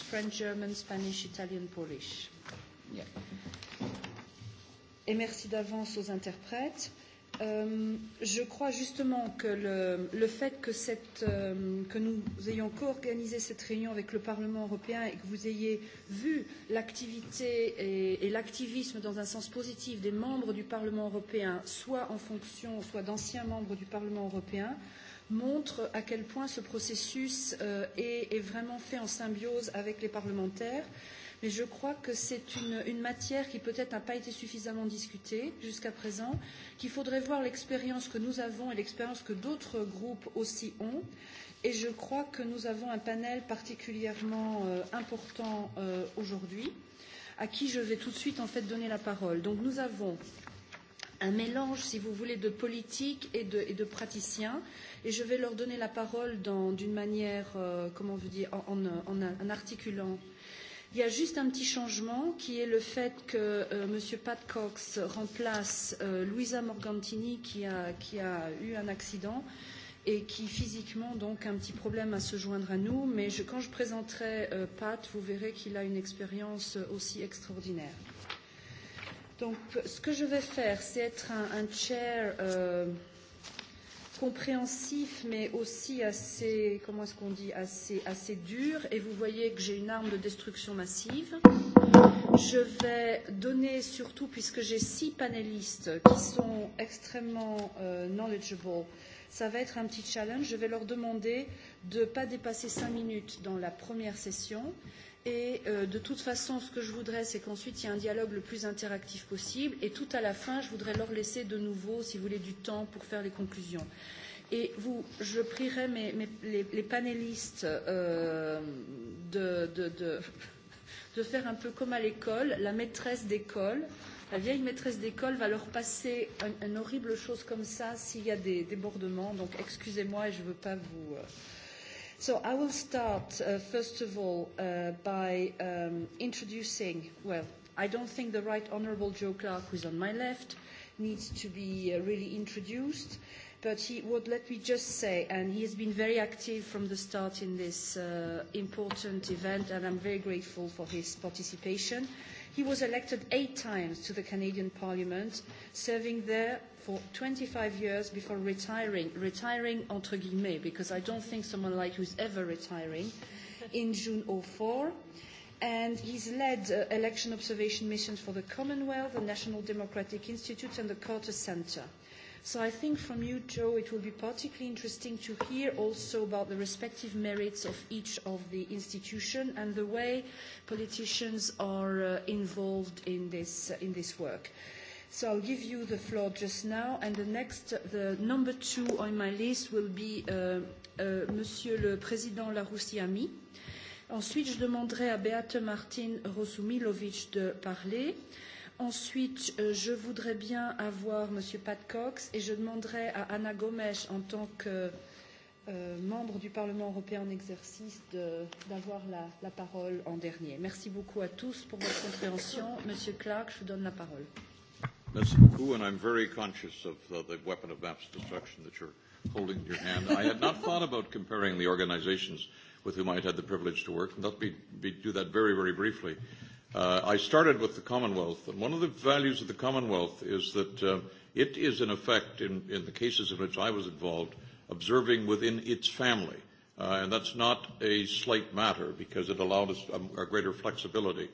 French, German, Spanish, Italian, Polish. Et merci d'avance aux interprètes. Je crois justement que le fait que que nous ayons co-organisé cette réunion avec le Parlement européen et que vous ayez vu l'activité et l'activisme dans un sens positif des membres du Parlement européen, soit en fonction, soit d'anciens membres du Parlement européen, montre à quel point ce processus est vraiment fait en symbiose avec les parlementaires. Mais je crois que c'est une matière qui peut-être n'a pas été suffisamment discutée jusqu'à présent, qu'il faudrait voir l'expérience que nous avons et l'expérience que d'autres groupes aussi ont. Et je crois que nous avons un panel particulièrement important aujourd'hui, à qui je vais tout de suite en fait donner la parole. Donc nous avons un mélange, si vous voulez, de politique et de, et de praticiens. Et je vais leur donner la parole d'une manière, comment vous dire, en, en, articulant. Il y a juste un petit changement qui est le fait que M. Pat Cox remplace Louisa Morgantini qui a, qui a eu un accident et qui physiquement donc a un petit problème à se joindre à nous. Mais je, quand je présenterai Pat, vous verrez qu'il a une expérience aussi extraordinaire. Donc, ce que je vais faire, c'est être un chair compréhensif, mais aussi assez, comment est-ce qu'on dit, assez dur. Et vous voyez que j'ai une arme de destruction massive. Je vais donner surtout, puisque j'ai six panélistes qui sont extrêmement knowledgeable, ça va être un petit challenge. Je vais leur demander de ne pas dépasser cinq minutes dans la première session. Et de toute façon, ce que je voudrais, c'est qu'ensuite, il y ait un dialogue le plus interactif possible. Et tout à la fin, je voudrais leur laisser de nouveau, si vous voulez, du temps pour faire les conclusions. Et vous, je prierai les panélistes de faire un peu comme à l'école, la maîtresse d'école la vieille maîtresse d'école va leur passer une horrible chose comme ça s'il y a des débordements. Donc, excusez-moi je ne veux pas vous. So I will start, first of all, by introducing, well, I don't think the right honourable Joe Clark, who is on my left, needs to be really introduced. But he would let me just say, and he has been very active from the start in this important event, and I'm very grateful for his participation. He was elected eight times to the Canadian Parliament, serving there for 25 years before retiring, retiring entre guillemets, because I don't think someone like you is ever retiring, in June 04 and he has led election observation missions for the Commonwealth, the National Democratic Institute, and the Carter Center. So I think from you, Joe, it will be particularly interesting to hear also about the respective merits of each of the institution and the way politicians are involved in this in this work. So I'll give you the floor just now, and the next, the number two on my list will be Monsieur le Président Laroussiami. Ensuite, je demanderai à Beate Martin Rosumilovic de parler Ensuite, euh, je voudrais bien avoir M. Pat Cox et je demanderai à Anna Gomes, en tant que euh, membre du Parlement européen en exercice, d'avoir la la parole en dernier. Merci beaucoup à tous pour votre compréhension. Monsieur Clark, je vous donne la parole. Merci beaucoup, and I'm very conscious of the weapon of mass destruction that you're holding in your hand. I had not thought about comparing the organizations with whom I had had the privilege to work, and let me do that very, very briefly. I started with the Commonwealth, and one of the values of the Commonwealth is that it is, in effect, in the cases in which I was involved, observing within its family. And that's not a slight matter because it allowed us a greater flexibility.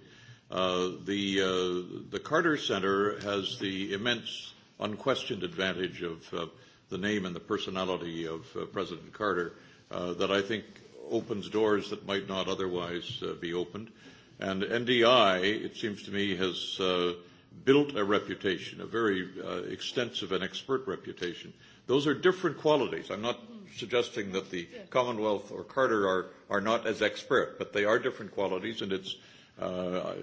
The Carter Center has the immense unquestioned advantage of the name and the personality of President Carter that I think opens doors that might not otherwise be opened. And NDI, it seems to me, has built a reputation, a very extensive and expert reputation. Those are different qualities. I'm not suggesting that the Commonwealth or Carter are, are not as expert, but they are different qualities, and it's, uh,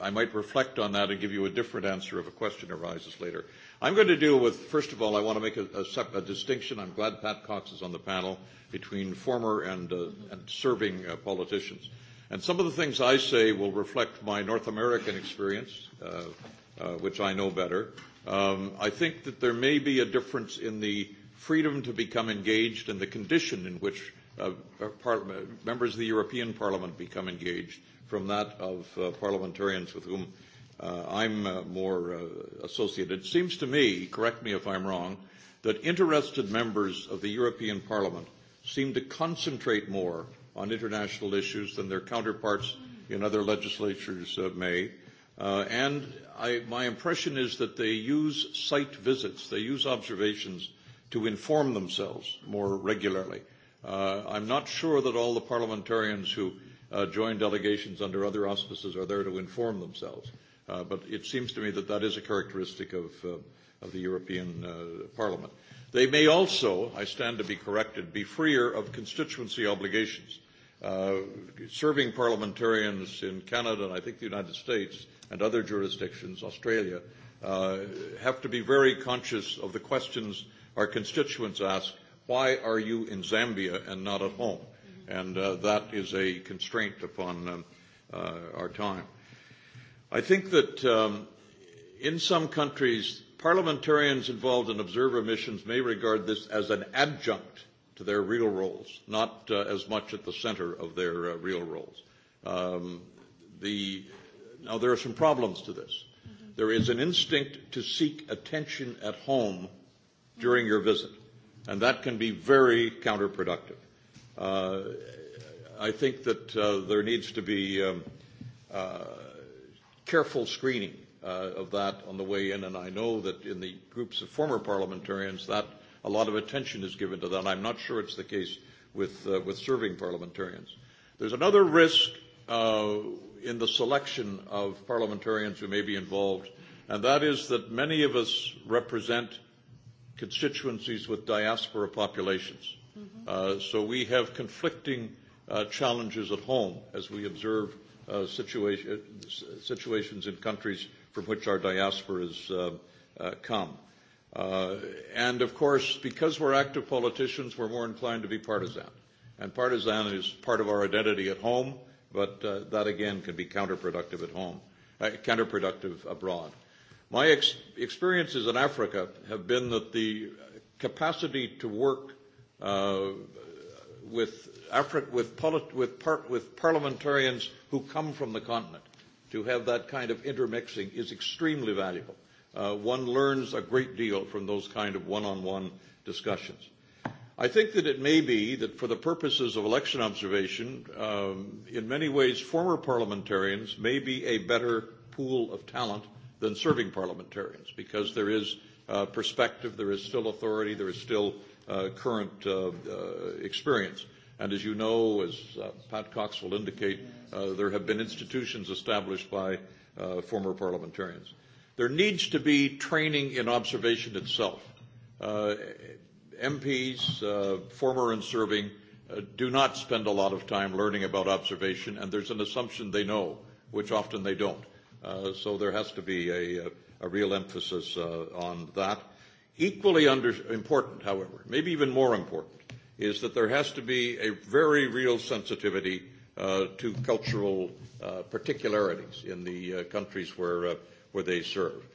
I, I might reflect on that and give you a different answer if a question arises later. I'm going to deal with, first of all, I want to make a, a, a distinction. I'm glad Pat Cox is on the panel between former and, uh, and serving uh, politicians. And some of the things I say will reflect my North American experience, which I know better. I think that there may be a difference in the freedom to become engaged and the condition in which members of the European Parliament become engaged from that of parliamentarians with whom I'm more associated. It seems to me, correct me if I'm wrong, that interested members of the European Parliament seem to concentrate more on international issues than their counterparts in other legislatures may. And my impression is that they use site visits, they use observations to inform themselves more regularly. I'm not sure that all the parliamentarians who join delegations under other auspices are there to inform themselves. But it seems to me that that is a characteristic of the European Parliament. They may also, I stand to be corrected, be freer of constituency obligations serving parliamentarians in Canada and I think the United States and other jurisdictions, Australia, have to be very conscious of the questions our constituents ask, why are you in Zambia and not at home? And that is a constraint upon our time. I think that in some countries, parliamentarians involved in observer missions may regard this as an adjunct to their real roles, not as much at the center of their real roles. Now, there are some problems to this. There is an instinct to seek attention at home during your visit, and that can be very counterproductive. I think that there needs to be careful screening of that on the way in, and I know that in the groups of former parliamentarians that a lot of attention is given to that. I'm not sure it's the case with with serving parliamentarians. There's another risk in the selection of parliamentarians who may be involved, and that is that many of us represent constituencies with diaspora populations. So we have conflicting challenges at home as we observe situations in countries from which our diasporas come. And of course, because we're active politicians, we're more inclined to be partisan. And partisan is part of our identity at home, but that again can be counterproductive at home, counterproductive abroad. My experiences in Africa have been that the capacity to work with with parliamentarians who come from the continent to have that kind of intermixing is extremely valuable one learns a great deal from those kind of one-on-one discussions. I think that it may be that for the purposes of election observation, in many ways, former parliamentarians may be a better pool of talent than serving parliamentarians because there is perspective, there is still authority, there is still current experience. And as you know, as Pat Cox will indicate, there have been institutions established by former parliamentarians. There needs to be training in observation itself. MPs, former and serving, do not spend a lot of time learning about observation, and there's an assumption they know, which often they don't. So there has to be a real emphasis on that. Equally important, however, maybe even more important, is that there has to be a very real sensitivity to cultural particularities in the countries where where they serve.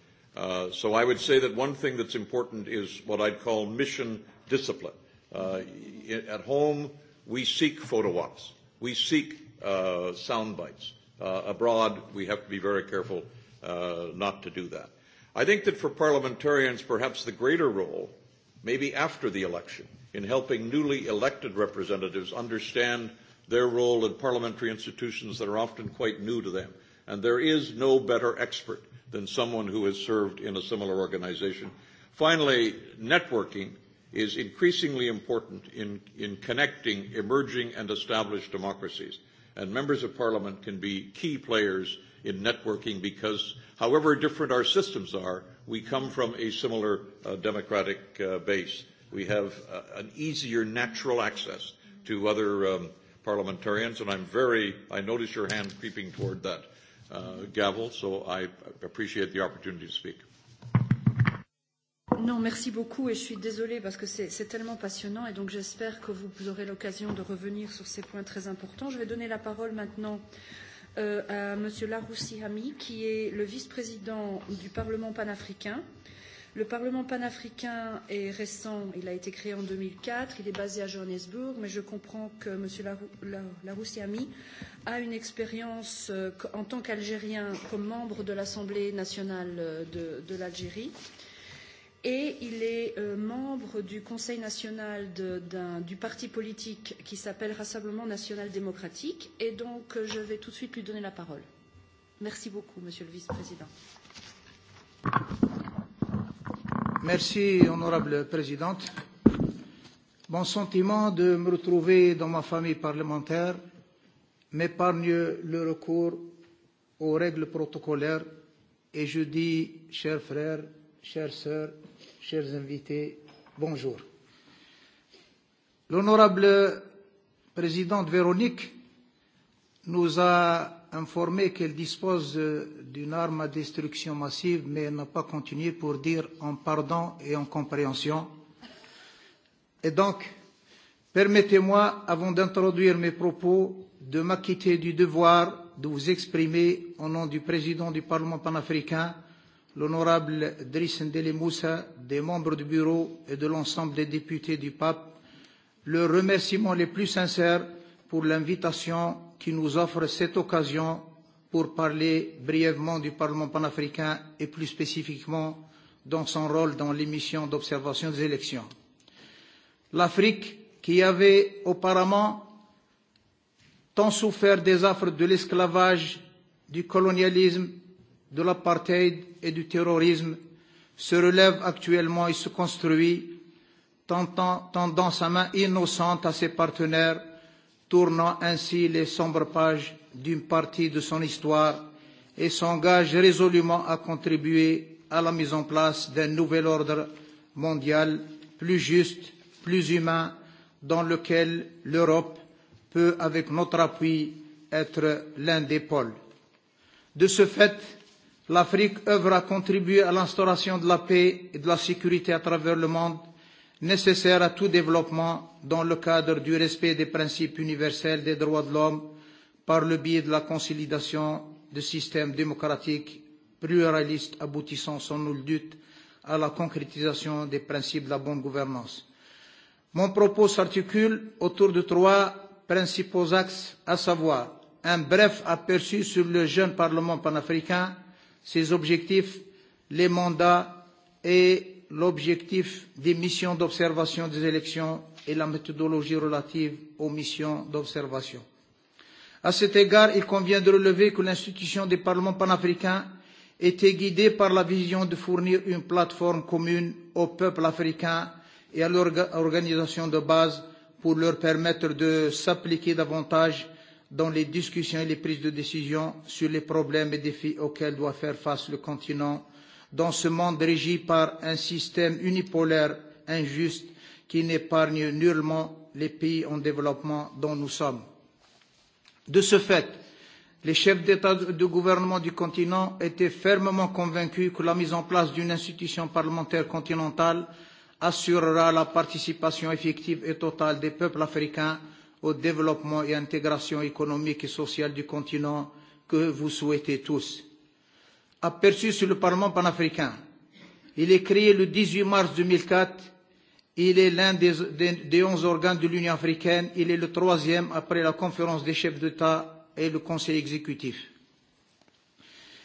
So I would say that one thing that's important is what I'd call mission discipline. At home, we seek photo ops. We seek sound bites. Abroad, we have to be very careful not to do that. I think that for parliamentarians, perhaps the greater role, maybe after the election, in helping newly elected representatives understand their role in parliamentary institutions that are often quite new to them. And there is no better expert than someone who has served in a similar organization. Finally, networking is increasingly important in, in connecting emerging and established democracies. And members of parliament can be key players in networking because however different our systems are, we come from a similar democratic base. We have an easier natural access to other parliamentarians, and I'm very, I notice your hand creeping toward that gavel, so I appreciate the opportunity to speak. Non, merci beaucoup et je suis désolée parce que c'est tellement passionnant et donc j'espère que vous aurez l'occasion de revenir sur ces points très importants. Je vais donner la parole maintenant à Monsieur Laroussi Hami, qui est le vice-président du Parlement panafricain Le Parlement panafricain est récent, il a été créé en 2004, il est basé à Johannesburg, mais je comprends que M. Laroussiami a une expérience en tant qu'Algérien comme membre de l'Assemblée nationale de l'Algérie et il est membre du Conseil national du parti politique qui s'appelle Rassemblement national démocratique. Et donc, je vais tout de suite lui donner la parole. Merci beaucoup, Monsieur le Vice-président. Merci, honorable présidente. Mon sentiment de me retrouver dans ma famille parlementaire m'épargne le recours aux règles protocolaires et je dis, chers frères, chères sœurs, chers invités, bonjour. L'honorable présidente Véronique nous a informé qu'elle dispose d'une arme à destruction massive, mais n'a pas continué pour dire en pardon et en compréhension. Et donc, permettez-moi, avant d'introduire mes propos, de m'acquitter du devoir de vous exprimer au nom du président du Parlement panafricain, l'honorable Driss Ndele Moussa, des membres du bureau et de l'ensemble des députés du pape, le remerciement les plus sincères pour l'invitation qui nous offre cette occasion pour parler brièvement du Parlement panafricain et plus spécifiquement dans son rôle dans l'émission missions d'observation des élections. L'Afrique, qui avait auparavant tant souffert des affres de l'esclavage, du colonialisme, de l'apartheid et du terrorisme, se relève actuellement et se construit, tendant sa main innocente à ses partenaires, tournant ainsi les sombres pages d'une partie de son histoire et s'engage résolument à contribuer à la mise en place d'un nouvel ordre mondial plus juste, plus humain, dans lequel l'Europe peut, avec notre appui, être l'un des pôles. De ce fait, l'Afrique œuvre à contribuer à l'instauration de la paix et de la sécurité à travers le monde, nécessaire à tout développement dans le cadre du respect des principes universels des droits de l'homme, par le biais de la consolidation de systèmes démocratiques pluralistes aboutissant sans nul doute à la concrétisation des principes de la bonne gouvernance. Mon propos s'articule autour de trois principaux axes, à savoir un bref aperçu sur le jeune Parlement panafricain, ses objectifs, les mandats et l'objectif des missions d'observation des élections et la méthodologie relative aux missions d'observation. À cet égard, il convient de relever que l'institution des parlements panafricains était guidée par la vision de fournir une plateforme commune au peuple africain et à l'organisation de base pour leur permettre de s'appliquer davantage dans les discussions et les prises de décision sur les problèmes et défis auxquels doit faire face le continent dans ce monde régi par un système unipolaire injuste qui n'épargne nullement les pays en développement dont nous sommes. De ce fait, les chefs d'État et de gouvernement du continent étaient fermement convaincus que la mise en place d'une institution parlementaire continentale assurera la participation effective et totale des peuples africains au développement et à l'intégration économique et sociale du continent que vous souhaitez tous. Aperçu sur le Parlement panafricain, il est créé le dix huit mars deux mille quatre Il est l'un des onze organes de l'Union africaine. Il est le troisième après la conférence des chefs d'État et le Conseil exécutif.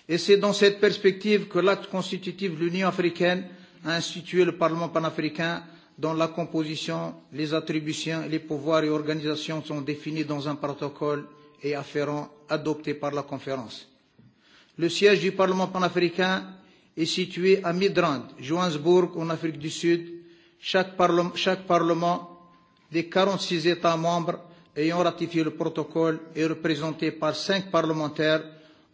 Et c'est dans cette perspective que l'acte constitutif de l'Union africaine a institué le Parlement panafricain dont la composition, les attributions, les pouvoirs et organisations sont définis dans un protocole et afférents adopté par la conférence. Le siège du Parlement panafricain est situé à Midrand, Johannesburg, en Afrique du Sud, chaque Parlement des quarante six États membres ayant ratifié le protocole est représenté par cinq parlementaires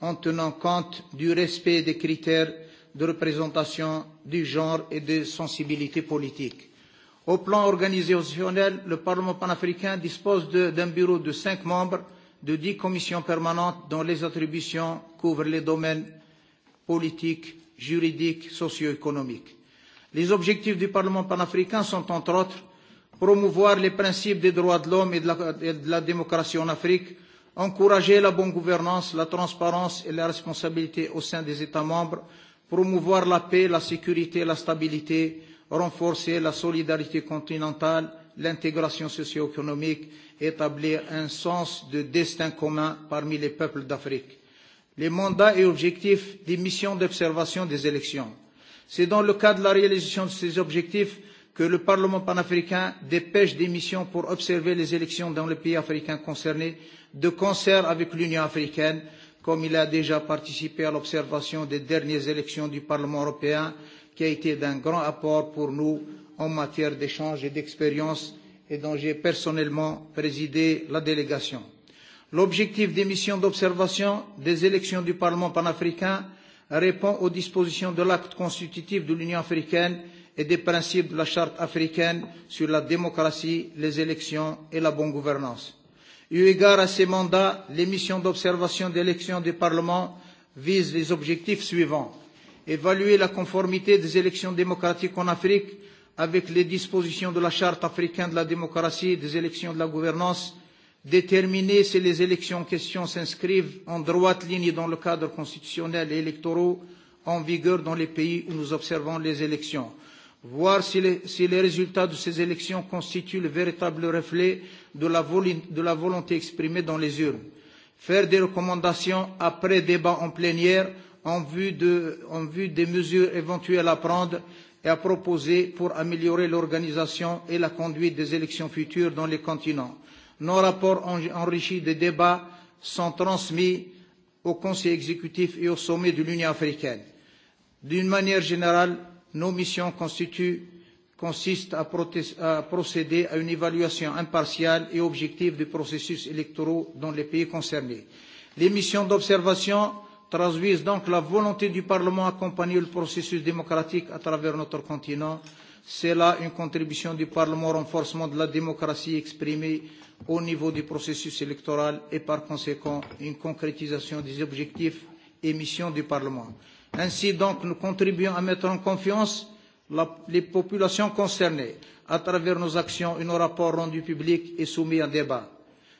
en tenant compte du respect des critères de représentation du genre et des sensibilités politiques. Au plan organisationnel, le Parlement panafricain dispose d'un bureau de cinq membres, de dix commissions permanentes dont les attributions couvrent les domaines politiques, juridiques, socio-économiques. Les objectifs du Parlement panafricain sont, entre autres, promouvoir les principes des droits de l'homme et de la démocratie en Afrique, encourager la bonne gouvernance, la transparence et la responsabilité au sein des États membres, promouvoir la paix, la sécurité et la stabilité, renforcer la solidarité continentale, l'intégration socio-économique, établir un sens de destin commun parmi les peuples d'Afrique. Les mandats et objectifs des missions d'observation des élections C'est dans le cadre de la réalisation de ces objectifs que le Parlement panafricain dépêche des missions pour observer les élections dans les pays africains concernés de concert avec l'Union africaine, comme il a déjà participé à l'observation des dernières élections du Parlement européen, qui a été d'un grand apport pour nous en matière d'échange et d'expérience et dont j'ai personnellement présidé la délégation. L'objectif des missions d'observation des élections du Parlement panafricain répond aux dispositions de l'acte constitutif de l'Union africaine et des principes de la Charte africaine sur la démocratie, les élections et la bonne gouvernance. Eu égard à ces mandats, les missions d'observation des élections du Parlement visent les objectifs suivants évaluer la conformité des élections démocratiques en Afrique avec les dispositions de la Charte africaine de la démocratie, des élections de la gouvernance, déterminer si les élections en question s'inscrivent en droite ligne dans le cadre constitutionnel et électoral en vigueur dans les pays où nous observons les élections, voir si les résultats de ces élections constituent le véritable reflet de la volonté exprimée dans les urnes, faire des recommandations après débat en plénière en vue des mesures éventuelles à prendre et à proposer pour améliorer l'organisation et la conduite des élections futures dans les continents Nos rapports enrichis des débats sont transmis au Conseil exécutif et au sommet de l'Union africaine. D'une manière générale, nos missions consistent à procéder à une évaluation impartiale et objective des processus électoraux dans les pays concernés. Les missions d'observation traduisent donc la volonté du Parlement à accompagner le processus démocratique à travers notre continent C'est là une contribution du Parlement au renforcement de la démocratie exprimée au niveau du processus électoral et par conséquent une concrétisation des objectifs et missions du Parlement. Ainsi donc, nous contribuons à mettre en confiance les populations concernées à travers nos actions et nos rapports rendus publics et soumis à débat.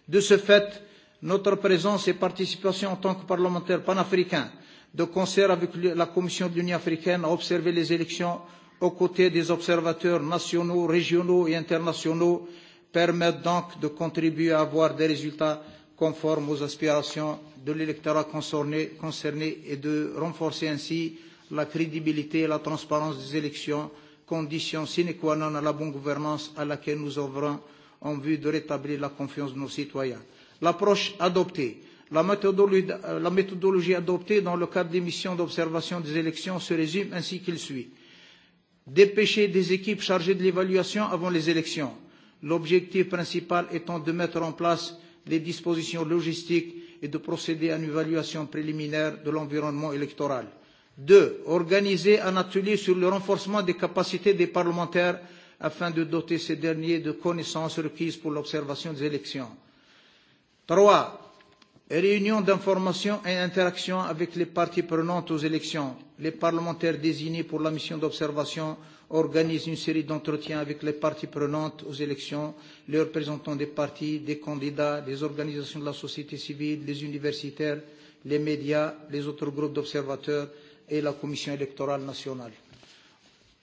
De ce fait, notre présence et participation en tant que parlementaire panafricain, de concert avec la Commission de l'Union africaine, a observé les élections aux côtés des observateurs nationaux, régionaux et internationaux, permettent donc de contribuer à avoir des résultats conformes aux aspirations de l'électorat concerné et de renforcer ainsi la crédibilité et la transparence des élections, condition sine qua non à la bonne gouvernance à laquelle nous œuvrons en vue de rétablir la confiance de nos citoyens. L'approche adoptée, la méthodologie adoptée dans le cadre des missions d'observation des élections se résume ainsi qu'il suit dépêcher des équipes chargées de l'évaluation avant les élections, l'objectif principal étant de mettre en place les dispositions logistiques et de procéder à une évaluation préliminaire de l'environnement électoral. Deux, organiser un atelier sur le renforcement des capacités des parlementaires afin de doter ces derniers de connaissances requises pour l'observation des élections. Trois, réunion d'information et interaction avec les parties prenantes aux élections. Les parlementaires désignés pour la mission d'observation organisent une série d'entretiens avec les parties prenantes aux élections, les représentants des partis, des candidats, des organisations de la société civile, les universitaires, les médias, les autres groupes d'observateurs et la Commission électorale nationale.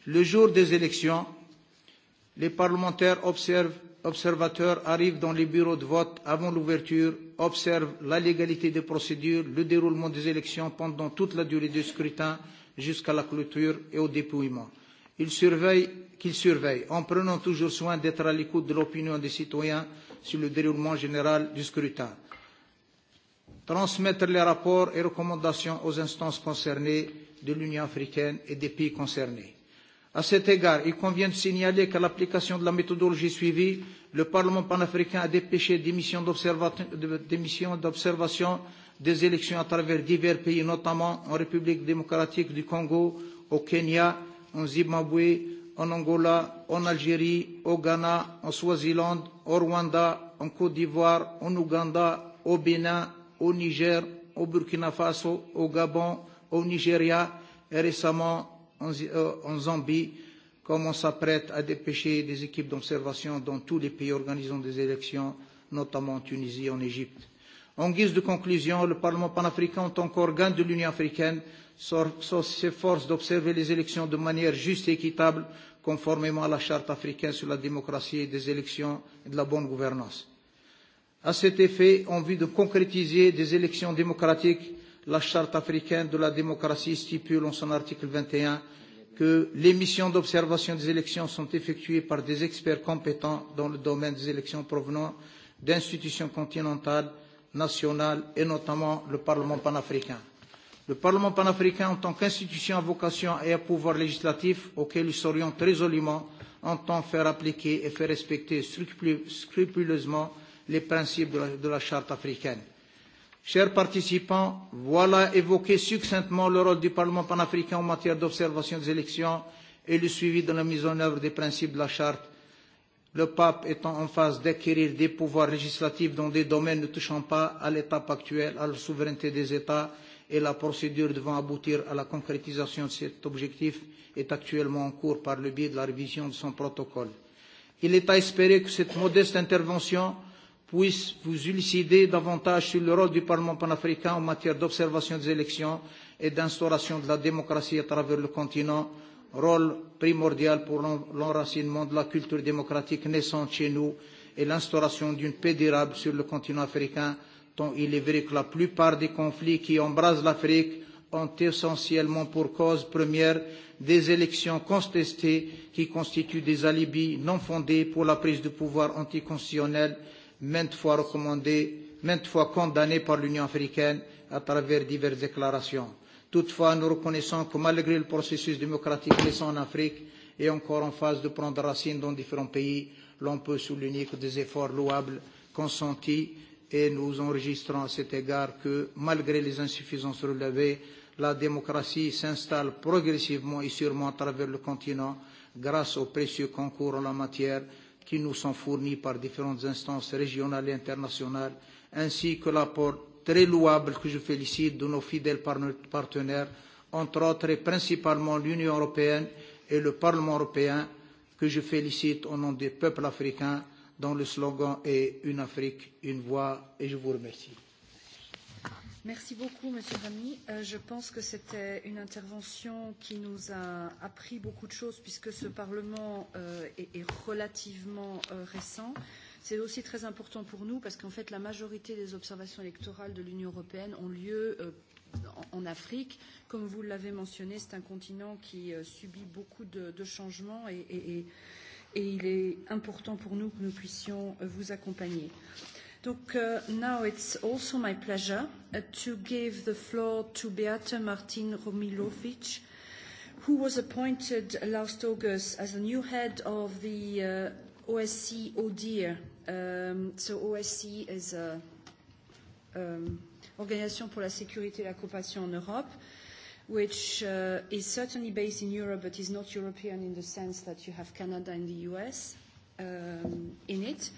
Le jour des élections, les parlementaires observent observateurs arrivent dans les bureaux de vote avant l'ouverture, observent la légalité des procédures, le déroulement des élections pendant toute la durée du scrutin jusqu'à la clôture et au dépouillement. Ils surveillent qu'ils surveillent, en prenant toujours soin d'être à l'écoute de l'opinion des citoyens sur le déroulement général du scrutin. Transmettre les rapports et recommandations aux instances concernées de l'Union africaine et des pays concernés À cet égard, il convient de signaler qu'à l'application de la méthodologie suivie, le Parlement panafricain a dépêché des missions d'observation des élections à travers divers pays, notamment en République démocratique du Congo, au Kenya, en Zimbabwe, en Angola, en Algérie, au Ghana, en Swaziland, au Rwanda, en Côte d'Ivoire, en Ouganda, au Bénin, au Niger, au Burkina Faso, au Gabon, au Nigeria et récemment en Zambie, comme on s'apprête à dépêcher des équipes d'observation dans tous les pays organisant des élections, notamment en Tunisie et en Égypte. En guise de conclusion, le Parlement panafricain, en tant qu'organe de l'Union africaine, s'efforce d'observer les élections de manière juste et équitable, conformément à la Charte africaine sur la démocratie et des élections et de la bonne gouvernance. À cet effet, en vue de concrétiser des élections démocratiques, la Charte africaine de la démocratie stipule en son article 21 que les missions d'observation des élections sont effectuées par des experts compétents dans le domaine des élections provenant d'institutions continentales, nationales et notamment le Parlement panafricain. Le Parlement panafricain, en tant qu'institution à vocation et à pouvoir législatif auquel il s'oriente résolument, entend faire appliquer et faire respecter scrupuleusement les principes de la Charte africaine. Chers participants, voilà évoqué succinctement le rôle du Parlement panafricain en matière d'observation des élections et le suivi de la mise en œuvre des principes de la Charte, le pape étant en phase d'acquérir des pouvoirs législatifs dans des domaines ne touchant pas à l'étape actuelle, à la souveraineté des États et la procédure devant aboutir à la concrétisation de cet objectif est actuellement en cours par le biais de la révision de son protocole. Il est à espérer que cette modeste intervention puisse vous élucider davantage sur le rôle du Parlement panafricain en matière d'observation des élections et d'instauration de la démocratie à travers le continent, rôle primordial pour l'enracinement de la culture démocratique naissante chez nous et l'instauration d'une paix durable sur le continent africain, tant il est vrai que la plupart des conflits qui embrasent l'Afrique ont essentiellement pour cause première des élections contestées qui constituent des alibis non fondés pour la prise de pouvoir anticonstitutionnelle maintes fois recommandée, maintes fois condamnée par l'Union africaine à travers diverses déclarations. Toutefois, nous reconnaissons que malgré le processus démocratique récent en Afrique et encore en phase de prendre racine dans différents pays, l'on peut souligner que des efforts louables consentis et nous enregistrons à cet égard que, malgré les insuffisances relevées, la démocratie s'installe progressivement et sûrement à travers le continent grâce aux précieux concours en la matière qui nous sont fournis par différentes instances régionales et internationales, ainsi que l'apport très louable que je félicite de nos fidèles partenaires, entre autres et principalement l'Union européenne et le Parlement européen, que je félicite au nom des peuples africains, dont le slogan est Une Afrique, une voix, et je vous remercie. Merci beaucoup, Monsieur Rami. Je pense que c'était une intervention qui nous a appris beaucoup de choses, puisque ce Parlement est relativement récent. C'est aussi très important pour nous, parce qu'en fait, la majorité des observations électorales de l'Union européenne ont lieu en Afrique. Comme vous l'avez mentionné, c'est un continent qui subit beaucoup de changements et il est important pour nous que nous puissions vous accompagner now it's also my pleasure to give the floor to Beate Martin Romilovic, who was appointed last August as the new head of the OSCE ODIHR. So OSCE is Organisation pour la Sécurité et la Coopération en Europe, which is certainly based in Europe but is not European in the sense that you have Canada and the US in it.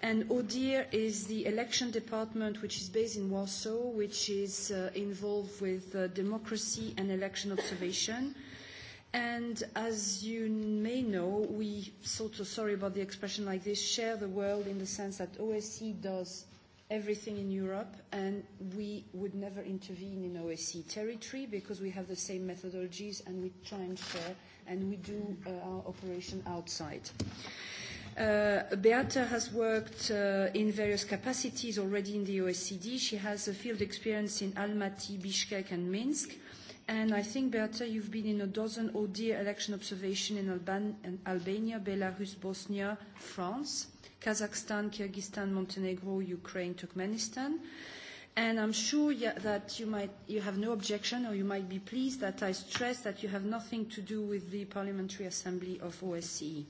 And ODIHR is the election department which is based in Warsaw, which is involved with democracy and election observation. And as you may know, we sort of, sorry about the expression like this, share the world in the sense that OSCE does everything in Europe, and we would never intervene in OSCE territory because we have the same methodologies and we try and share, and we do our operation outside. Beata has worked in various capacities already in the OECD. She has a field experience in Almaty, Bishkek and Minsk. And I think, Beata, you've been in a dozen ODIHR election observation in Albania, Belarus, Bosnia, France, Kazakhstan, Kyrgyzstan, Montenegro, Ukraine, Turkmenistan. And I'm sure that you might you have no objection or you might be pleased that I stress that you have nothing to do with the Parliamentary Assembly of OSCE.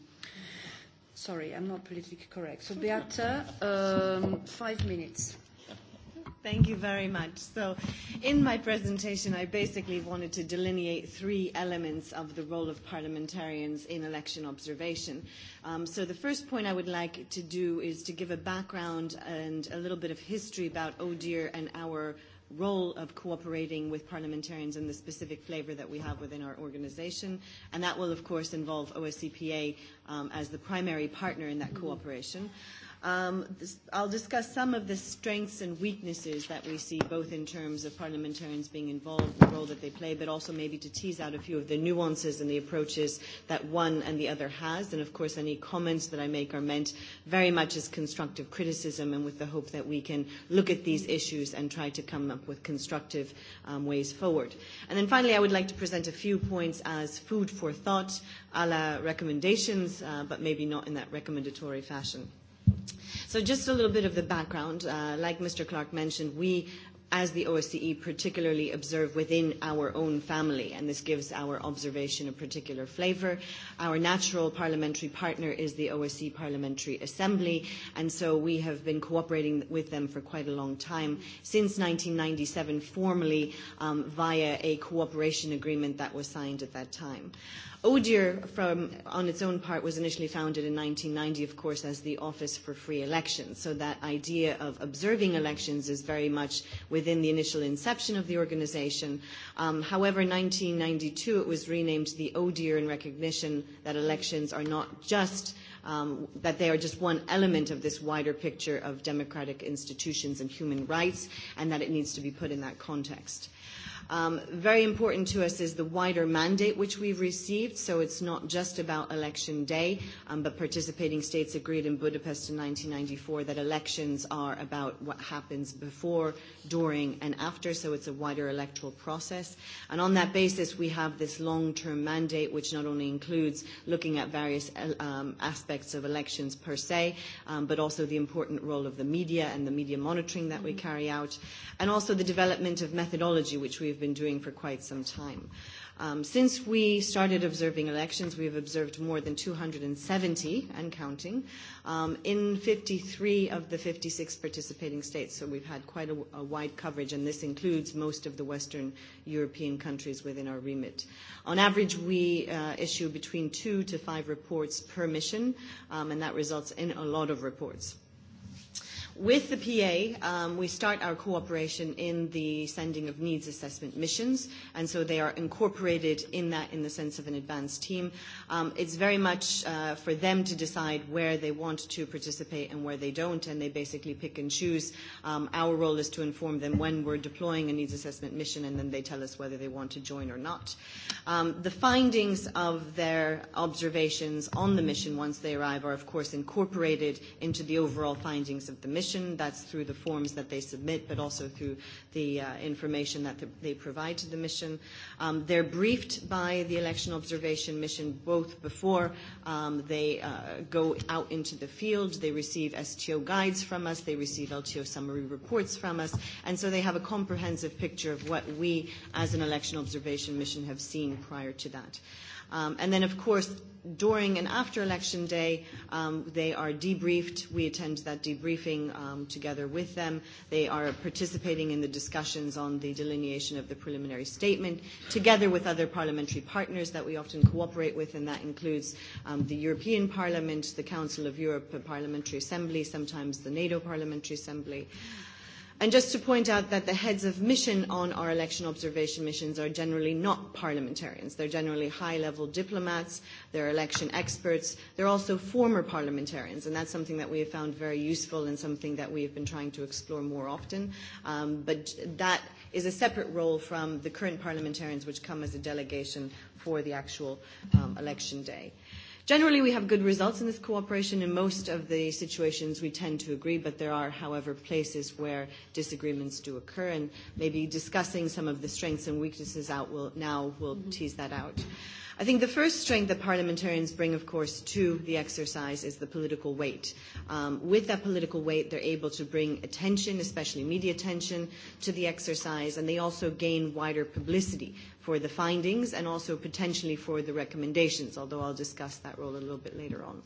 Sorry, I'm not politically correct. So Beata, um, five minutes. Thank you very much. So in my presentation, I basically wanted to delineate three elements of the role of parliamentarians in election observation. So the first point I would like to do is to give a background and a little bit of history about ODIHR and our role of cooperating with parliamentarians in the specific flavour that we have within our organisation. And that will, of course, involve OSCPA as the primary partner in that cooperation. I'll discuss some of the strengths and weaknesses that we see, both in terms of parliamentarians being involved, the role that they play, but also maybe to tease out a few of the nuances and the approaches that one and the other has. And of course, any comments that I make are meant very much as constructive criticism and with the hope that we can look at these issues and try to come up with constructive ways forward. And then finally, I would like to present a few points as food for thought, a la recommendations, but maybe not in that recommendatory fashion. So just a little bit of the background. Like Mr. Clark mentioned, we as the OSCE particularly observe within our own family, and this gives our observation a particular flavour. Our natural parliamentary partner is the OSCE Parliamentary Assembly, and so we have been cooperating with them for quite a long time, since 1997 formally via a cooperation agreement that was signed at that time. ODIHR, from on its own part, was initially founded in 1990, of course, as the Office for Free Elections. So that idea of observing elections is very much within the initial inception of the organization. However, in 1992, it was renamed the ODIHR in recognition that elections are not just that they are just one element of this wider picture of democratic institutions and human rights, and that it needs to be put in that context. Very important to us is the wider mandate which we've received, so it's not just about election day, but participating states agreed in Budapest in 1994 that elections are about what happens before, during, and after, so it's a wider electoral process. And on that basis, we have this long-term mandate, which not only includes looking at various aspects of elections per se, but also the important role of the media and the media monitoring that we carry out, and also the development of methodology, which we've we've been doing for quite some time. Since we started observing elections, we have observed more than 270 and counting in 53 of the 56 participating states. So we've had quite a wide coverage, and this includes most of the Western European countries within our remit. On average, we issue between two to five reports per mission, and that results in a lot of reports. With the PA, um, we start our cooperation in the sending of needs assessment missions, and so they are incorporated in that in the sense of an advanced team. Um, it's very much uh, for them to decide where they want to participate and where they don't, and they basically pick and choose. Um, our role is to inform them when we're deploying a needs assessment mission, and then they tell us whether they want to join or not. Um, the findings of their observations on the mission once they arrive are, of course, incorporated into the overall findings of the mission That's through the forms that they submit, but also through the information that they provide to the mission. They're briefed by the election observation mission both before they go out into the field. They receive STO guides from us. They receive LTO summary reports from us. And so they have a comprehensive picture of what we, as an election observation mission, have seen prior to that. And then, of course, during and after election day, they are debriefed. We attend that debriefing together with them. They are participating in the discussions on the delineation of the preliminary statement, together with other parliamentary partners that we often cooperate with, and that includes the European Parliament, the Council of Europe Parliamentary Assembly, sometimes the NATO Parliamentary Assembly And just to point out that the heads of mission on our election observation missions are generally not parliamentarians. They're generally high-level diplomats, they're election experts, they're also former parliamentarians, and that's something that we have found very useful and something that we have been trying to explore more often. But that is a separate role from the current parliamentarians which come as a delegation for the actual election day. Generally, we have good results in this cooperation. In most of the situations, we tend to agree, but there are, however, places where disagreements do occur, and maybe discussing some of the strengths and weaknesses out now will tease that out. I think the first strength that parliamentarians bring, of course, to the exercise is the political weight. With that political weight, they're able to bring attention, especially media attention, to the exercise, and they also gain wider publicity for the findings and also potentially for the recommendations, although I'll discuss that role a little bit later on.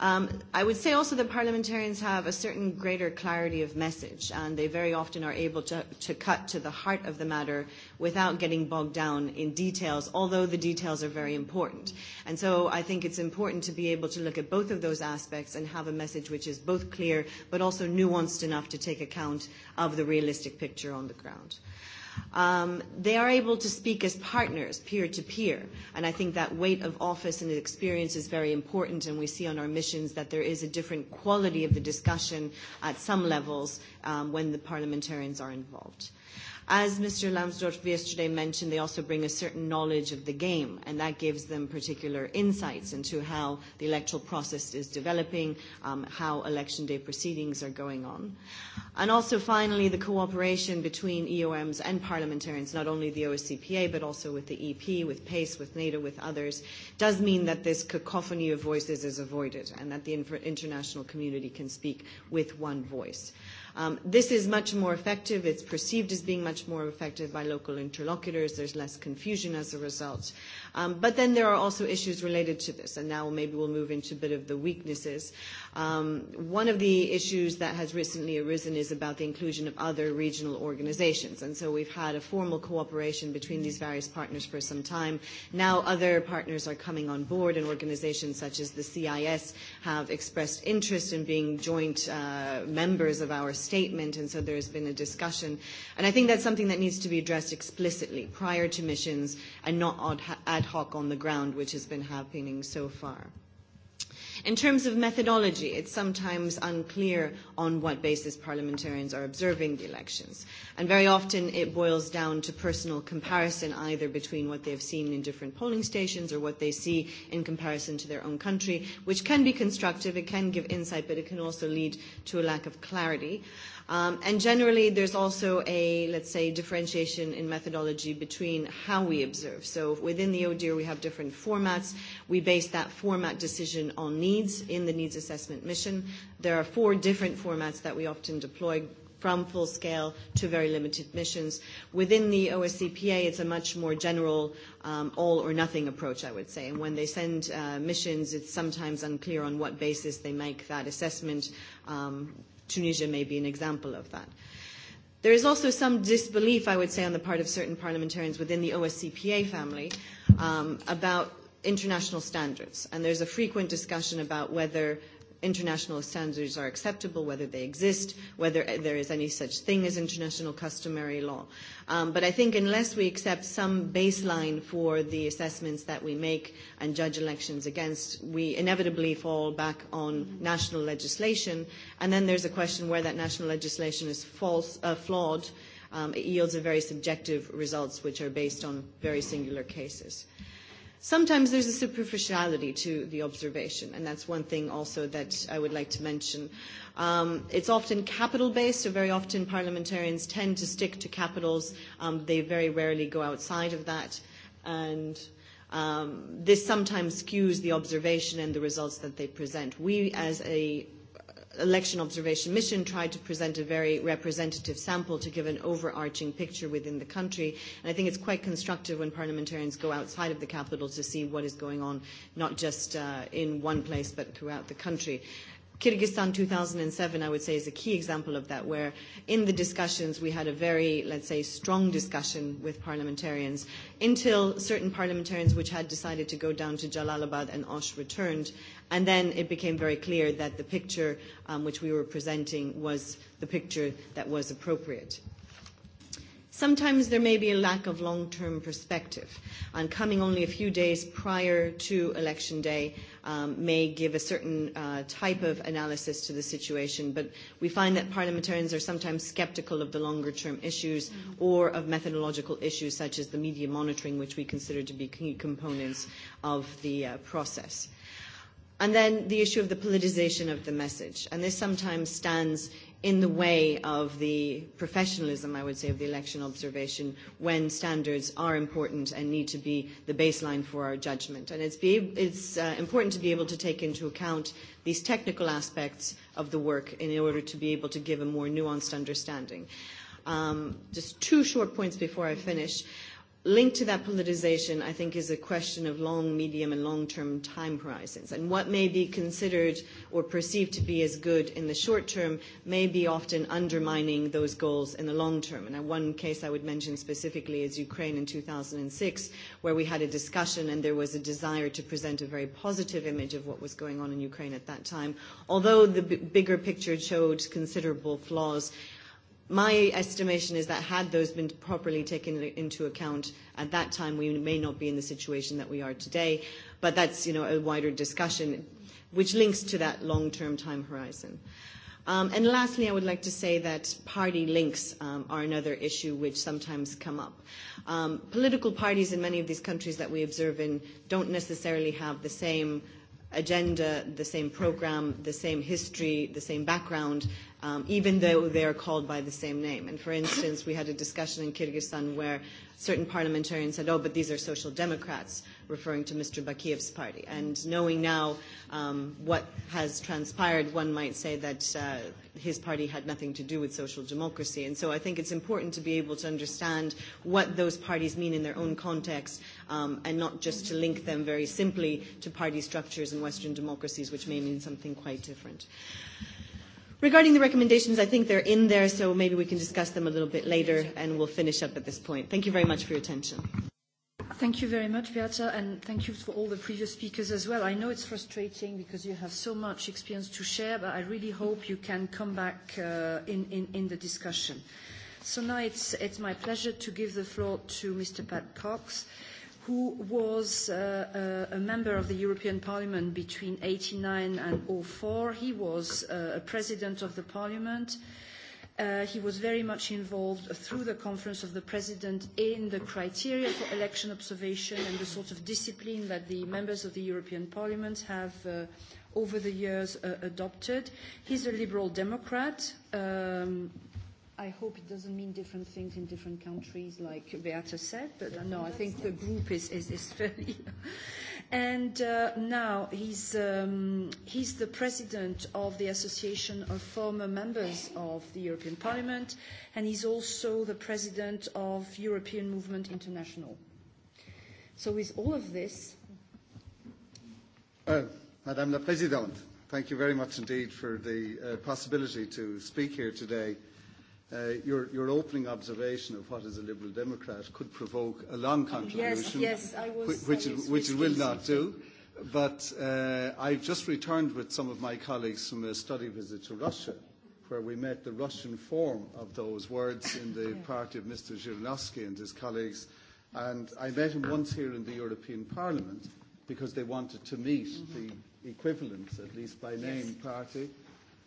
I would say also that parliamentarians have a certain greater clarity of message, and they very often are able to cut to the heart of the matter without getting bogged down in details, although the details are very important. And so I think it's important to be able to look at both of those aspects and have a message which is both clear but also nuanced enough to take account of the realistic picture on the ground. They are able to speak as partners, peer to peer, and I think that weight of office and experience is very important. And we see on our missions that there is a different quality of the discussion at some levels when the parliamentarians are involved. As Mr. Lambsdorff yesterday mentioned, they also bring a certain knowledge of the game, and that gives them particular insights into how the electoral process is developing, how election day proceedings are going on. And also, finally, the cooperation between EOMs and parliamentarians, not only the OSCPA, but also with the EP, with PACE, with NATO, with others, does mean that this cacophony of voices is avoided and that the international community can speak with one voice. This is much more effective. It's perceived as being much more effective by local interlocutors. There's less confusion as a result. But then there are also issues related to this, and now maybe we'll move into a bit of the weaknesses. One of the issues that has recently arisen is about the inclusion of other regional organizations, and so we've had a formal cooperation between these various partners for some time. Now other partners are coming on board, and organizations such as the CIS have expressed interest in being joint members of our statement, and so there has been a discussion. And I think that's something that needs to be addressed explicitly prior to missions and not ad hoc on the ground, which has been happening so far. In terms of methodology, it's sometimes unclear on what basis parliamentarians are observing the elections. And very often it boils down to personal comparison, either between what they've seen in different polling stations or what they see in comparison to their own country, which can be constructive, it can give insight, but it can also lead to a lack of clarity. And generally, there's also a, let's say, differentiation in methodology between how we observe. So within the ODIHR, we have different formats. We base that format decision on needs in the needs assessment mission. There are four different formats that we often deploy from full scale to very limited missions. Within the OSCPA, it's a much more general all or nothing approach, I would say. And when they send missions, it's sometimes unclear on what basis they make that assessment Tunisia may be an example of that. There is also some disbelief, I would say, on the part of certain parliamentarians within the OSCPA family about international standards. And there's a frequent discussion about whether international standards are acceptable, whether they exist, whether there is any such thing as international customary law. But I think unless we accept some baseline for the assessments that we make and judge elections against, we inevitably fall back on national legislation. And then there's a question where that national legislation is flawed. It yields a very subjective results which are based on very singular cases. Sometimes there's a superficiality to the observation, and that's one thing also that I would like to mention. It's often capital-based, so very often parliamentarians tend to stick to capitals. They very rarely go outside of that, and this sometimes skews the observation and the results that they present. We, as a election observation mission tried to present a very representative sample to give an overarching picture within the country. And I think it's quite constructive when parliamentarians go outside of the capital to see what is going on, not just in one place, but throughout the country. Kyrgyzstan 2007, I would say, is a key example of that, where in the discussions we had a very, let's say, strong discussion with parliamentarians until certain parliamentarians which had decided to go down to Jalalabad and Osh returned. And then it became very clear that the picture which we were presenting was the picture that was appropriate sometimes there may be a lack of long-term perspective, and coming only a few days prior to election day may give a certain type of analysis to the situation, but we find that parliamentarians are sometimes skeptical of the longer-term issues or of methodological issues such as the media monitoring, which we consider to be key components of the process. And then the issue of the politicization of the message, and this sometimes stands in the way of the professionalism, I would say, of the election observation when standards are important and need to be the baseline for our judgment. And it's, be, it's important to be able to take into account these technical aspects of the work in order to be able to give a more nuanced understanding. Um, just two short points before I finish linked to that politicization, I think, is a question of long, medium, and long-term time horizons. And what may be considered or perceived to be as good in the short term may be often undermining those goals in the long term. And one case I would mention specifically is Ukraine in 2006, where we had a discussion and there was a desire to present a very positive image of what was going on in Ukraine at that time, although the bigger picture showed considerable flaws My estimation is that had those been properly taken into account at that time, we may not be in the situation that we are today. But that's, you know, a wider discussion, which links to that long-term time horizon. And lastly, I would like to say that party links are another issue which sometimes come up. Political parties in many of these countries that we observe in don't necessarily have the same agenda, the same program, the same history, the same background even though they are called by the same name. And for instance, we had a discussion in Kyrgyzstan where certain parliamentarians said, oh, but these are social democrats, referring to Mr. Bakiev's party. And knowing now what has transpired, one might say that his party had nothing to do with social democracy. And so I think it's important to be able to understand what those parties mean in their own context and not just to link them very simply to party structures in Western democracies, which may mean something quite different. Regarding the recommendations, I think they're in there, so maybe we can discuss them a little bit later, and we'll finish up at this point. Thank you very much for your attention. Thank you very much, Beata, and thank you for all the previous speakers as well. I know it's frustrating because you have so much experience to share, but I really hope you can come back in in the discussion. So now it's my pleasure to give the floor to Mr. Pat Cox who was a member of the European Parliament between 89 and 04. He was a president of the Parliament. He was very much involved through the Conference of the President in the criteria for election observation and the sort of discipline that the members of the European Parliament have over the years adopted. He's a liberal democrat I hope it doesn't mean different things in different countries, like Beata said, but no, I think the group is, is, is fairly. And now he's, um, he's the president of the Association of Former Members of the European Parliament, and he's also the president of European Movement International. So with all of this... Madame la Présidente, thank you very much indeed for the possibility to speak here today your your opening observation of what is a Liberal Democrat could provoke a long contribution, which it will not do. But I've just returned with some of my colleagues from a study visit to Russia, where we met the Russian form of those words in the party of Mr. Zhirinovsky and his colleagues. And I met him once here in the European Parliament because they wanted to meet the equivalent, at least by name, party.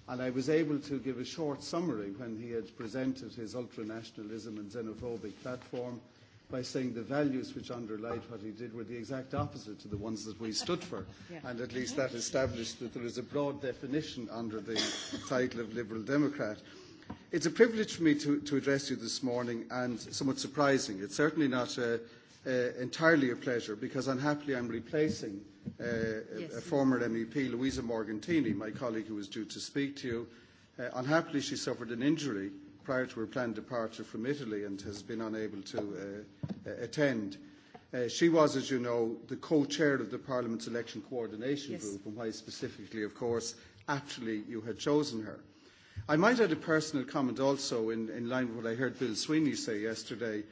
And I was able to give a short summary when he had presented his ultranationalism and xenophobic platform by saying the values which underlied what he did were the exact opposite to the ones that we stood for. And at least that established that there is a broad definition under the title of Liberal Democrat. It's a privilege for me to address you this morning and somewhat surprising. It's certainly not a entirely a pleasure because unhappily I'm replacing a former MEP, Louisa Morgantini, my colleague who was due to speak to you. Unhappily she suffered an injury prior to her planned departure from Italy and has been unable to attend. She was, as you know, the co-chair of the Parliament's Election Coordination Group, and why specifically, of course, actually you had chosen her. I might add a personal comment also in line with what I heard Bill Sweeney say yesterday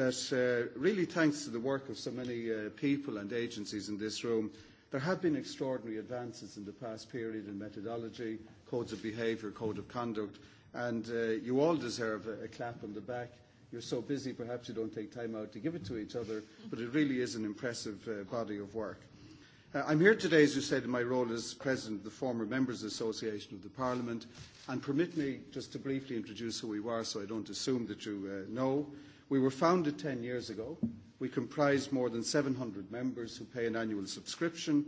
that really thanks to the work of so many people and agencies in this room, there have been extraordinary advances in the past period in methodology, codes of behaviour, code of conduct, and you all deserve a clap on the back. You're so busy, perhaps you don't take time out to give it to each other, but it really is an impressive body of work. I'm here today, as you said, in my role as President of the former Members Association of the Parliament, and permit me just to briefly introduce who we are so I don't assume that you know. We were founded 10 years ago. We comprise more than 700 members who pay an annual subscription.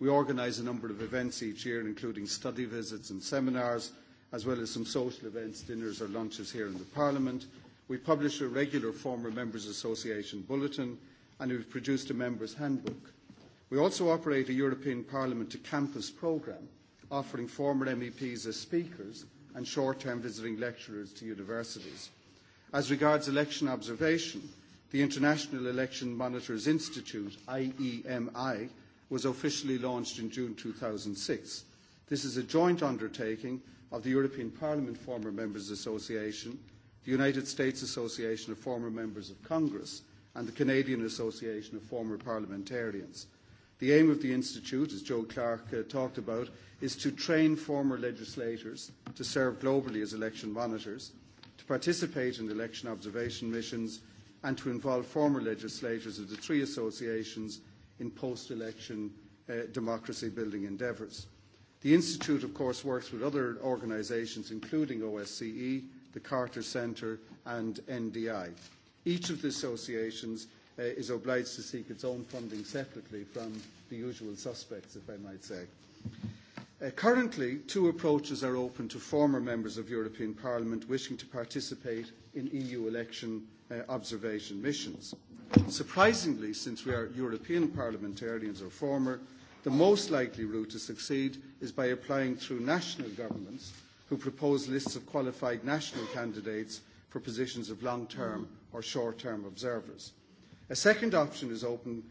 We organise a number of events each year, including study visits and seminars, as well as some social events, dinners or lunches here in the Parliament. We publish a regular former Members Association bulletin, and we've produced a Members' Handbook. We also operate a European Parliament to Campus programme, offering former MEPs as speakers and short-term visiting lecturers to universities. As regards election observation, the International Election Monitors Institute, IEMI, was officially launched in June 2006. This is a joint undertaking of the European Parliament Former Members Association, the United States Association of Former Members of Congress, and the Canadian Association of Former Parliamentarians. The aim of the Institute, as Joe Clark talked about, is to train former legislators to serve globally as election monitors to participate in election observation missions and to involve former legislators of the three associations in post-election democracy-building endeavours. The Institute, of course, works with other organisations, including OSCE, the Carter Centre and NDI. Each of the associations is obliged to seek its own funding separately from the usual suspects, if I might say. Currently, two approaches are open to former members of European Parliament wishing to participate in EU election observation missions. Surprisingly, since we are European parliamentarians or former, the most likely route to succeed is by applying through national governments who propose lists of qualified national candidates for positions of long-term or short-term observers. A second option is open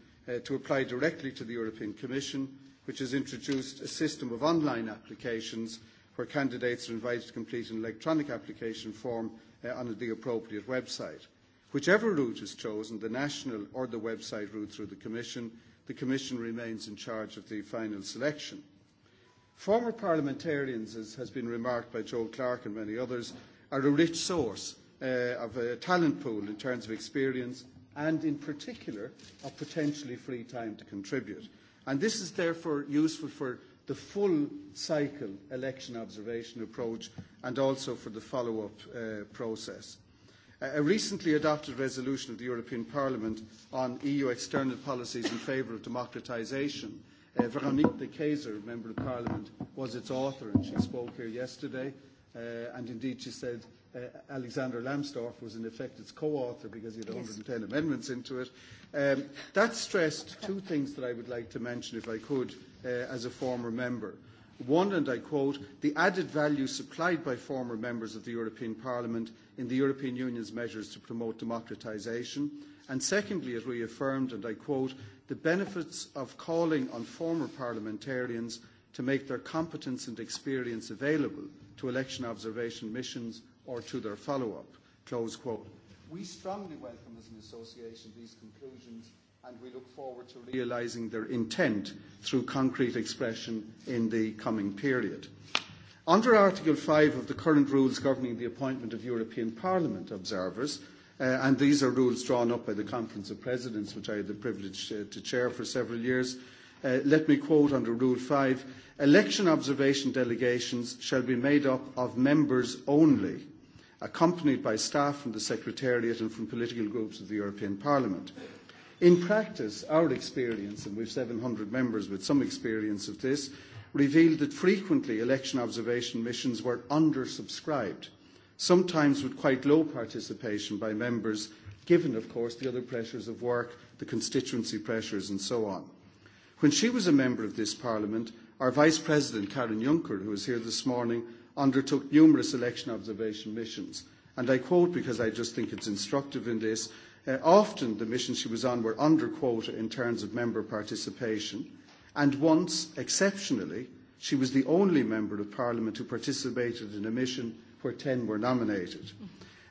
to apply directly to the European Commission which has introduced a system of online applications where candidates are invited to complete an electronic application form on the appropriate website. Whichever route is chosen, the national or the website route through the Commission, the Commission remains in charge of the final selection. Former parliamentarians, as has been remarked by Joe Clark and many others, are a rich source of a talent pool in terms of experience and, in particular, of potentially free time to contribute. And this is therefore useful for the full cycle election observation approach and also for the follow-up process. A recently adopted resolution of the European Parliament on EU external policies in favour of democratisation, Veronique de Keyser, Member of Parliament, was its author and she spoke here yesterday and indeed she said Alexander Lambsdorff was in effect its co-author because he had 110 amendments into it. That stressed two things that I would like to mention, if I could, as a former member. One, and I quote, the added value supplied by former members of the European Parliament in the European Union's measures to promote democratisation. And secondly, it reaffirmed, and I quote, the benefits of calling on former parliamentarians to make their competence and experience available to election observation missions or to their follow-up. quote. We strongly welcome as an association these conclusions and we look forward to realising their intent through concrete expression in the coming period. Under Article 5 of the current rules governing the appointment of European Parliament observers, and these are rules drawn up by the Conference of Presidents, which I had the privilege to chair for several years, let me quote under Rule 5, election observation delegations shall be made up of members only accompanied by staff from the Secretariat and from political groups of the European Parliament. In practice, our experience, and we have 700 members with some experience of this, revealed that frequently election observation missions were undersubscribed, sometimes with quite low participation by members, given, of course, the other pressures of work, the constituency pressures, and so on. When she was a member of this Parliament, our Vice President, Karen Juncker, who is here this morning, undertook numerous election observation missions. And I quote because I just think it's instructive in this. Often the missions she was on were under quota in terms of member participation. And once, exceptionally, she was the only member of parliament who participated in a mission where 10 were nominated.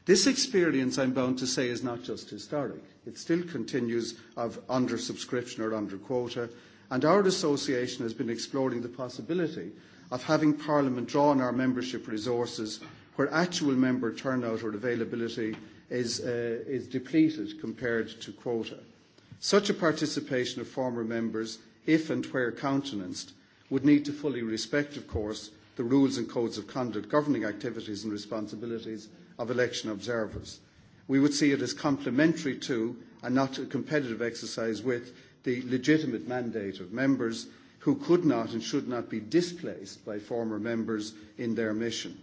This experience, I'm bound to say, is not just historic. It still continues of under subscription or under quota. And our association has been exploring the possibility of having Parliament draw on our membership resources where actual member turnout or availability is depleted compared to quota. Such a participation of former members, if and where countenanced, would need to fully respect, of course, the rules and codes of conduct governing activities and responsibilities of election observers. We would see it as complementary to, and not a competitive exercise with, the legitimate mandate of members who could not and should not be displaced by former members in their mission.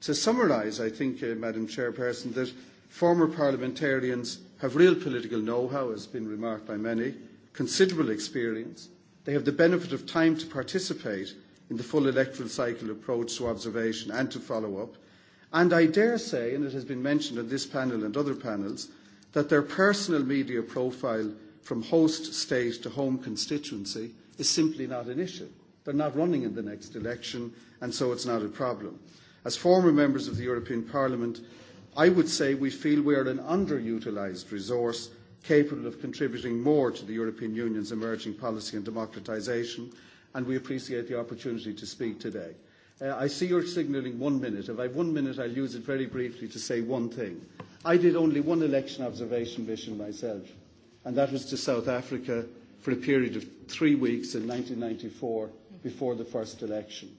To summarise, I think, Madam Chairperson, that former parliamentarians have real political know-how, as has been remarked by many, considerable experience. They have the benefit of time to participate in the full electoral cycle approach to observation and to follow-up. And I dare say, and it has been mentioned on this panel and other panels, that their personal media profile from host state to home constituency is simply not an issue. They're not running in the next election, and so it's not a problem. As former members of the European Parliament, I would say we feel we are an underutilised resource capable of contributing more to the European Union's emerging policy and democratisation, and we appreciate the opportunity to speak today. I see you're signalling one minute. If I have one minute, I'll use it very briefly to say one thing. I did only one election observation mission myself, and that was to South Africa for a period of three weeks in 1994 before the first election.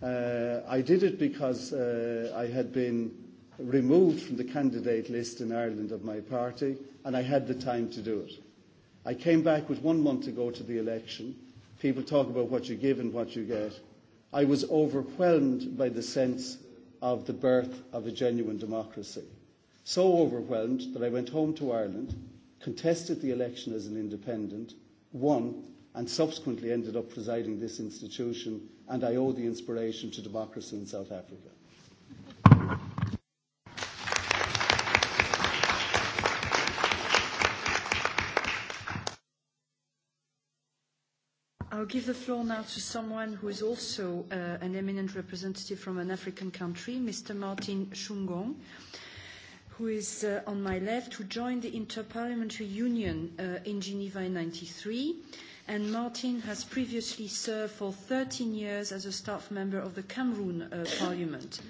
I did it because I had been removed from the candidate list in Ireland of my party and I had the time to do it. I came back with one month to go to the election. People talk about what you give and what you get. I was overwhelmed by the sense of the birth of a genuine democracy. So overwhelmed that I went home to Ireland contested the election as an independent, won, and subsequently ended up presiding this institution, and I owe the inspiration to democracy in South Africa. I'll give the floor now to someone who is also an eminent representative from an African country, Mr. Martin Shungong who is on my left, who joined the Interparliamentary Union in Geneva in 1993. And Martin has previously served for 13 years as a staff member of the Cameroon Parliament.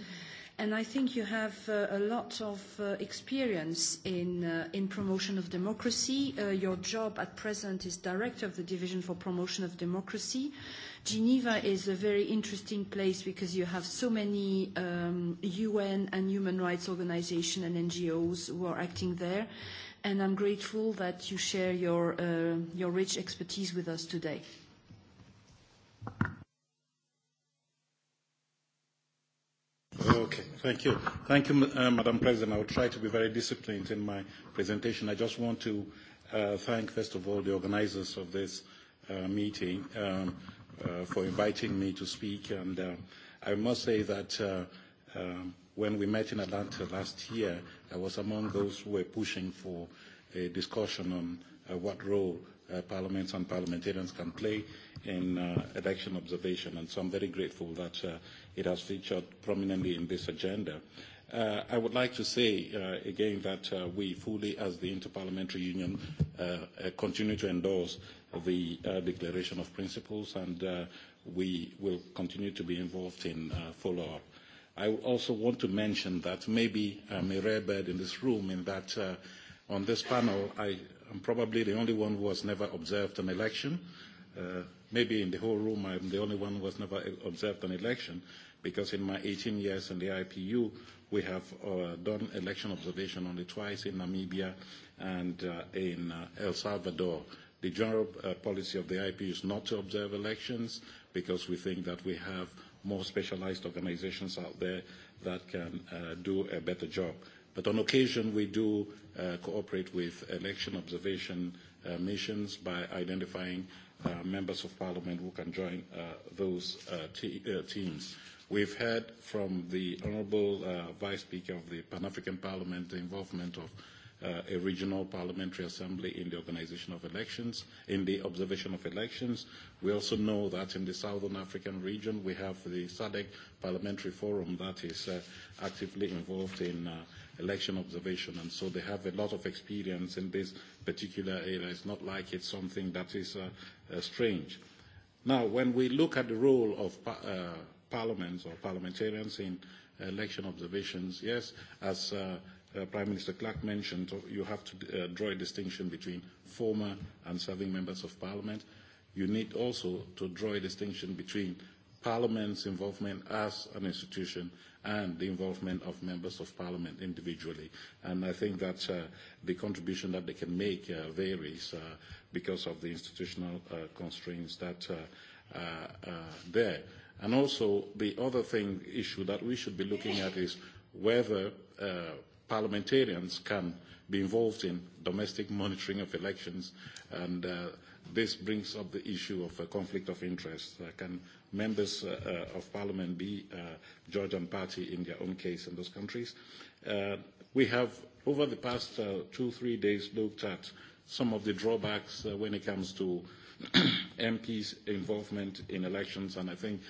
And I think you have a lot of experience in promotion of democracy. Your job at present is Director of the Division for Promotion of Democracy Geneva is a very interesting place because you have so many UN and human rights organizations and NGOs who are acting there, and I'm grateful that you share your your rich expertise with us today. Okay, thank you. Thank you, Madam President. I will try to be very disciplined in my presentation. I just want to thank, first of all, the organizers of this meeting. Um for inviting me to speak. And I must say that when we met in Atlanta last year, I was among those who were pushing for a discussion on what role parliaments and parliamentarians can play in election observation. And so I'm very grateful that it has featured prominently in this agenda. I would like to say again that we fully, as the Interparliamentary Union, continue to endorse the Declaration of Principles, and we will continue to be involved in follow-up. I also want to mention that maybe I'm a rare bird in this room in that on this panel I am probably the only one who has never observed an election. Maybe in the whole room I'm the only one who has never observed an election because in my 18 years in the IPU we have done election observation only twice in Namibia and in El Salvador. The general policy of the IP is not to observe elections because we think that we have more specialized organizations out there that can do a better job. But on occasion, we do cooperate with election observation missions by identifying members of parliament who can join those teams. We've heard from the Honourable Vice Speaker of the Pan-African Parliament the involvement of a regional parliamentary assembly in the organization of elections, in the observation of elections. We also know that in the Southern African region, we have the SADC Parliamentary Forum that is actively involved in election observation, and so they have a lot of experience in this particular area. It's not like it's something that is strange. Now, when we look at the role of parliaments or parliamentarians in election observations, yes, as Prime Minister Clark mentioned, you have to draw a distinction between former and serving members of Parliament. You need also to draw a distinction between Parliament's involvement as an institution and the involvement of members of Parliament individually. And I think that the contribution that they can make varies because of the institutional constraints that are there. And also the other thing issue that we should be looking at is whether parliamentarians can be involved in domestic monitoring of elections and this brings up the issue of a conflict of interest. Can members of parliament be a Georgian party in their own case in those countries? We have over the past two, three days looked at some of the drawbacks when it comes to MPs' involvement in elections and I think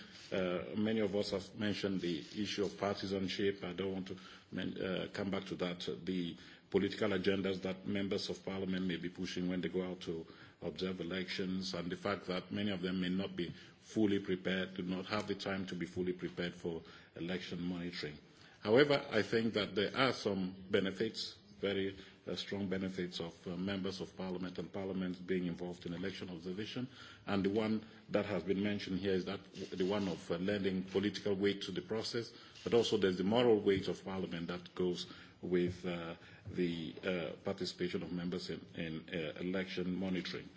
Many of us have mentioned the issue of partisanship. I don't want to come back to that. The political agendas that members of parliament may be pushing when they go out to observe elections and the fact that many of them may not be fully prepared, do not have the time to be fully prepared for election monitoring. However, I think that there are some benefits, very strong benefits of members of parliament and parliaments being involved in election observation. And the one that has been mentioned here is that the one of lending political weight to the process, but also there's the moral weight of parliament that goes with the participation of members in election monitoring.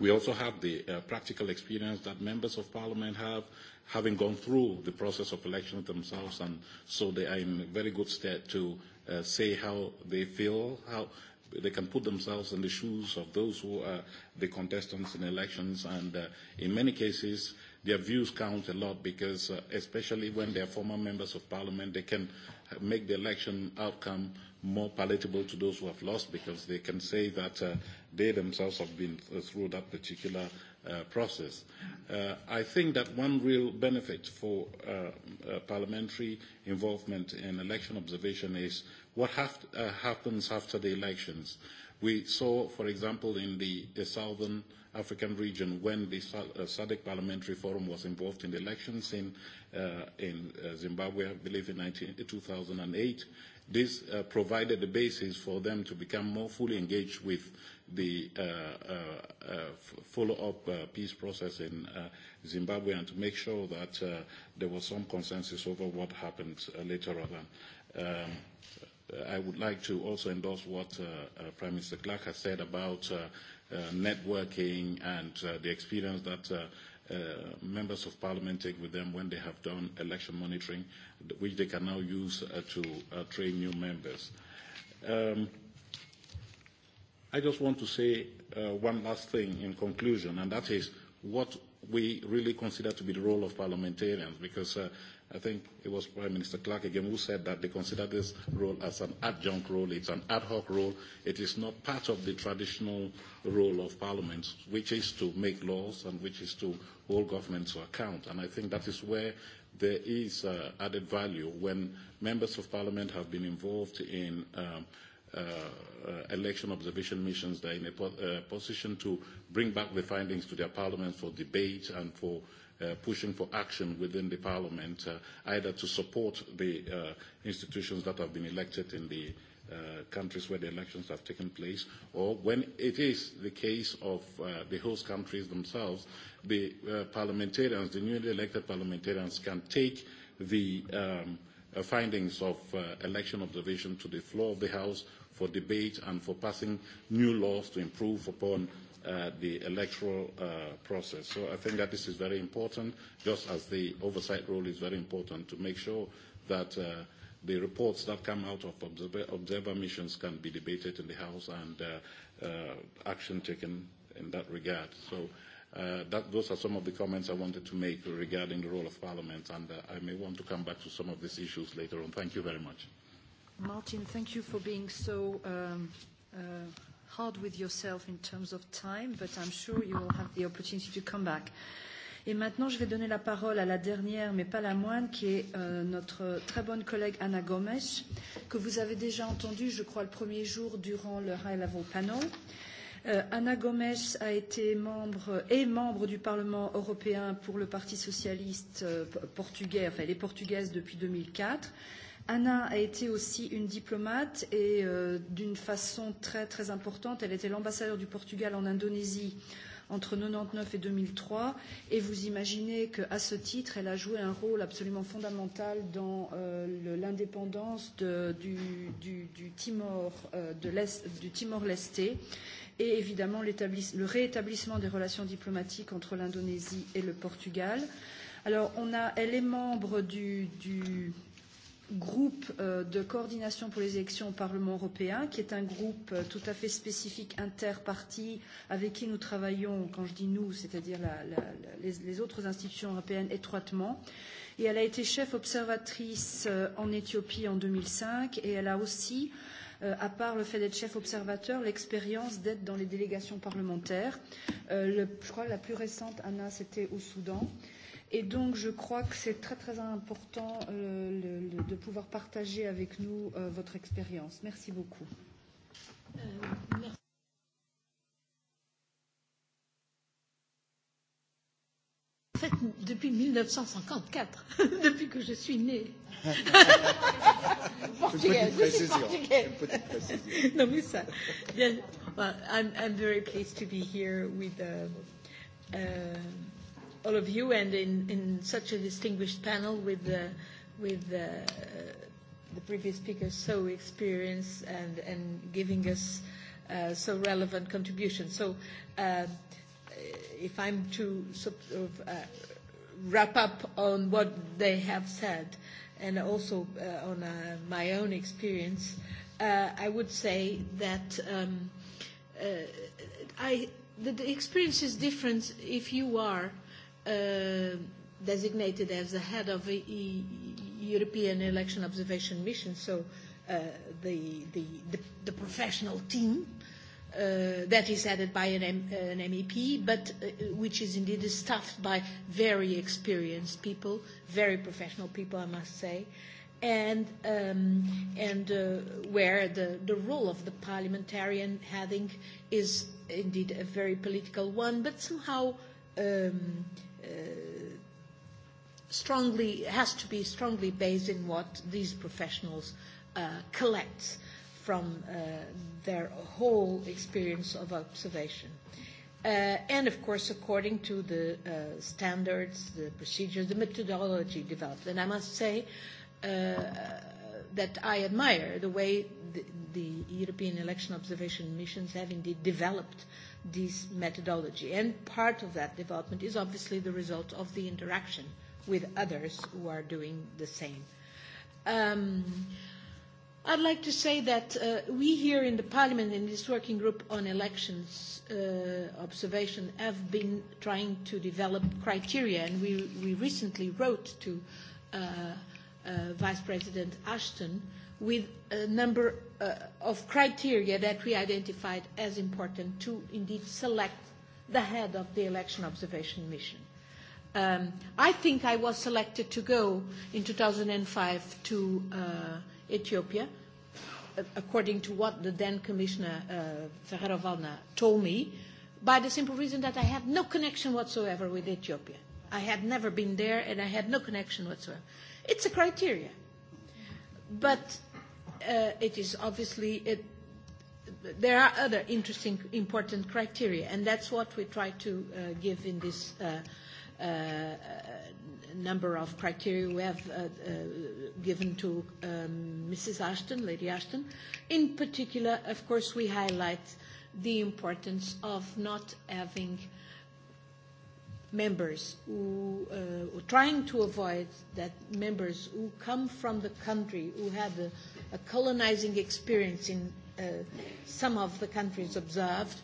We also have the practical experience that members of parliament have, having gone through the process of elections themselves, and so they are in very good stead to say how they feel, how they can put themselves in the shoes of those who are the contestants in elections. And in many cases, their views count a lot because, especially when they are former members of parliament, they can make the election outcome more palatable to those who have lost because they can say that they themselves have been through that particular process. I think that one real benefit for parliamentary involvement in election observation is what happens after the elections. We saw, for example, in the southern African region when the SADC Parliamentary Forum was involved in the elections in in Zimbabwe, I believe in 2008. This provided the basis for them to become more fully engaged with the follow-up peace process in Zimbabwe and to make sure that there was some consensus over what happened later on. I would like to also endorse what Prime Minister Clark has said about networking and the experience that members of parliament take with them when they have done election monitoring, which they can now use to train new members. Um I just want to say one last thing in conclusion, and that is what we really consider to be the role of parliamentarians, because I think it was Prime Minister Clark again who said that they consider this role as an adjunct role, it's an ad hoc role, it is not part of the traditional role of parliament which is to make laws and which is to hold governments to account. And I think that is where there is added value when members of parliament have been involved in election observation missions that are in a position to bring back the findings to their parliament for debate and for pushing for action within the parliament, either to support the institutions that have been elected in the countries where the elections have taken place, or when it is the case of the host countries themselves, the parliamentarians, the newly elected parliamentarians can take the findings of election observation to the floor of the House for debate and for passing new laws to improve upon the electoral process. So I think that this is very important, just as the oversight role is very important to make sure that the reports that come out of observer missions can be debated in the House and action taken in that regard. So those are some of the comments I wanted to make regarding the role of Parliament, and I may want to come back to some of these issues later on. Thank you very much. Martin, thank you for being so hard with yourself in terms of time, but I'm sure you will have the opportunity to come back. Et maintenant, je vais donner la parole à la dernière, mais pas la moindre, qui est notre très bonne collègue Anna Gomes, que vous avez déjà entendue, je crois, le premier jour durant le High Level Panel. Anna Gomes a été membre et membre du Parlement européen pour le Parti socialiste portugais, enfin elle est portugaise depuis 2004 Anna a été aussi une diplomate et d'une façon très très importante, elle était l'ambassadeur du Portugal en Indonésie entre 99 et 2003 et vous imaginez qu'à ce titre elle a joué un rôle absolument fondamental dans l'indépendance du du du Timor de l'Est du Timor Lesté et évidemment le réétablissement des relations diplomatiques entre l'Indonésie et le Portugal. Alors on a elle est membre du du groupe de coordination pour les élections au Parlement européen, qui est un groupe tout à fait spécifique interparti avec qui nous travaillons, quand je dis nous, c'est-à-dire les autres institutions européennes étroitement. Et elle a été chef observatrice en Éthiopie en 2005 et elle a aussi, à part le fait d'être chef observateur, l'expérience d'être dans les délégations parlementaires. Je crois que la plus récente, Anna, c'était au Soudan Et donc, je crois que c'est très, très important euh, le, de pouvoir partager avec nous votre expérience. Merci beaucoup. Euh, merci. En fait, depuis 1954, depuis que je suis née. Portugaise, je suis portugaise. Non, mais ça. Well, I'm, I'm very pleased to be here with uh, uh, all of you and in, in such a distinguished panel with the, with the, the previous speakers so experienced and, and giving us uh, so relevant contributions. So uh, if I'm to sort of uh, wrap up on what they have said and also uh, on uh, my own experience, uh, I would say that um, uh, I, the, the experience is different if you are designated as the head of the European Election Observation Mission, so the the the professional team that is headed by an MEP, but which is indeed staffed by very experienced people, very professional people, I must say, and and where the the role of the parliamentarian heading is indeed a very political one, but somehow strongly has to be strongly based in what these professionals collect from their whole experience of observation. And of course, according to the standards, the procedures, the methodology developed. And I must say, that I admire the way the European election observation missions have indeed developed this methodology. And part of that development is obviously the result of the interaction with others who are doing the same. I'd like to say that we here in the Parliament, in this working group on elections observation, have been trying to develop criteria, and we recently wrote to Vice President Ashton with a number of criteria that we identified as important to indeed select the head of the election observation mission. I think I was selected to go in 2005 to Ethiopia, according to what the then Commissioner ferrero Valna told me, by the simple reason that I had no connection whatsoever with Ethiopia. I had never been there and I had no connection whatsoever. It's a criteria. But it is obviously, there are other interesting, important criteria, and that's what we try to give in this number of criteria we have given to Mrs. Ashton, Lady Ashton. In particular, of course, we highlight the importance of not having members who trying to avoid that members who come from the country who had a colonizing experience in some of the countries observed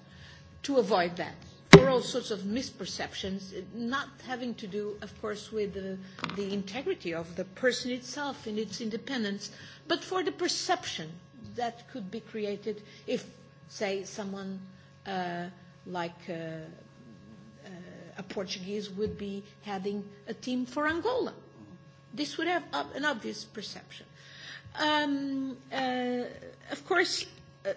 to avoid that for all sorts of misperceptions not having to do of course with the integrity of the person itself and its independence but for the perception that could be created if say someone like a Portuguese would be heading a team for Angola. This would have an obvious perception. Of course,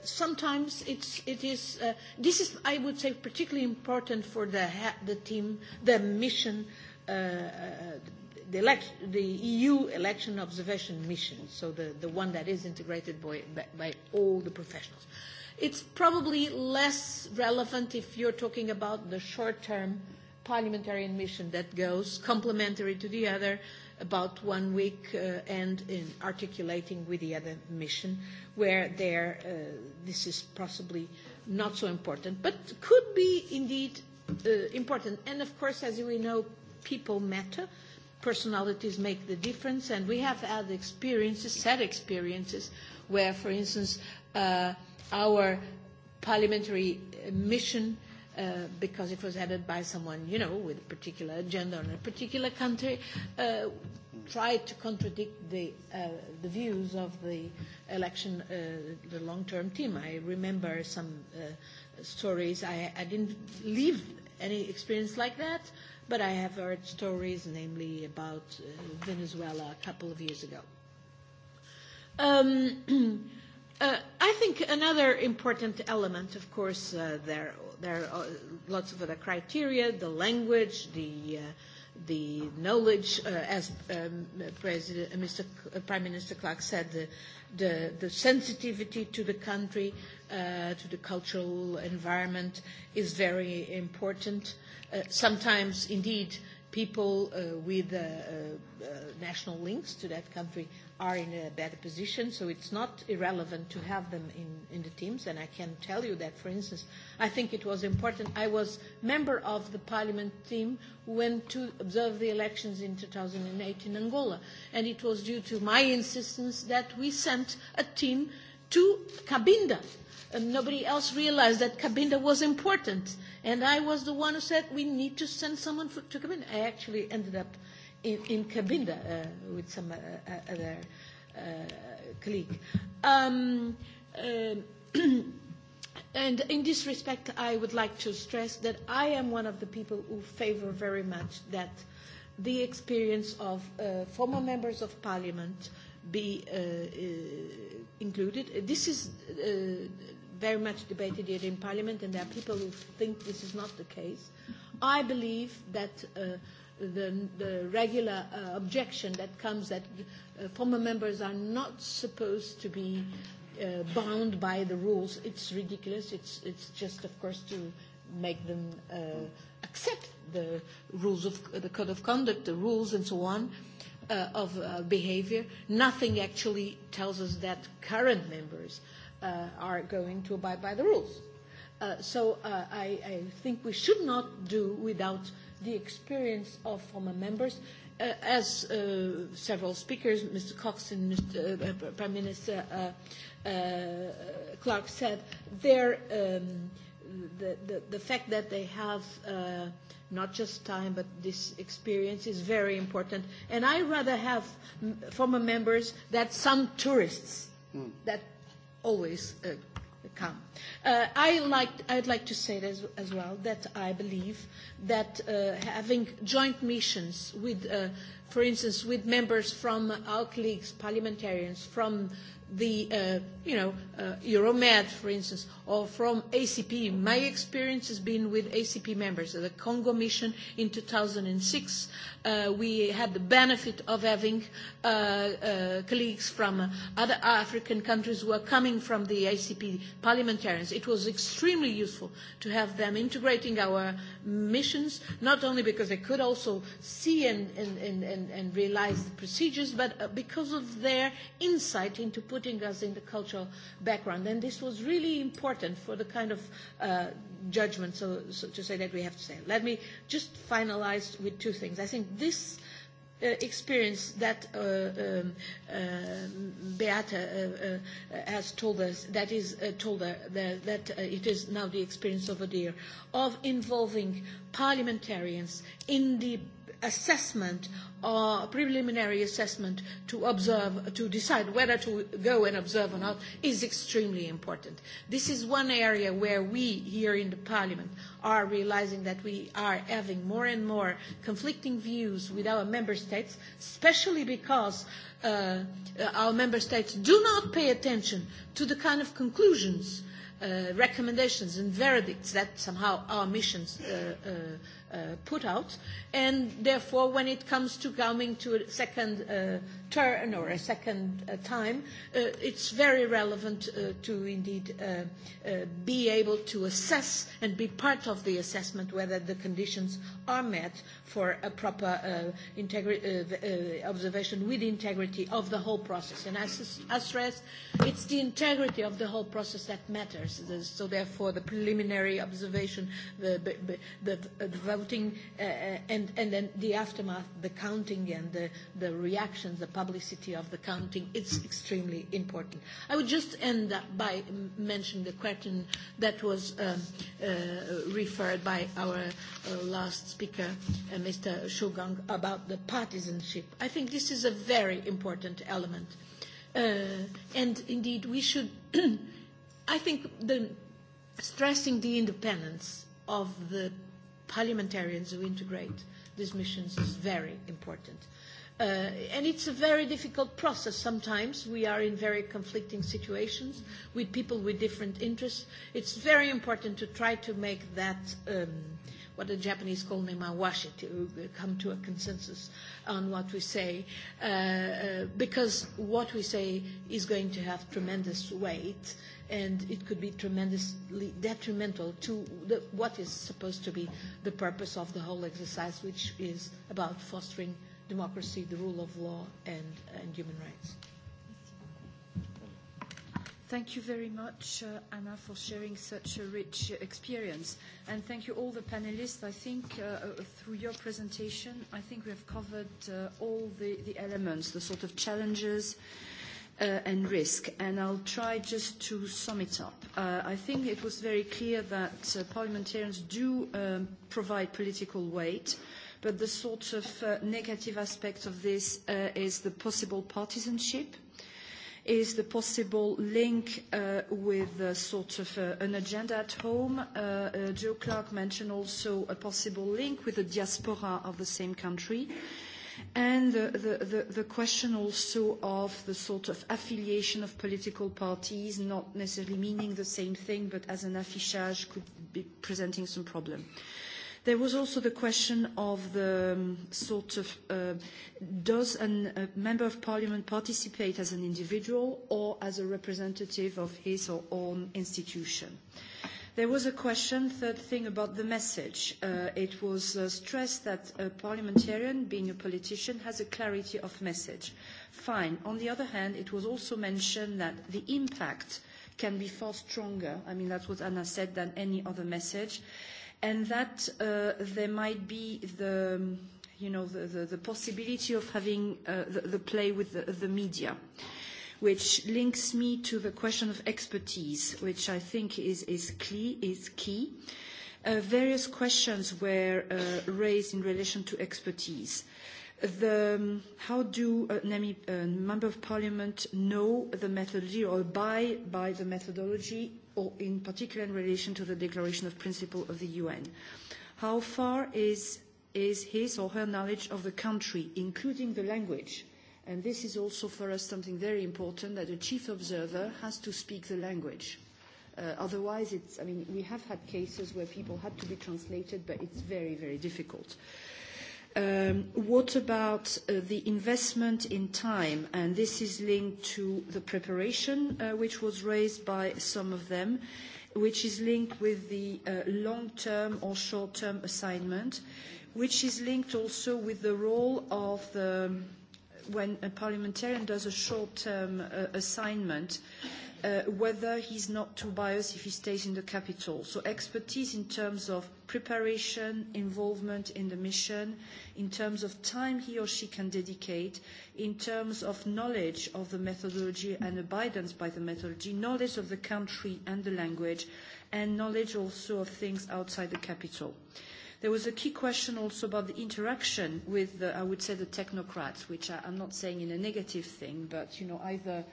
sometimes it's it is this is I would say particularly important for the the team the mission the the EU election observation mission, so the the one that is integrated by by all the professionals. It's probably less relevant if you're talking about the short term parliamentarian mission that goes complementary to the other about one week and in articulating with the other mission where there this is possibly not so important but could be indeed important and of course as we know people matter personalities make the difference and we have had experiences sad experiences where for instance our parliamentary mission because it was headed by someone, you know, with a particular agenda in a particular country, tried to contradict the the views of the election, the long-term team. I remember some stories. I I didn't live any experience like that, but I have heard stories, namely about Venezuela a couple of years ago. I think another important element, of course, there there are lots of other criteria, the language, the the knowledge, as Mr. Prime Minister Clark said, the the sensitivity to the country, to the cultural environment is very important. Sometimes, indeed people with national links to that country are in a better position, so it's not irrelevant to have them in the teams. And I can tell you that, for instance, I think it was important. I was member of the parliament team who went to observe the elections in 2008 in Angola, and it was due to my insistence that we sent a team to Cabinda nobody else realized that Cabinda was important. And I was the one who said we need to send someone to Cabinda. I actually ended up in, in Cabinda with some other colleague. Um, and in this respect, I would like to stress that I am one of the people who favor very much that the experience of former members of parliament be included. This is very much debated here in Parliament, and there are people who think this is not the case. I believe that the regular objection that comes that former members are not supposed to be bound by the rules, it's ridiculous. It's it's just, of course, to make them accept the rules of the code of conduct, the rules and so on of behavior. Nothing actually tells us that current members are going to abide by the rules. So I think we should not do without the experience of former members. As several speakers, Mr. Cox and Prime Minister Clark said, the fact that they have not just time but this experience is very important. And I rather have former members that some tourists that always come. I'd like to say as well that I believe that having joint missions with for instance, with members from our colleagues, parliamentarians, from the, you know, Euromed, for instance, or from ACP. My experience has been with ACP members. The Congo mission in 2006, we had the benefit of having colleagues from other African countries who are coming from the ACP parliamentarians. It was extremely useful to have them integrating our missions, not only because they could also see and and realize the procedures, but because of their insight into putting us in the cultural background. And this was really important for the kind of judgment, so to say, that we have to say. Let me just finalize with two things. I think this experience that Beata has told us, that is told that it is now the experience of a dear of involving parliamentarians in the assessment or preliminary assessment to observe, to decide whether to go and observe or not is extremely important. This is one area where we here in the Parliament are realizing that we are having more and more conflicting views with our member states, especially because our member states do not pay attention to the kind of conclusions recommendations and verdicts that somehow our missions put out. And therefore, when it comes to coming to a second turn or a second time, it's very relevant to indeed be able to assess and be part of the assessment whether the conditions are met for a proper observation with integrity of the whole process. And as I stress it's the integrity of the whole process that matters. So therefore the preliminary observation, the voting and then the aftermath, the counting and the reactions, the publicity of the counting. It's extremely important. I would just end by mentioning the question that was referred by our last speaker, Mr. Shugang, about the partisanship. I think this is a very important element. And indeed, we should, I think, stressing the independence of the parliamentarians who integrate these missions is very important. And it's a very difficult process sometimes. We are in very conflicting situations with people with different interests. It's very important to try to make that, what the Japanese call nemawashi, to come to a consensus on what we say, because what we say is going to have tremendous weight and it could be tremendously detrimental to what is supposed to be the purpose of the whole exercise, which is about fostering democracy, the rule of law, and, and human rights. Thank you very much, Anna, for sharing such a rich experience. And thank you all the panelists. I think through your presentation, I think we have covered all the elements, the sort of challenges and risk. And I'll try just to sum it up. I think it was very clear that parliamentarians do provide political weight but the sort of negative aspect of this is the possible partisanship, is the possible link with sort of an agenda at home. Joe Clark mentioned also a possible link with the diaspora of the same country and the question also of the sort of affiliation of political parties, not necessarily meaning the same thing, but as an affichage could be presenting some problem. There was also the question of the sort of does a member of parliament participate as an individual or as a representative of his or own institution? There was a question, third thing, about the message. It was stressed that a parliamentarian, being a politician, has a clarity of message. Fine. On the other hand, it was also mentioned that the impact can be far stronger. I mean, that's what Anna said, than any other message and that there might be the you know the possibility of having the play with the media which links me to the question of expertise which i think is is key various questions were raised in relation to expertise How do member of parliament know the methodology or buy by the methodology, or in particular in relation to the Declaration of Principle of the UN? How far is his or her knowledge of the country, including the language? And this is also for us something very important, that a chief observer has to speak the language. Otherwise, it's, I mean, we have had cases where people had to be translated, but it's very, very difficult. What about the investment in time? And this is linked to the preparation, which was raised by some of them, which is linked with the long-term or short-term assignment, which is linked also with the role of the when a parliamentarian does a short-term assignment whether he is not too biased if he stays in the capital. So expertise in terms of preparation, involvement in the mission, in terms of time he or she can dedicate, in terms of knowledge of the methodology and abidance by the methodology, knowledge of the country and the language, and knowledge also of things outside the capital. There was a key question also about the interaction with, I would say, the technocrats, which I I'm not saying in a negative thing, but, you know, either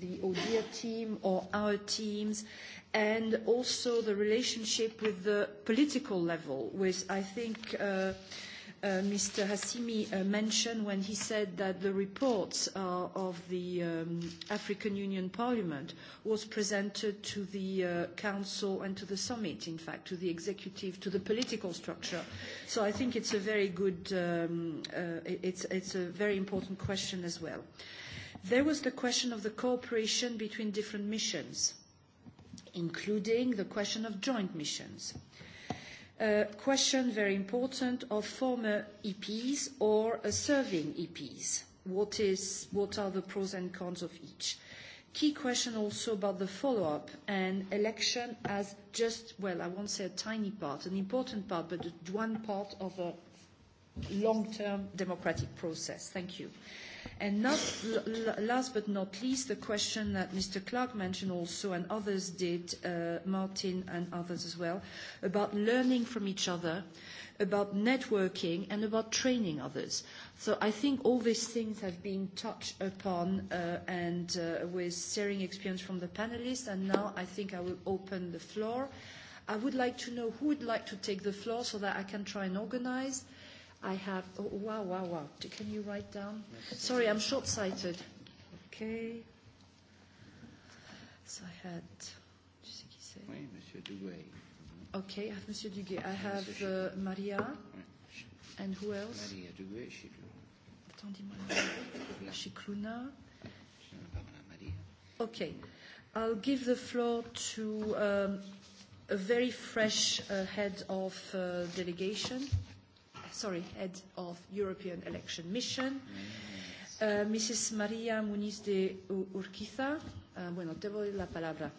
the ODIHR team or our teams, and also the relationship with the political level, which I think Mr. Hassimi mentioned when he said that the reports of the African Union Parliament was presented to the Council and to the Summit, in fact, to the executive, to the political structure. So I think it's a very good, it's a very important question as well. There was the question of the cooperation between different missions, including the question of joint missions. A Question very important of former EPs or serving EPs. What is what are the pros and cons of each? Key question also about the follow-up and election as just well, I won't say a tiny part, an important part, but one part of a long-term democratic process. Thank you. And last but not least, the question that Mr. Clark mentioned also, and others did, Martin and others as well, about learning from each other, about networking, and about training others. So I think all these things have been touched upon and with sharing experience from the panelists, and now I think I will open the floor. I would like to know who would like to take the floor so that I can try and organize. I have, oh, wow, wow, wow. Can you write down? Sorry, I'm short-sighted. Okay. So I had, je sais qui c'est? Oui, Monsieur Duguay. Okay, I have Monsieur Duguay. I have uh, Maria. And who else? Maria Duguay, Chikluna. Attendez-moi. Chikluna. Okay. I'll give the floor to um, a very fresh uh, head of uh, delegation sorry, head of European Election Mission, Mrs. María Muniz de Urquiza. Bueno, te la palabra.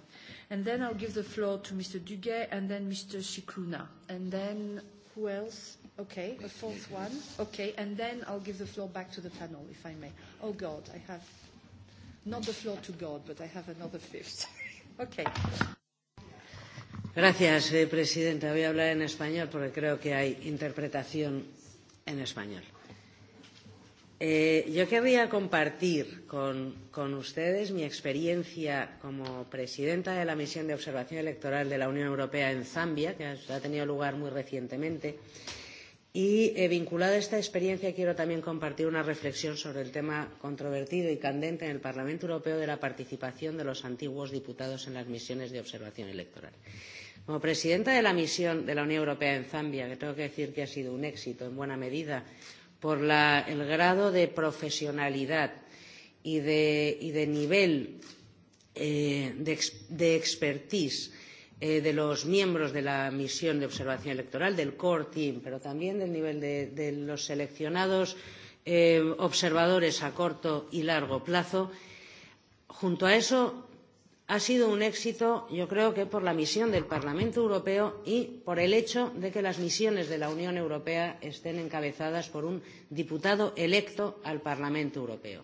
And then I'll give the floor to Mr. Duguay and then Mr. Cicluna. And then who else? Okay, a fourth one. Okay, and then I'll give the floor back to the panel, if I may. Oh, God, I have not the floor to God, but I have another fifth. Okay. Señora presidenta. Voy a hablar en español porque creo que hay interpretación en español. Yo querría compartir con ustedes mi experiencia como presidenta de la misión de observación electoral de la Unión Europea en Zambia, que ha tenido lugar muy recientemente, y vinculada a esta experiencia quiero también compartir una reflexión sobre el tema controvertido y candente en el Parlamento Europeo de la participación de los antiguos diputados en las misiones de observación electoral. Como presidenta de la misión de la Unión Europea en Zambia, que tengo que decir que ha sido un éxito en buena medida por el grado de profesionalidad y de nivel de expertise de los miembros de la misión de observación electoral, del core team, pero también del nivel de los seleccionados observadores a corto y largo plazo. Junto a eso, ha sido un éxito yo creo que por la misión del parlamento europeo y por el hecho de que las misiones de la unión europea estén encabezadas por un diputado electo al parlamento europeo.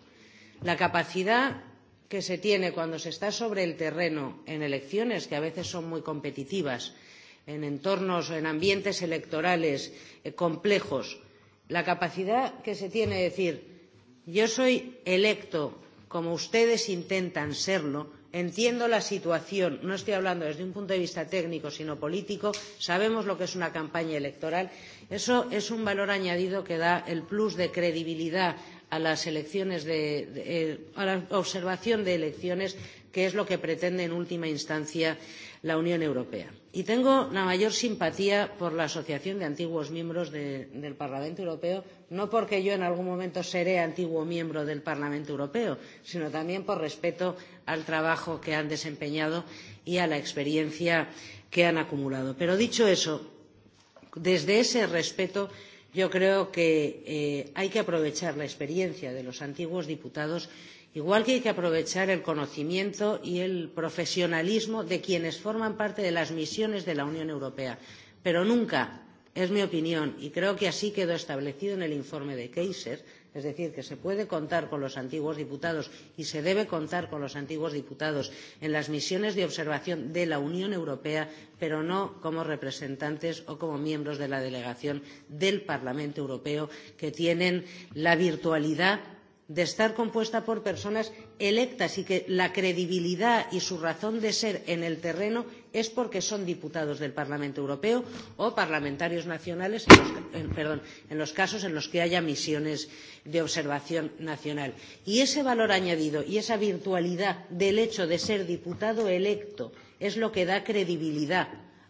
la capacidad que se tiene cuando se está sobre el terreno en elecciones que a veces son muy competitivas en entornos en ambientes electorales complejos la capacidad que se tiene de decir yo soy electo como ustedes intentan serlo entiendo la situación no estoy hablando desde un punto de vista técnico sino político sabemos lo que es una campaña electoral eso es un valor añadido que da el plus de credibilidad a las elecciones de a la observación de elecciones que es lo que pretende en última instancia la unión europea y tengo la mayor simpatía por la asociación de antiguos miembros del Parlamento Europeo, no porque yo en algún momento seré antiguo miembro del Parlamento Europeo, sino también por respeto al trabajo que han desempeñado y a la experiencia que han acumulado. Pero dicho eso, desde ese respeto yo creo que hay que aprovechar la experiencia de los antiguos diputados igual que hay que aprovechar el conocimiento y el profesionalismo de quienes forman parte de las misiones de la unión europea pero nunca es mi opinión y creo que así quedó establecido en el informe de keyser es decir que se puede contar con los antiguos diputados y se debe contar con los antiguos diputados en las misiones de observación de la unión europea pero no como representantes o como miembros de la delegación del parlamento europeo que tienen la virtualidad de estar compuesta por personas electas y que la credibilidad y su razón de ser en el terreno es porque son diputados del Parlamento Europeo o parlamentarios nacionales en los casos en los que haya misiones de observación nacional. Y ese valor añadido y esa virtualidad del hecho de ser diputado electo es lo que da credibilidad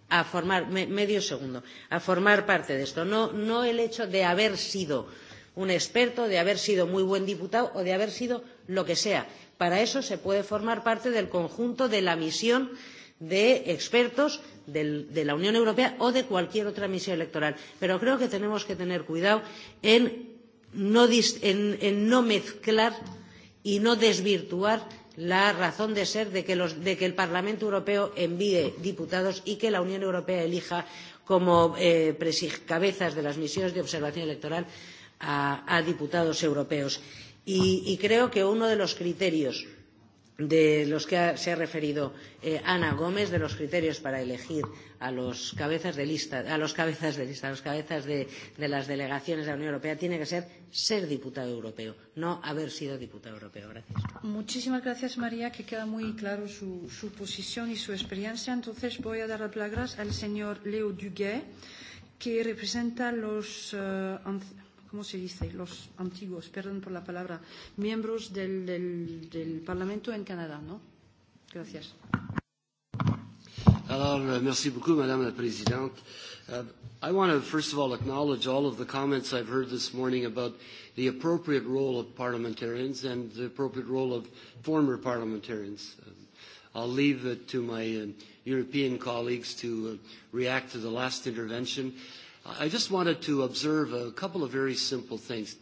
a formar medio segundo a formar parte de esto, no el hecho de haber sido un experto, de haber sido muy buen diputado o de haber sido lo que sea. Para eso se puede formar parte del conjunto de la misión de expertos de la Unión Europea o de cualquier otra misión electoral. Pero creo que tenemos que tener cuidado en no mezclar y no desvirtuar la razón de ser de que el Parlamento Europeo envíe diputados y que la Unión Europea elija como cabezas de las misiones de observación electoral a, diputados europeos. Y, creo que uno de los criterios de los que se ha referido Ana Gómez, de los criterios para elegir a los cabezas de lista, a los cabezas de lista, a los cabezas de, las delegaciones de la Unión Europea, tiene que ser ser diputado europeo, no haber sido diputado europeo. Gracias. Muchísimas gracias, María, que queda muy claro su, su posición y su experiencia. Entonces voy a dar las palabras al señor Leo Duguet, que representa los ¿cómo se dice? Los antiguos, perdón por la palabra, miembros del, del, del Parlamento en Canadá, ¿no? Gracias. Alors, merci beaucoup, Madame la Présidente. I want to, first of all, acknowledge all of the comments I've heard this morning about the appropriate role of parliamentarians and the appropriate role of former parliamentarians. I'll leave it to my European colleagues to react to the last intervention. I just wanted to observe a couple of very simple things.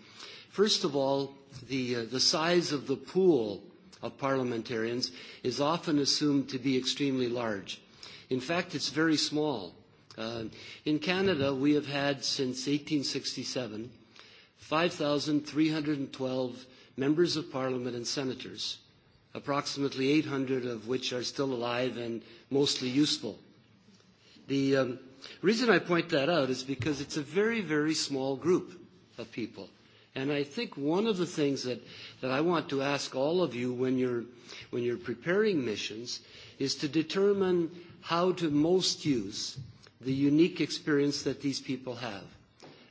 First of all, the the size of the pool of parliamentarians is often assumed to be extremely large. In fact, it's very small. In Canada, we have had since 1867 5,312 members of parliament and senators, approximately 800 of which are still alive and mostly useful. The The reason I point that out is because it's a very, very small group of people. And I think one of the things that that I want to ask all of you when you're when you're preparing missions is to determine how to most use the unique experience that these people have.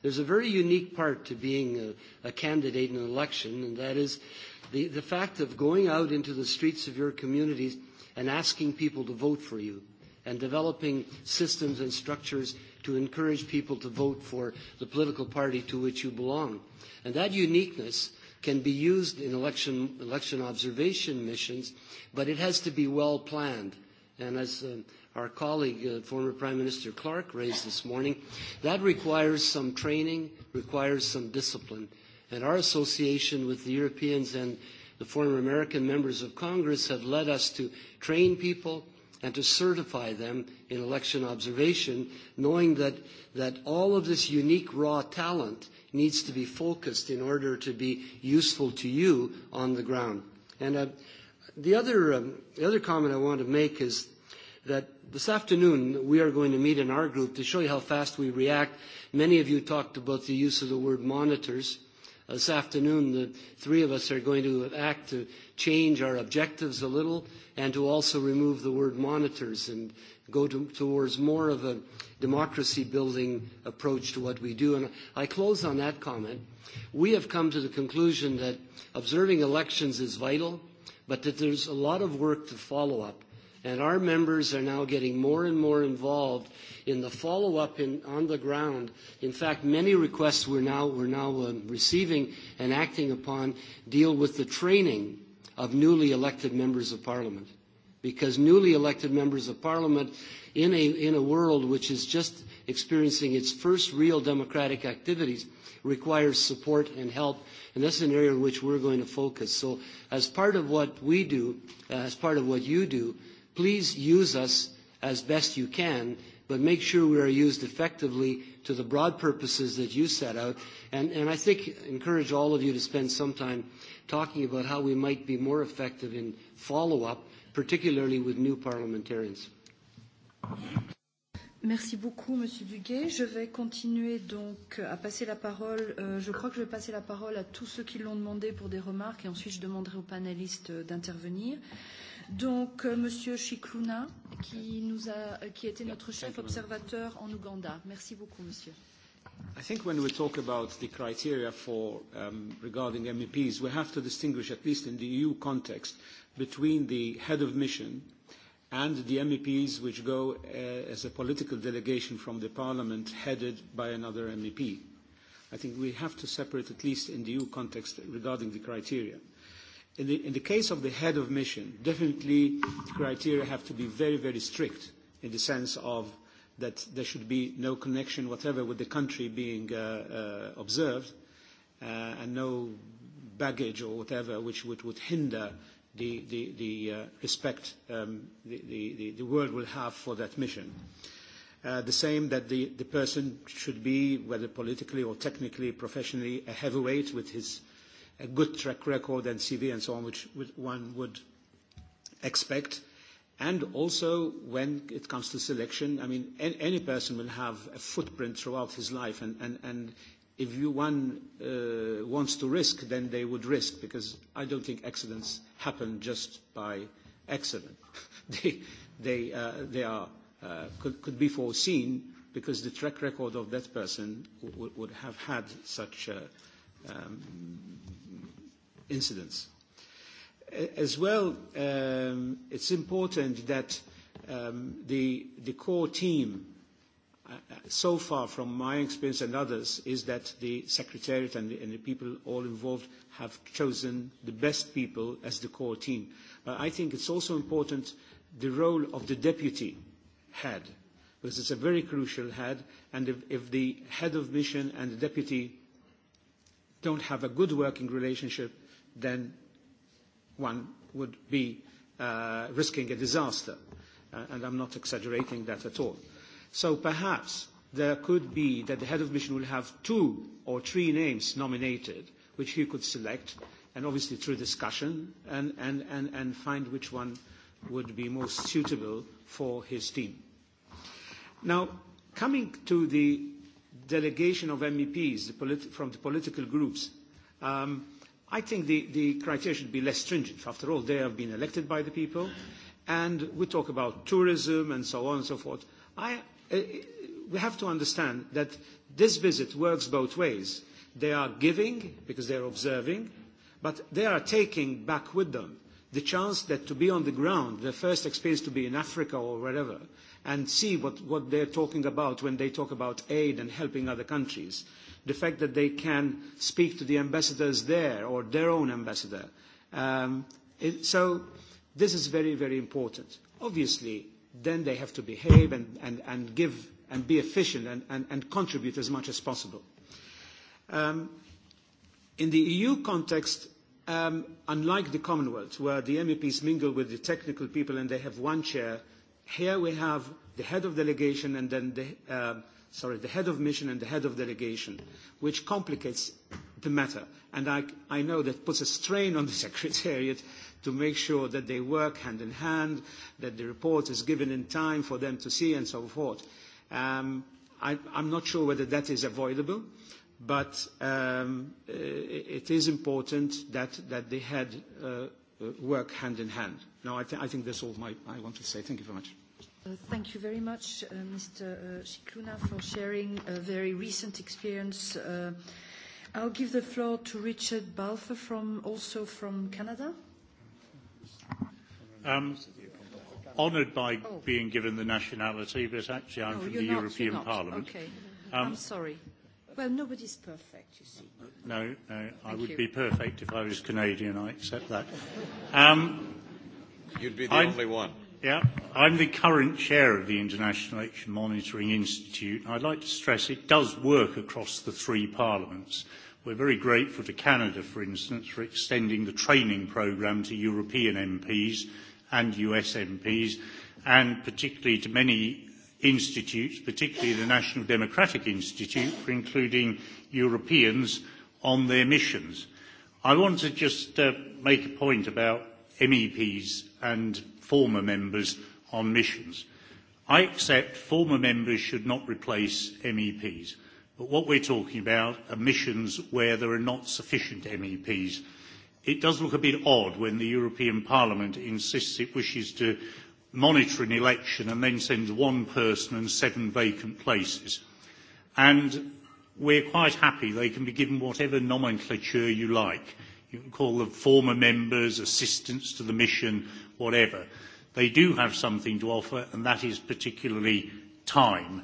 There's a very unique part to being a candidate in an election, and that is the the fact of going out into the streets of your communities and asking people to vote for you and developing systems and structures to encourage people to vote for the political party to which you belong. And that uniqueness can be used in election observation missions, but it has to be well planned. And as our colleague, former Prime Minister Clark, raised this morning, that requires some training, requires some discipline. And our association with the Europeans and the former American members of Congress have led us to train people and to certify them in election observation, knowing that all of this unique raw talent needs to be focused in order to be useful to you on the ground. And the other comment I want to make is that this afternoon we are going to meet in our group to show you how fast we react. Many of you talked about the use of the word monitors. This afternoon the three of us are going to act to change our objectives a little and to also remove the word monitors and go towards more of a democracy-building approach to what we do. And I close on that comment. We have come to the conclusion that observing elections is vital, but that there's a lot of work to follow up. And our members are now getting more and more involved in the follow-up on the ground. In fact, many requests we're now receiving and acting upon deal with the training of newly elected members of parliament because newly elected members of parliament in a in a world which is just experiencing its first real democratic activities requires support and help and that's an area in which we're going to focus so as part of what we do as part of what you do please use us as best you can but make sure we are used effectively to the broad purposes that you set out and and i think encourage all of you to spend some time talking about how we might be more effective in follow-up, particularly with new parliamentarians. Merci beaucoup, Monsieur Duguay. Je vais continuer donc à passer la parole. Je crois que je vais passer la parole à tous ceux qui l'ont demandé pour des remarques et ensuite je demanderai aux panélistes d'intervenir. Donc, Monsieur Chikluna, qui, nous a, qui était notre chef observateur en Ouganda. Merci beaucoup, Monsieur. I think when we talk about the criteria for regarding MEPs, we have to distinguish, at least in the EU context, between the head of mission and the MEPs which go as a political delegation from the Parliament headed by another MEP. I think we have to separate, at least in the EU context, regarding the criteria. In the case of the head of mission, definitely the criteria have to be very, very strict in the sense of that there should be no connection whatever with the country being observed and no baggage or whatever which would hinder the respect the world will have for that mission. The same that the person should be, whether politically or technically, professionally, a heavyweight with his good track record and CV and so on, which one would expect And also, when it comes to selection, I mean, any person will have a footprint throughout his life, and if you one wants to risk, then they would risk, because I don't think accidents happen just by accident. They are could be foreseen because the track record of that person would have had such incidents. As well, it's important that the core team, so far from my experience and others, is that the Secretariat and the people all involved have chosen the best people as the core team. But I think it's also important the role of the deputy head, because it's a very crucial head, and if the head of mission and the deputy don't have a good working relationship, then one would be risking a disaster. And I'm not exaggerating that at all. So perhaps there could be that the head of mission will have two or three names nominated, which he could select, and obviously through discussion, and find which one would be most suitable for his team. Now, coming to the delegation of MEPs from the political groups, I think the criteria should be less stringent. After all, they have been elected by the people, and we talk about tourism and so on and so forth. We have to understand that this visit works both ways. They are giving, because they are observing, but they are taking back with them the chance that to be on the ground, their first experience to be in Africa or wherever, and see what they're talking about when they talk about aid and helping other countries the fact that they can speak to the ambassadors there or their own ambassador. So this is very, very important. Obviously, then they have to behave and give and be efficient and contribute as much as possible. In the EU context, unlike the Commonwealth, where the MEPs mingle with the technical people and they have one chair, here we have the head of delegation and then the sorry, the head of mission and the head of delegation, which complicates the matter. And I know that puts a strain on the Secretariat to make sure that they work hand in hand, that the report is given in time for them to see, and so forth. I'm not sure whether that is avoidable, but it is important that the head work hand in hand. No, I think that's all I want to say. Thank you very much. Thank you very much, Mr. Scicluna, for sharing a very recent experience. I'll give the floor to Richard Balfour, from also from Canada. Honoured by being given the nationality, but actually I'm from the European Parliament. Okay, I'm sorry. Well, nobody's perfect, you see. No, no, I would be perfect if I was Canadian. I accept that. You'd be the only one. Yeah, I'm the current chair of the International Election Monitoring Institute. I'd like to stress it does work across the three parliaments. We're very grateful to Canada, for instance, for extending the training programme to European MPs and US MPs, and particularly to many institutes, particularly the National Democratic Institute, for including Europeans on their missions. I want to just make a point about MEPs and former members on missions. I accept former members should not replace MEPs, but what we're talking about are missions where there are not sufficient MEPs. It does look a bit odd when the European Parliament insists it wishes to monitor an election and then sends one person and seven vacant places. And we're quite happy they can be given whatever nomenclature you like. You can call them former members, assistants to the mission, whatever. They do have something to offer, and that is particularly time.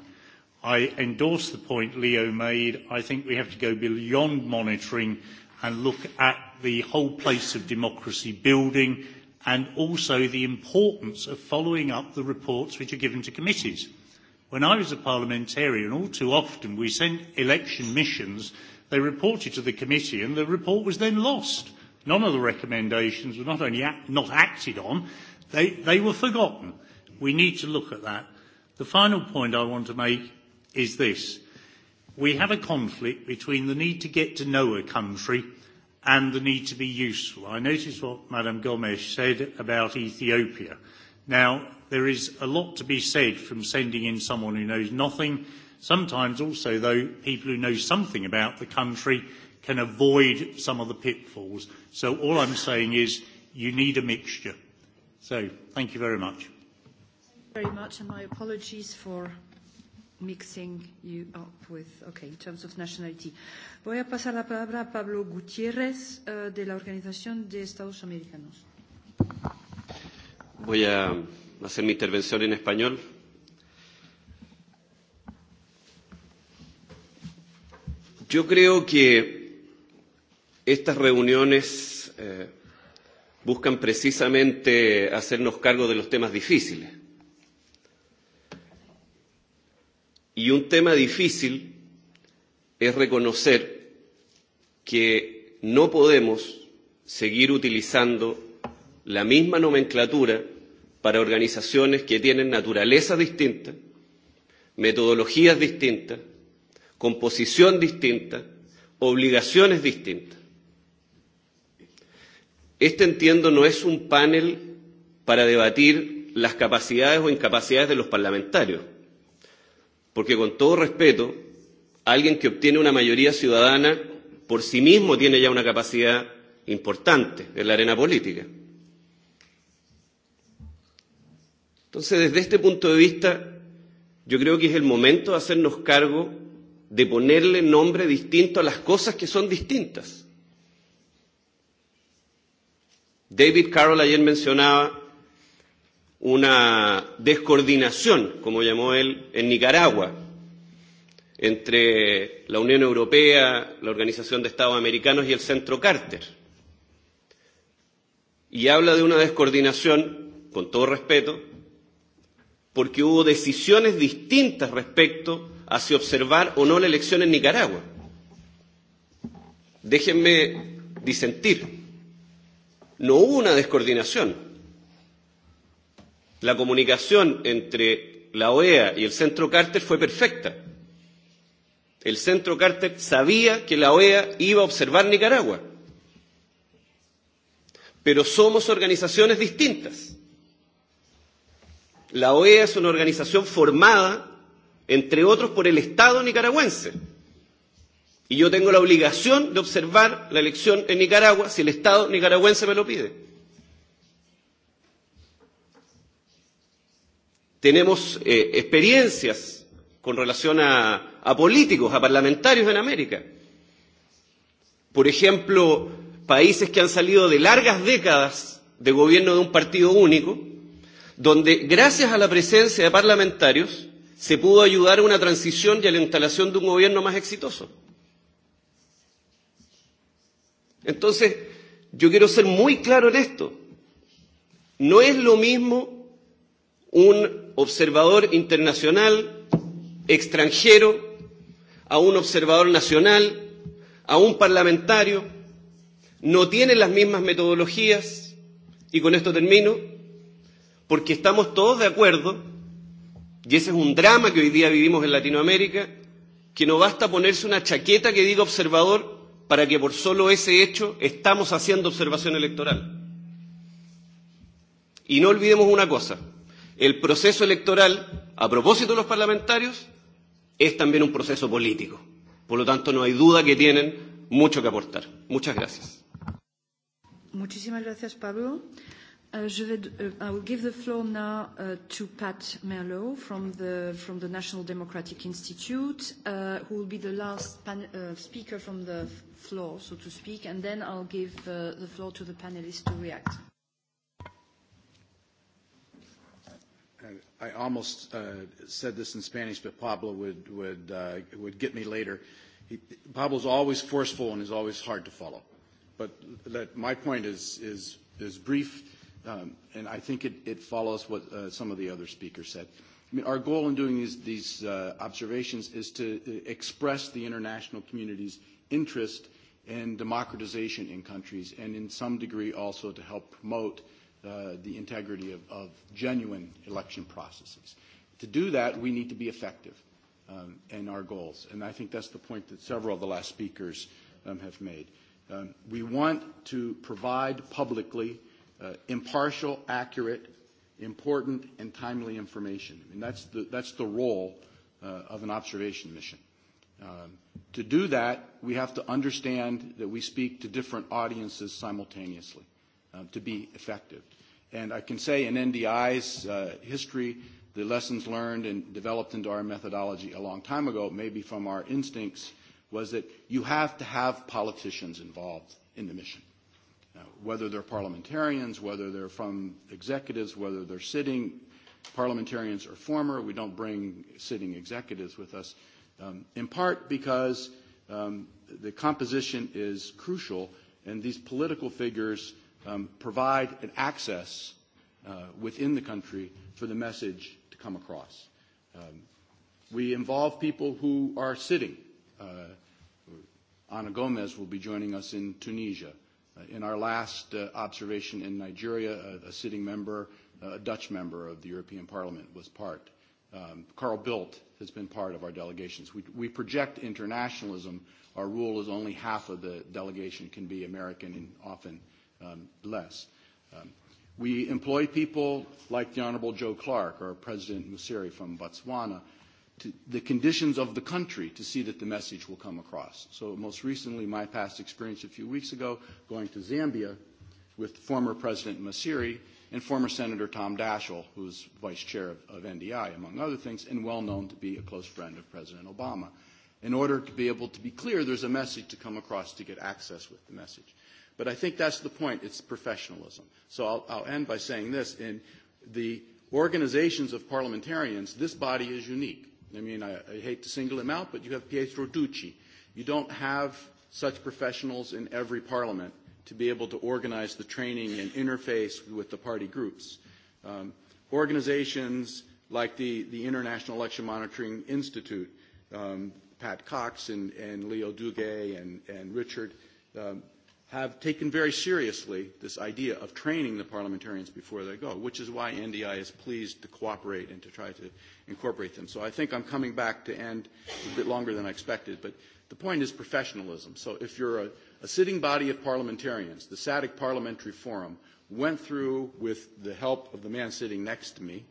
I endorse the point Leo made. I think we have to go beyond monitoring and look at the whole place of democracy building and also the importance of following up the reports which are given to committees. When I was a parliamentarian, all too often we sent election missions, they reported to the committee, and the report was then lost. None of the recommendations were not only not acted on, they they were forgotten. We need to look at that. The final point I want to make is this. We have a conflict between the need to get to know a country and the need to be useful. I noticed what Madam Gomes said about Ethiopia. Now, there is a lot to be said from sending in someone who knows nothing. Sometimes also, though, people who know something about the country can avoid some of the pitfalls. So all I'm saying is you need a mixture. So thank you very much. Thank you very much, and my apologies for mixing you up with, okay, in terms of nationality. Voy a pasar la palabra a Pablo Gutiérrez de la Organización de Estados Americanos. Voy a hacer mi intervención en español. Yo creo que Estas reuniones buscan precisamente hacernos cargo de los temas difíciles. Y un tema difícil es reconocer que no podemos seguir utilizando la misma nomenclatura para organizaciones que tienen naturaleza distinta, metodologías distintas, composición distinta, obligaciones distintas. Este, entiendo, no es un panel para debatir las capacidades o incapacidades de los parlamentarios, porque, con todo respeto, alguien que obtiene una mayoría ciudadana por sí mismo tiene ya una capacidad importante en la arena política. Entonces, desde este punto de vista, yo creo que es el momento de hacernos cargo de ponerle nombre distinto a las cosas que son distintas. David Carroll ayer mencionaba una descoordinación, como llamó él, en Nicaragua, entre la Unión Europea, la Organización de Estados Americanos y el Centro Carter. Y habla de una descoordinación, con todo respeto, porque hubo decisiones distintas respecto a si observar o no la elección en Nicaragua. Déjenme disentir no hubo una descoordinación. La comunicación entre la OEA y el Centro Carter fue perfecta. El Centro Carter sabía que la OEA iba a observar Nicaragua. Pero somos organizaciones distintas. La OEA es una organización formada, entre otros, por el Estado nicaragüense Y yo tengo la obligación de observar la elección en Nicaragua si el Estado nicaragüense me lo pide. Tenemos experiencias con relación a, a políticos, a parlamentarios en América. Por ejemplo, países que han salido de largas décadas de gobierno de un partido único, donde gracias a la presencia de parlamentarios se pudo ayudar a una transición y a la instalación de un gobierno más exitoso. Entonces, yo quiero ser muy claro en esto. No es lo mismo un observador internacional, extranjero, a un observador nacional, a un parlamentario. No tienen las mismas metodologías, y con esto termino, porque estamos todos de acuerdo, y ese es un drama que hoy día vivimos en Latinoamérica, que no basta ponerse una chaqueta que diga observador para que por solo ese hecho estamos haciendo observación electoral. Y no olvidemos una cosa, el proceso electoral, a propósito de los parlamentarios, es también un proceso político. Por lo tanto, no hay duda que tienen mucho que aportar. Muchas gracias. Muchísimas gracias, Pablo. Je I will give the floor now to Pat Merlo from the National Democratic Institute, who will be the last speaker from the floor, so to speak, and then I'll give the floor to the panelists to react. I almost said this in Spanish, but Pablo would get me later. Pablo is always forceful and is always hard to follow. But my point is brief and I think it follows what some of the other speakers said. I mean, our goal in doing these observations is to express the international community's interest in democratization in countries, and in some degree also to help promote the integrity of genuine election processes. To do that, we need to be effective in our goals, and I think that's the point that several of the last speakers have made. We want to provide publicly impartial, accurate, important, and timely information. And that's the, that's the role of an observation mission. To do that, we have to understand that we speak to different audiences simultaneously to be effective. And I can say in NDI's history, the lessons learned and developed into our methodology a long time ago, maybe from our instincts, was that you have to have politicians involved in the mission whether they're parliamentarians, whether they're from executives, whether they're sitting parliamentarians or former. We don't bring sitting executives with us, in part because the composition is crucial, and these political figures provide an access within the country for the message to come across. We involve people who are sitting. Ana Gomez will be joining us in Tunisia In our last observation in Nigeria, a sitting member, a Dutch member of the European Parliament, was part. Carl Bildt has been part of our delegations. We project internationalism. Our rule is only half of the delegation can be American and often less. We employ people like the Honorable Joe Clark or President Musiri from Botswana the conditions of the country to see that the message will come across. So most recently, my past experience a few weeks ago, going to Zambia with former President Masiri and former Senator Tom Daschle, who is vice chair of NDI, among other things, and well known to be a close friend of President Obama. In order to be able to be clear, there's a message to come across to get access with the message. But I think that's the point. It's professionalism. So I'll end by saying this. In the organizations of parliamentarians, this body is unique I mean, I hate to single him out, but you have Pietro Ducci. You don't have such professionals in every parliament to be able to organize the training and interface with the party groups. Organizations like the International Election Monitoring Institute, Pat Cox and Leo Duguay and Richard, have taken very seriously this idea of training the parliamentarians before they go, which is why NDI is pleased to cooperate and to try to incorporate them. So I think I'm coming back to end a bit longer than I expected, but the point is professionalism. So if you're a sitting body of parliamentarians, the SADC Parliamentary Forum went through, with the help of the man sitting next to me,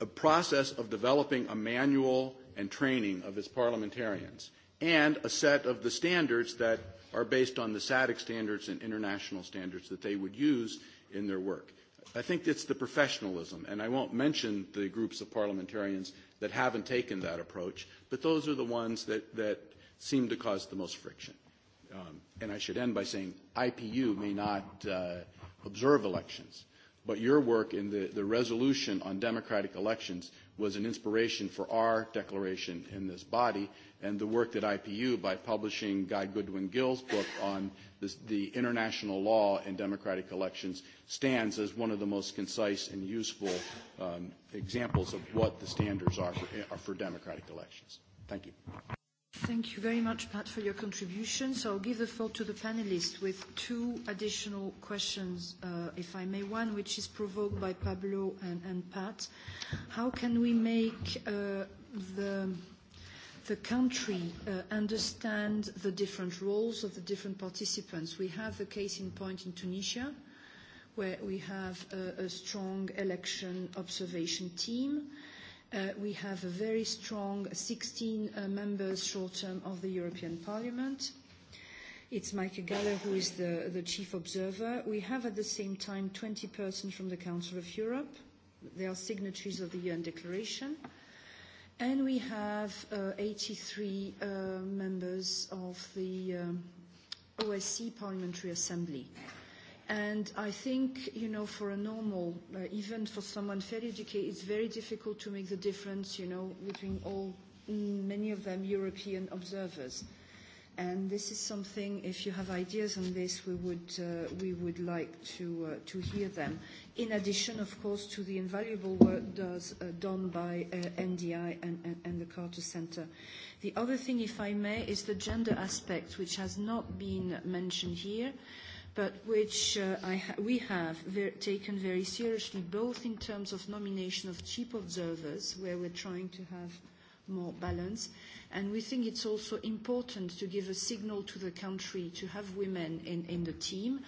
a process of developing a manual and training of its parliamentarians and a set of the standards that are based on the SADC standards and international standards that they would use in their work. I think it's the professionalism, and I won't mention the groups of parliamentarians that haven't taken that approach, but those are the ones that seem to cause the most friction. And I should end by saying IPU may not observe elections, but your work in the resolution on democratic elections was an inspiration for our declaration in this body, and the work that IPU, by publishing Guy Goodwin Gill's book on the international law in democratic elections stands as one of the most concise and useful examples of what the standards are for democratic elections. Thank you. Thank you very much, Pat, for your contribution. So I'll give the floor to the panelists with two additional questions, if I may. One, which is provoked by Pablo and Pat. How can we make the the country understand the different roles of the different participants. We have the case in point in Tunisia, where we have a strong election observation team. We have a very strong 16 members short-term of the European Parliament. It's Michael Galler who is the chief observer. We have at the same time 20 persons from the Council of Europe. They are signatories of the UN Declaration. And we have 83 members of the OSCE Parliamentary Assembly. And I think, you know, for a normal, even for someone fairly educated, it's very difficult to make the difference, you know, between all, many of them European observers and this is something if you have ideas on this we would we would like to to hear them in addition of course to the invaluable work done by NDI and and the Carter Center the other thing if i may is the gender aspect which has not been mentioned here but which we have taken very seriously both in terms of nomination of chief observers where we're trying to have more balance And we think it's also important to give a signal to the country to have women in the team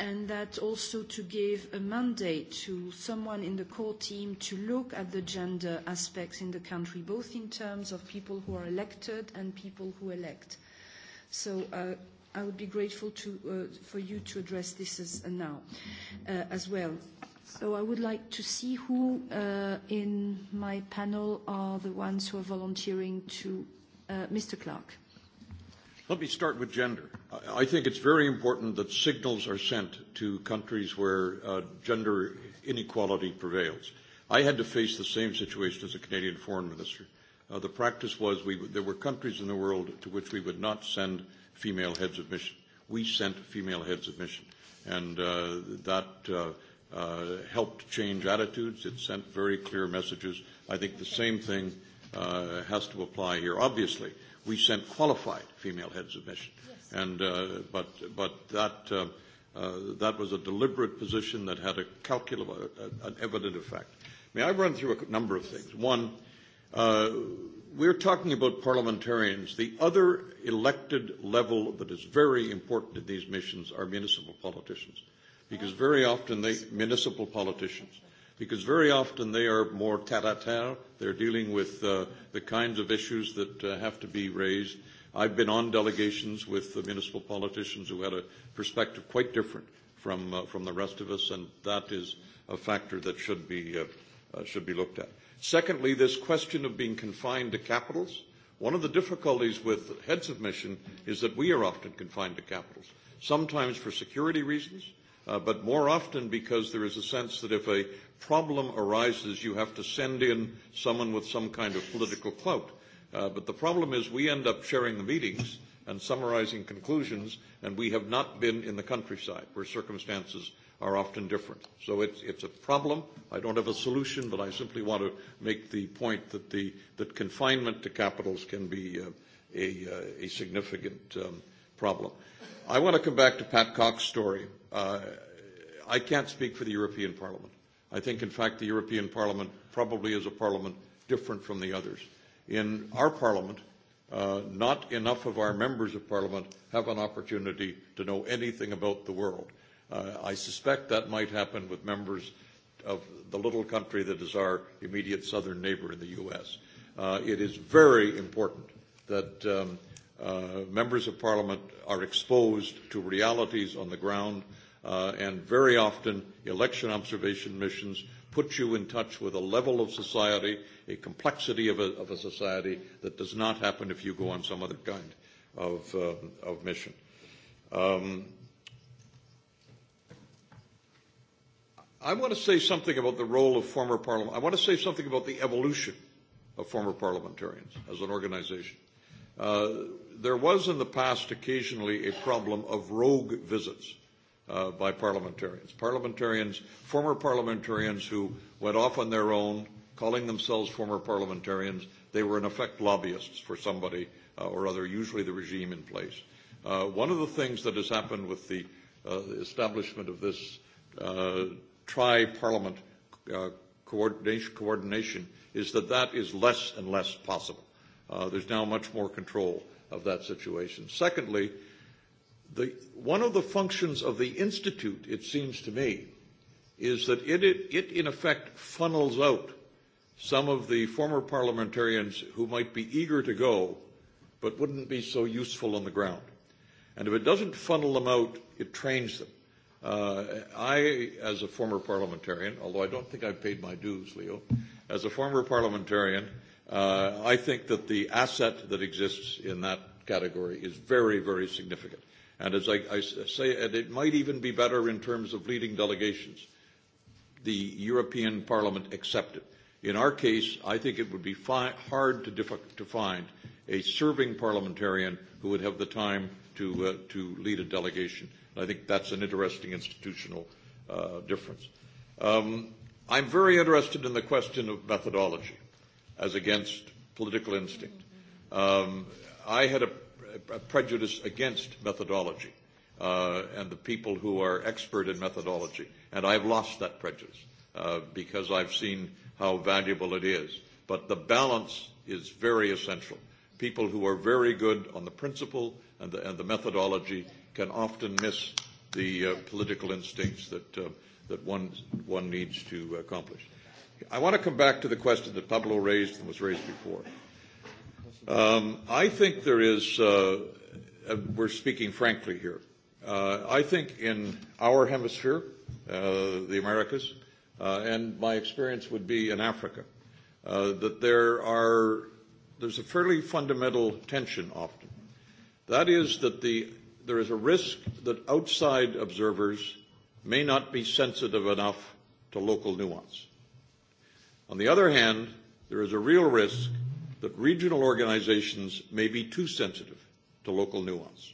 and that also to give a mandate to someone in the core team to look at the gender aspects in the country, both in terms of people who are elected and people who elect. So I would be grateful for you to address this as now as well. So I would like to see who in my panel are the ones who are volunteering to Mr. Clark. Let me start with gender. I think it's very important that signals are sent to countries where gender inequality prevails. I had to face the same situation as a Canadian foreign minister. The practice was we there were countries in the world to which we would not send female heads of mission. We sent female heads of mission, and that helped change attitudes. It sent very clear messages. I think the same thing has to apply here. Obviously, we sent qualified female heads of mission, and but but that that was a deliberate position that had a calculable, an evident effect. May I run through a number of things? One, we're talking about parliamentarians. The other elected level that is very important in these missions are municipal politicians, because very often they municipal politicians because very often they are more tête-à-tête. They're dealing with the kinds of issues that have to be raised. I've been on delegations with the municipal politicians who had a perspective quite different from from the rest of us, and that is a factor that should be should be looked at. Secondly, this question of being confined to capitals. One of the difficulties with heads of mission is that we are often confined to capitals, sometimes for security reasons but more often because there is a sense that if a problem arises, you have to send in someone with some kind of political clout. But the problem is we end up sharing the meetings and summarizing conclusions, and we have not been in the countryside where circumstances are often different. So it's, it's a problem. I don't have a solution, but I simply want to make the point that, the, that confinement to capitals can be a, a significant um, problem. I want to come back to Pat Cox's story. I can't speak for the European Parliament. I think, in fact, the European Parliament probably is a parliament different from the others. In our parliament, not enough of our members of parliament have an opportunity to know anything about the world. I suspect that might happen with members of the little country that is our immediate southern neighbor in the U.S. It is very important that members of parliament are exposed to realities on the ground and very often election observation missions put you in touch with a level of society, a complexity of a society that does not happen if you go on some other kind of of mission. I want to say something about the role of former parliament. I want to say something about the evolution of former parliamentarians as an organization. There was in the past occasionally a problem of rogue visits by parliamentarians. Parliamentarians, former parliamentarians who went off on their own, calling themselves former parliamentarians, they were in effect lobbyists for somebody or other, usually the regime in place. One of the things that has happened with the establishment of this tri-parliament coordination is that that is less and less possible. There's now much more control of that situation. Secondly, the one of the functions of the Institute, it seems to me, is that it in effect funnels out some of the former parliamentarians who might be eager to go but wouldn't be so useful on the ground. And if it doesn't funnel them out, it trains them. I, as a former parliamentarian, although I don't think I've paid my dues, Leo, as a former parliamentarian, I think that the asset that exists in that category is very, very significant. And as I say, it might even be better in terms of leading delegations. The European Parliament accepted. In our case, I think it would be hard to find a serving parliamentarian who would have the time to to lead a delegation. I think that's an interesting institutional difference. I'm very interested in the question of methodology as against political instinct. I had a prejudice against methodology and the people who are expert in methodology, and I've lost that prejudice because I've seen how valuable it is. But the balance is very essential. People who are very good on the principle and the methodology can often miss the political instincts that one needs to accomplish. I want to come back to the question that Pablo raised and was raised before. Um, I think there is, uh, we're speaking frankly here. Uh, I think in our hemisphere, uh, the Americas, uh, and my experience would be in Africa, uh, that there are, there's a fairly fundamental tension often. That is that the, there is a risk that outside observers may not be sensitive enough to local nuance. On the other hand, there is a real risk that regional organizations may be too sensitive to local nuance.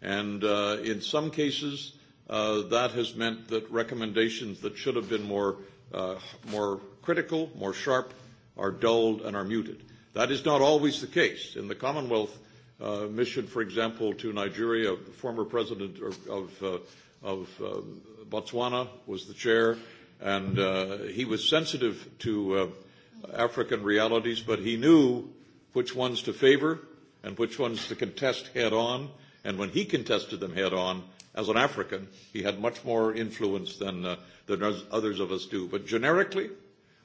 And in some cases, that has meant that recommendations that should have been more more critical, more sharp, are dulled and are muted. That is not always the case. In the Commonwealth mission, for example, to Nigeria, the former president of Botswana was the chair, And he was sensitive to African realities, but he knew which ones to favor and which ones to contest head on. And when he contested them head on, as an African, he had much more influence than than others of us do. But generically,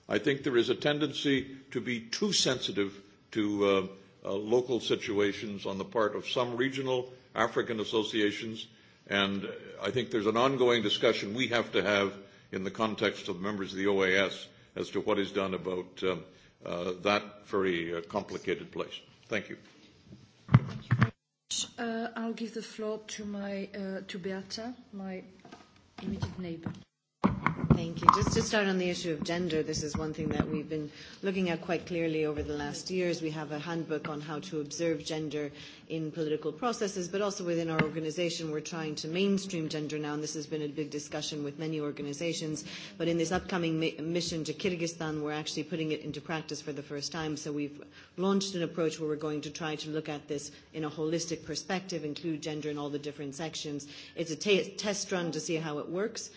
I think there is a tendency to be too sensitive to local situations on the part of some regional African associations. And I think there's an ongoing discussion we have to have in the context of members of the OAS as to what is done about that very complicated place. Thank you. I'll give the floor to my to Beata, my immediate neighbour. Thank you. Just to start on the issue of gender, this is one thing that we've been looking at quite clearly over the last years. We have a handbook on how to observe gender in political processes, but also within our organisation we're trying to mainstream gender now, and this has been a big discussion with many organisations. But in this upcoming mission to Kyrgyzstan, we're actually putting it into practice for the first time. So we've launched an approach where we're going to try to look at this in a holistic perspective, include gender in all the different sections. It's a test run to see how it works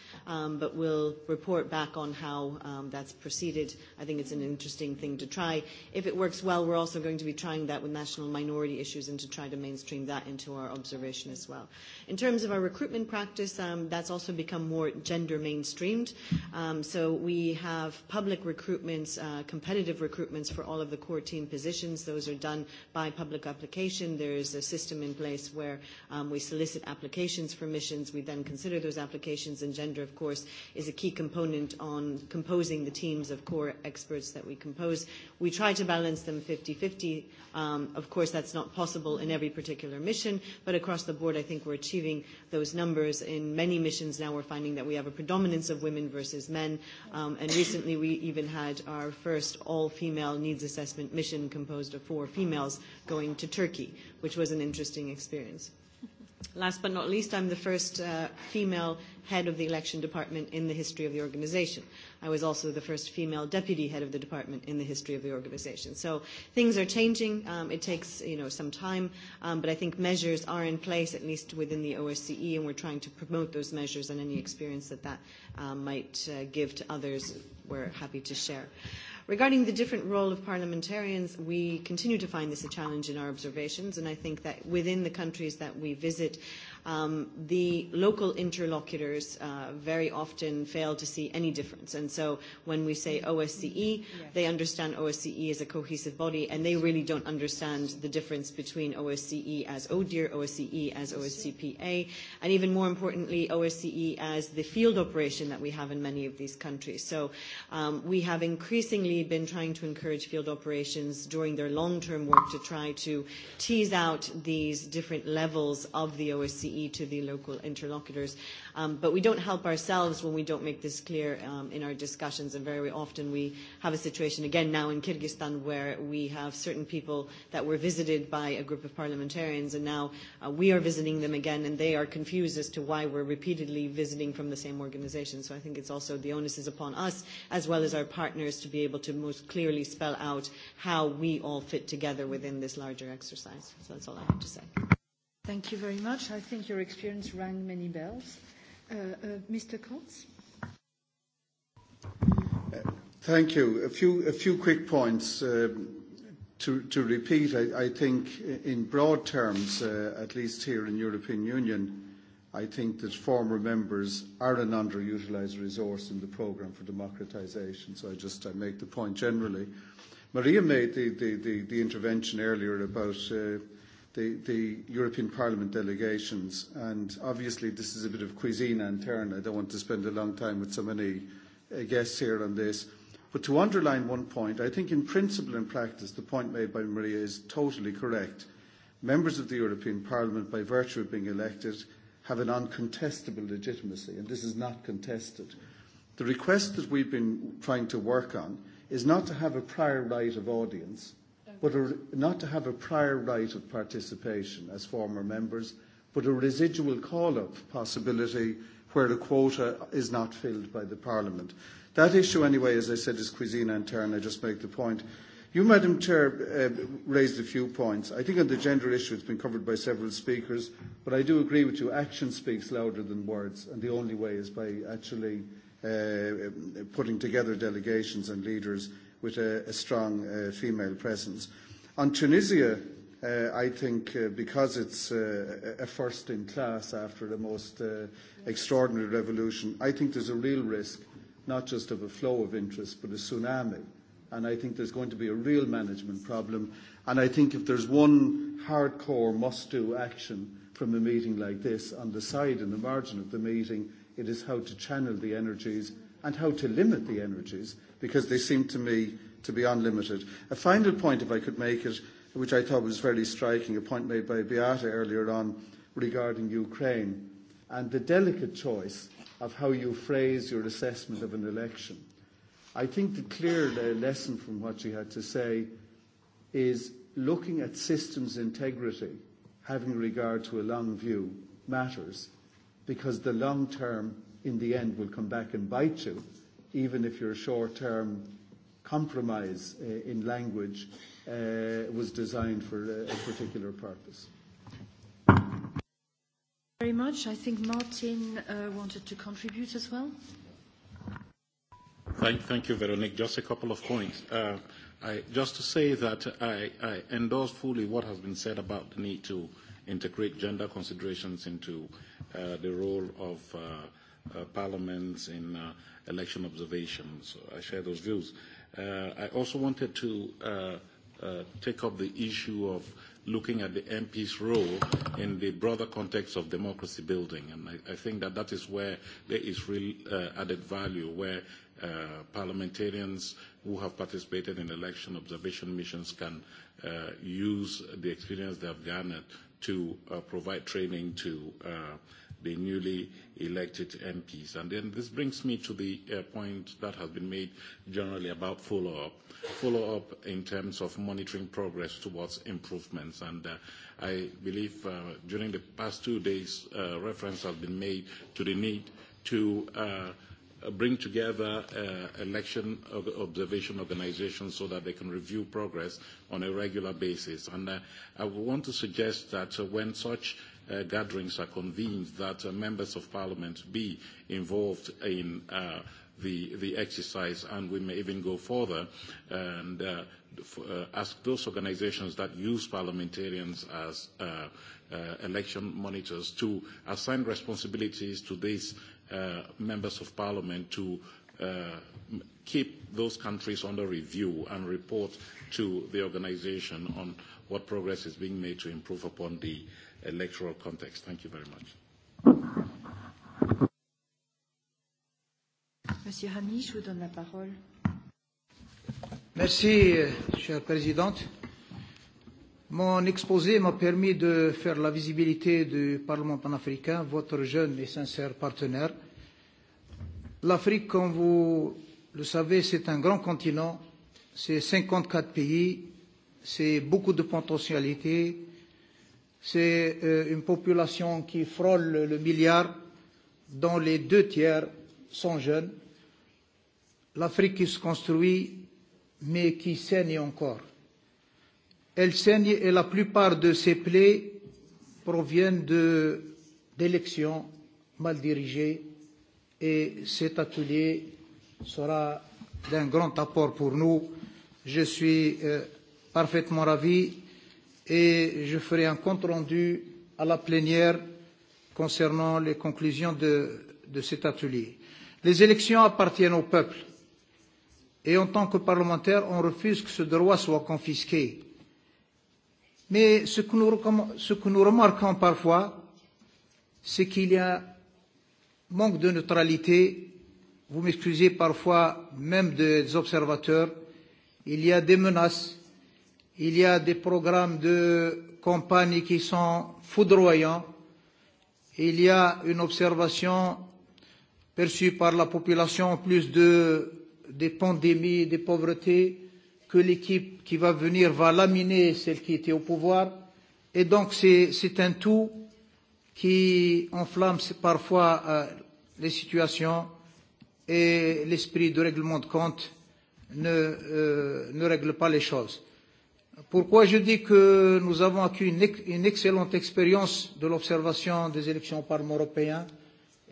but we'll report back on how that's proceeded. I think it's an interesting thing to try. If it works well, we're also going to be trying that with national minority issues and to try to mainstream that into our observation as well. In terms of our recruitment practice, that's also become more gender mainstreamed. So we have public recruitments, competitive recruitments for all of the core team positions. Those are done by public application. There is a system in place where we solicit applications for missions. We then consider those applications and gender of course, is a key component on composing the teams of core experts that we compose. We try to balance them 50-50. Of course, that's not possible in every particular mission, but across the board, I think we're achieving those numbers. In many missions now, we're finding that we have a predominance of women versus men, and recently we even had our first all-female needs assessment mission composed of four females going to Turkey, which was an interesting experience. Last but not least, I'm the first female head of the election department in the history of the organization. I was also the first female deputy head of the department in the history of the organization. So things are changing. It takes, you know, some time, but I think measures are in place, at least within the OSCE, and we're trying to promote those measures and any experience that that might give to others, we're happy to share. Regarding the different role of parliamentarians, we continue to find this a challenge in our observations, and I think that within the countries that we visit, the local interlocutors very often fail to see any difference. And so when we say OSCE, they understand OSCE as a cohesive body, and they really don't understand the difference between OSCE as ODIR, OSCE as OSCPA, and even more importantly, OSCE as the field operation that we have in many of these countries. So we have increasingly been trying to encourage field operations during their long-term work to try to tease out these different levels of the OSCE to the local interlocutors. But we don't help ourselves when we don't make this clear in our discussions, and very often we have a situation, again now in Kyrgyzstan, where we have certain people that were visited by a group of parliamentarians, and now we are visiting them again, and they are confused as to why we're repeatedly visiting from the same organization. So I think it's also the onus is upon us, as well as our partners, to be able to most clearly spell out how we all fit together within this larger exercise. So that's all I have to say. Thank you very much. I think your experience rang many bells. Mr. Kotz? Thank you. A few quick points. To repeat, I think in broad terms, at least here in European Union, I think that former members are an underutilised resource in the programme for democratisation. So I just I make the point generally. Maria made the intervention earlier about the European Parliament delegations. And obviously this is a bit of cuisine turn. I don't want to spend a long time with so many guests here on this. But to underline one point, I think in principle and practice the point made by Maria is totally correct. Members of the European Parliament, by virtue of being elected, have an uncontestable legitimacy, and this is not contested. The request that we've been trying to work on is not to have a prior right of audience but not to have a prior right of participation as former members, but a residual call-up possibility where the quota is not filled by the Parliament. That issue, anyway, as I said, is cuisine interne. I just make the point. You, Madam Chair, raised a few points. I think on the gender issue it's been covered by several speakers, but I do agree with you. Action speaks louder than words, and the only way is by actually putting together delegations and leaders with a strong female presence. On Tunisia, I think because it's a first in class after the most extraordinary revolution, I think there's a real risk, not just of a flow of interest, but a tsunami. And I think there's going to be a real management problem. And I think if there's one hardcore must-do action from a meeting like this on the side and the margin of the meeting, it is how to channel the energies and how to limit the energies, because they seem to me to be unlimited. A final point, if I could make it, which I thought was very striking, a point made by Beata earlier on regarding Ukraine and the delicate choice of how you phrase your assessment of an election. I think the clear lesson from what she had to say is looking at systems integrity, having regard to a long view, matters, because the long term in the end will come back and bite you, even if your short-term compromise in language was designed for a particular purpose. Very much. I think Martin wanted to contribute as well. Thank you, Veronique. Just a couple of points. Just to say that I endorse fully what has been said about the need to integrate gender considerations into the role of parliaments in election observations. I share those views. I also wanted to take up the issue of looking at the MP's role in the broader context of democracy building. And I think that that is where there is real added value, where parliamentarians who have participated in election observation missions can use the experience they have garnered to provide training to the newly elected MPs. And then this brings me to the point that has been made generally about follow-up. Follow-up in terms of monitoring progress towards improvements. And I believe during the past two days, reference has been made to the need to bring together election observation organizations so that they can review progress on a regular basis. And I want to suggest that when such gatherings are convened that members of parliament be involved in the exercise and we may even go further and ask those organizations that use parliamentarians as election monitors to assign responsibilities to these members of parliament to keep those countries under review and report to the organization on what progress is being made to improve upon the electoral context. Thank you very much. Monsieur je vous donne la parole. Merci, chère présidente. Mon exposé m'a permis de faire la visibilité du Parlement panafricain, votre jeune et sincère partenaire. L'Afrique, comme vous le savez, c'est un grand continent, c'est 54 pays, c'est beaucoup de potentialités, C'est une population qui frôle le milliard, dont les deux tiers sont jeunes. L'Afrique qui se construit, mais qui saigne encore. Elle saigne et la plupart de ses plaies proviennent d'élections mal dirigées et cet atelier sera d'un grand apport pour nous. Je suis parfaitement ravi et je ferai un compte rendu à la plénière concernant les conclusions de cet atelier. Les élections appartiennent au peuple et en tant que parlementaires, on refuse que ce droit soit confisqué. Mais ce que nous remarquons parfois, c'est qu'il y a manque de neutralité, vous m'excusez parfois même des observateurs, il y a des menaces Il y a des programmes de campagne qui sont foudroyants. Il y a une observation perçue par la population en plus de, des pandémies, des pauvretés, que l'équipe qui va venir va laminer celle qui était au pouvoir. Et donc c'est un tout qui enflamme parfois les situations et l'esprit de règlement de compte ne, ne règle pas les choses. Pourquoi je dis que nous avons acquis une excellente expérience de l'observation des élections au Parlement européen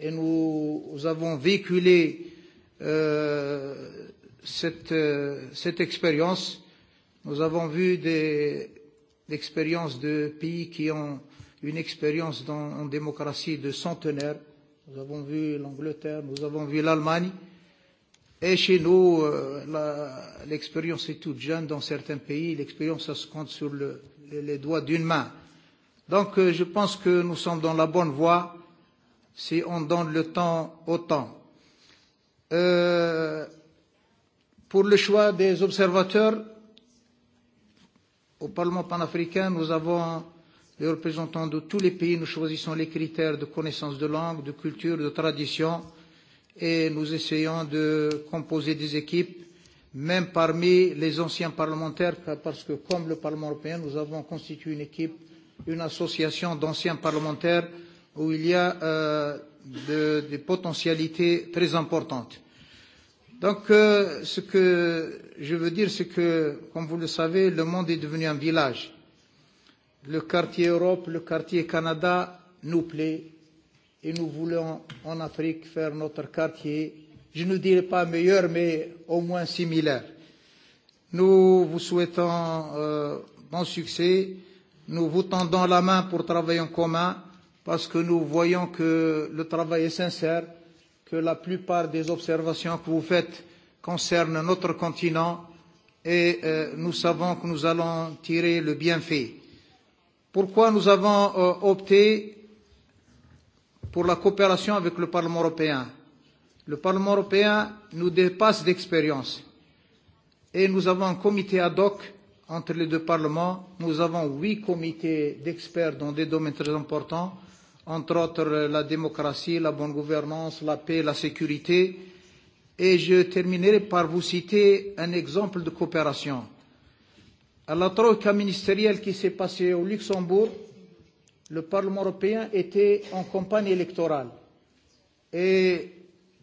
et nous avons véhiculé cette expérience. Nous avons vu des expériences de pays qui ont une expérience en démocratie de centenaires, Nous avons vu l'Angleterre, nous avons vu l'Allemagne. Et chez nous, l'expérience est toute jeune. Dans certains pays, l'expérience, ça se compte sur les doigts d'une main. Donc, je pense que nous sommes dans la bonne voie si on donne le temps au temps. Pour le choix des observateurs, au Parlement panafricain, nous avons les représentants de tous les pays. Nous choisissons les critères de connaissance de langue, de culture, de tradition et nous essayons de composer des équipes, même parmi les anciens parlementaires, parce que comme le Parlement européen, nous avons constitué une équipe, une association d'anciens parlementaires où il y a des potentialités très importantes. Donc, ce que je veux dire, c'est que, comme vous le savez, le monde est devenu un village. Le quartier Europe, le quartier Canada nous plaît et nous voulons en Afrique faire notre quartier, je ne dirais pas meilleur, mais au moins similaire. Nous vous souhaitons bon succès, nous vous tendons la main pour travailler en commun, parce que nous voyons que le travail est sincère, que la plupart des observations que vous faites concernent notre continent et nous savons que nous allons tirer le bienfait. Pourquoi nous avons opté pour la coopération avec le Parlement européen. Le Parlement européen nous dépasse d'expérience et nous avons un comité ad hoc entre les deux parlements. Nous avons huit comités d'experts dans des domaines très importants, entre autres la démocratie, la bonne gouvernance, la paix, la sécurité. Et je terminerai par vous citer un exemple de coopération. À la troïka ministérielle qui s'est passée au Luxembourg, le Parlement européen était en campagne électorale. Et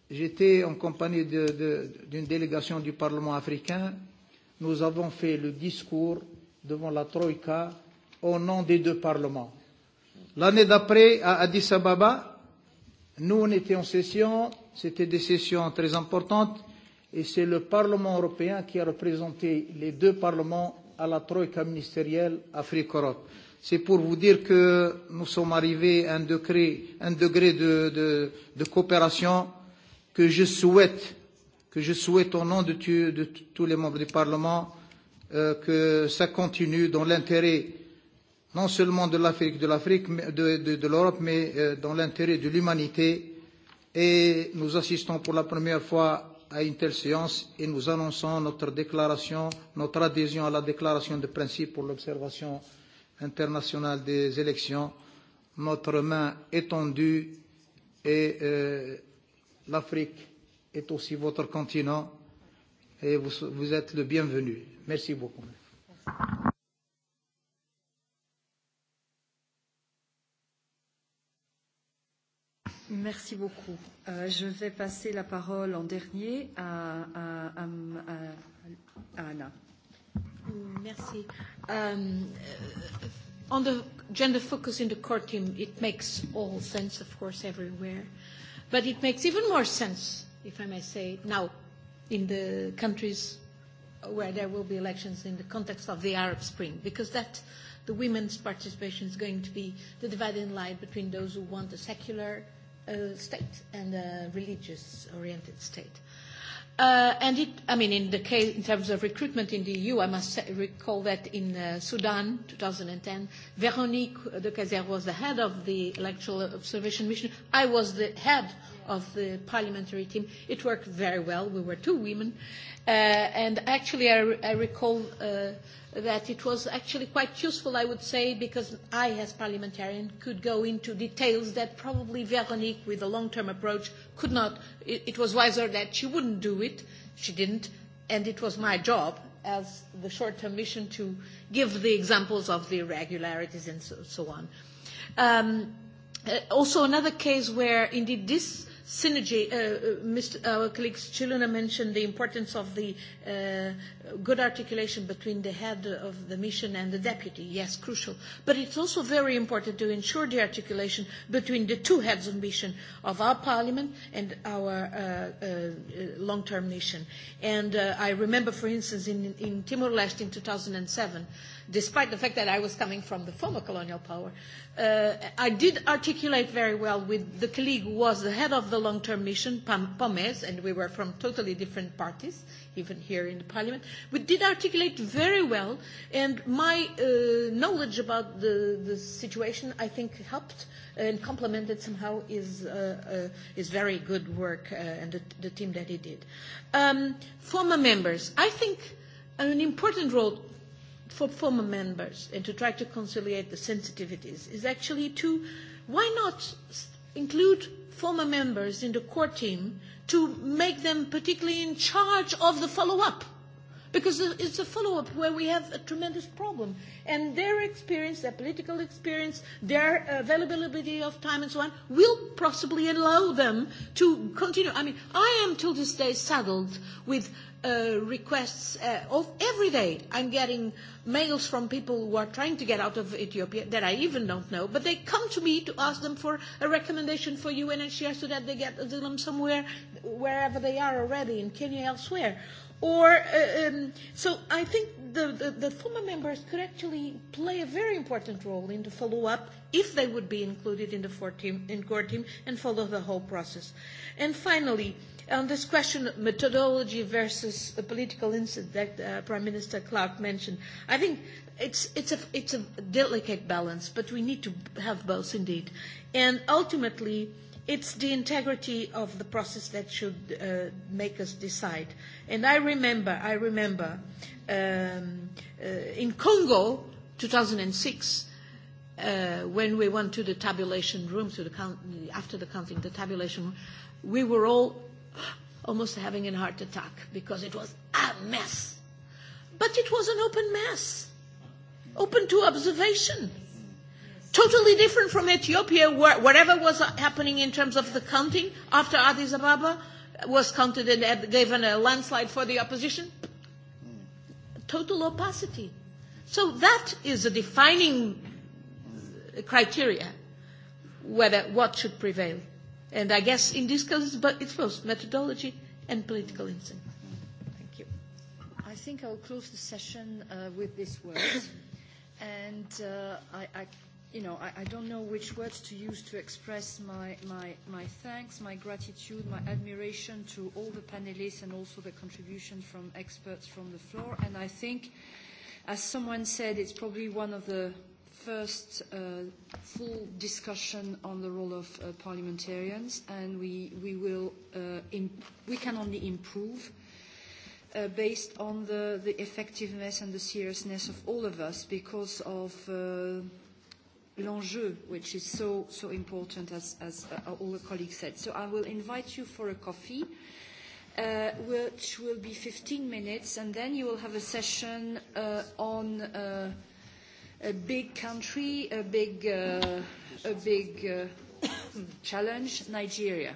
j'étais en compagnie d'une délégation du Parlement africain. Nous avons fait le discours devant la Troïka au nom des deux parlements. L'année d'après, à Addis Ababa, nous, on en session. C'était des sessions très importantes. Et c'est le Parlement européen qui a représenté les deux parlements à la Troïka ministérielle Afrique-Europe. C'est pour vous dire que nous sommes arrivés à un degré, un degré de, de, de coopération que je souhaite, que je souhaite au nom de, de tous les membres du Parlement, euh, que ça continue dans l'intérêt non seulement de l'Afrique, de l'Afrique, de, de, de l'Europe, mais dans l'intérêt de l'humanité. Et nous assistons pour la première fois à une telle séance et nous annonçons notre déclaration, notre adhésion à la déclaration de principe pour l'observation internationale des élections, notre main est tendue et l'Afrique est aussi votre continent et vous êtes le bienvenu. Merci beaucoup. Merci beaucoup. Je vais passer la parole en dernier à Anna. Merci. On the gender focus in the court team, it makes all sense, of course, everywhere. But it makes even more sense, if I may say, now in the countries where there will be elections in the context of the Arab Spring, because that the women's participation is going to be the dividing line between those who want a secular state and a religious-oriented state. And it, I mean, in the case in terms of recruitment in the EU, I must recall that in Sudan, 2010, Véronique de Cazer was the head of the Electoral Observation Mission. I was the head of the parliamentary team. It worked very well. We were two women. And actually, I recall that it was actually quite useful, I would say, because I, as parliamentarian, could go into details that probably Veronique, with a long-term approach, could not. It was wiser that she wouldn't do it. She didn't. And it was my job as the short-term mission to give the examples of the irregularities and so on. Also, another case where, indeed, this synergy. Our colleague Chiluna mentioned the importance of the good articulation between the head of the mission and the deputy. Yes, crucial. But it's also very important to ensure the articulation between the two heads of mission of our parliament and our long-term mission. And I remember, for instance, in Timor-Leste in 2007, despite the fact that I was coming from the former colonial power, I did articulate very well with the colleague who was the head of the long-term mission, Pomez, and we were from totally different parties, even here in the parliament. We did articulate very well, and my knowledge about the, the situation, I think, helped and complemented somehow his is very good work and the, the team that he did. Um, former members, I think an important role for former members and to try to conciliate the sensitivities is actually to why not include former members in the core team to make them particularly in charge of the follow-up because it's a follow-up where we have a tremendous problem and their experience, their political experience, their availability of time and so on will possibly allow them to continue. I mean, I am till this day saddled with requests of every day. I'm getting mails from people who are trying to get out of Ethiopia that I even don't know, but they come to me to ask them for a recommendation for UNHCR so that they get asylum somewhere, wherever they are already, in Kenya, elsewhere. Or so I think the the former members could actually play a very important role in the follow up if they would be included in the core team and follow the whole process. And finally, On this question, methodology versus a political incident that Prime Minister Clark mentioned, I think it's it's a it's a delicate balance, but we need to have both indeed. And ultimately, it's the integrity of the process that should make us decide. And I remember, I remember, in Congo, 2006 when we went to the tabulation room, to the after the counting, the tabulation room, we were all almost having a heart attack because it was a mess. But it was an open mess, open to observation. Totally different from Ethiopia, where whatever was happening in terms of the counting after Addis Ababa was counted and given a landslide for the opposition. Total opacity. So that is a defining criteria whether what should prevail. And I guess in this case, but it's both methodology and political instinct. Thank you. I think I will close the session with these words. And I, I, you know, I, I don't know which words to use to express my, my, my thanks, my gratitude, my admiration to all the panelists and also the contribution from experts from the floor. And I think, as someone said, it's probably one of the first full discussion on the role of parliamentarians, and we we will we can only improve based on the the effectiveness and the seriousness of all of us because of l'enjeu, which is so so important, as as all the colleagues said. So I will invite you for a coffee, which will be 15 minutes, and then you will have a session on a big country, a big, a big challenge, Nigeria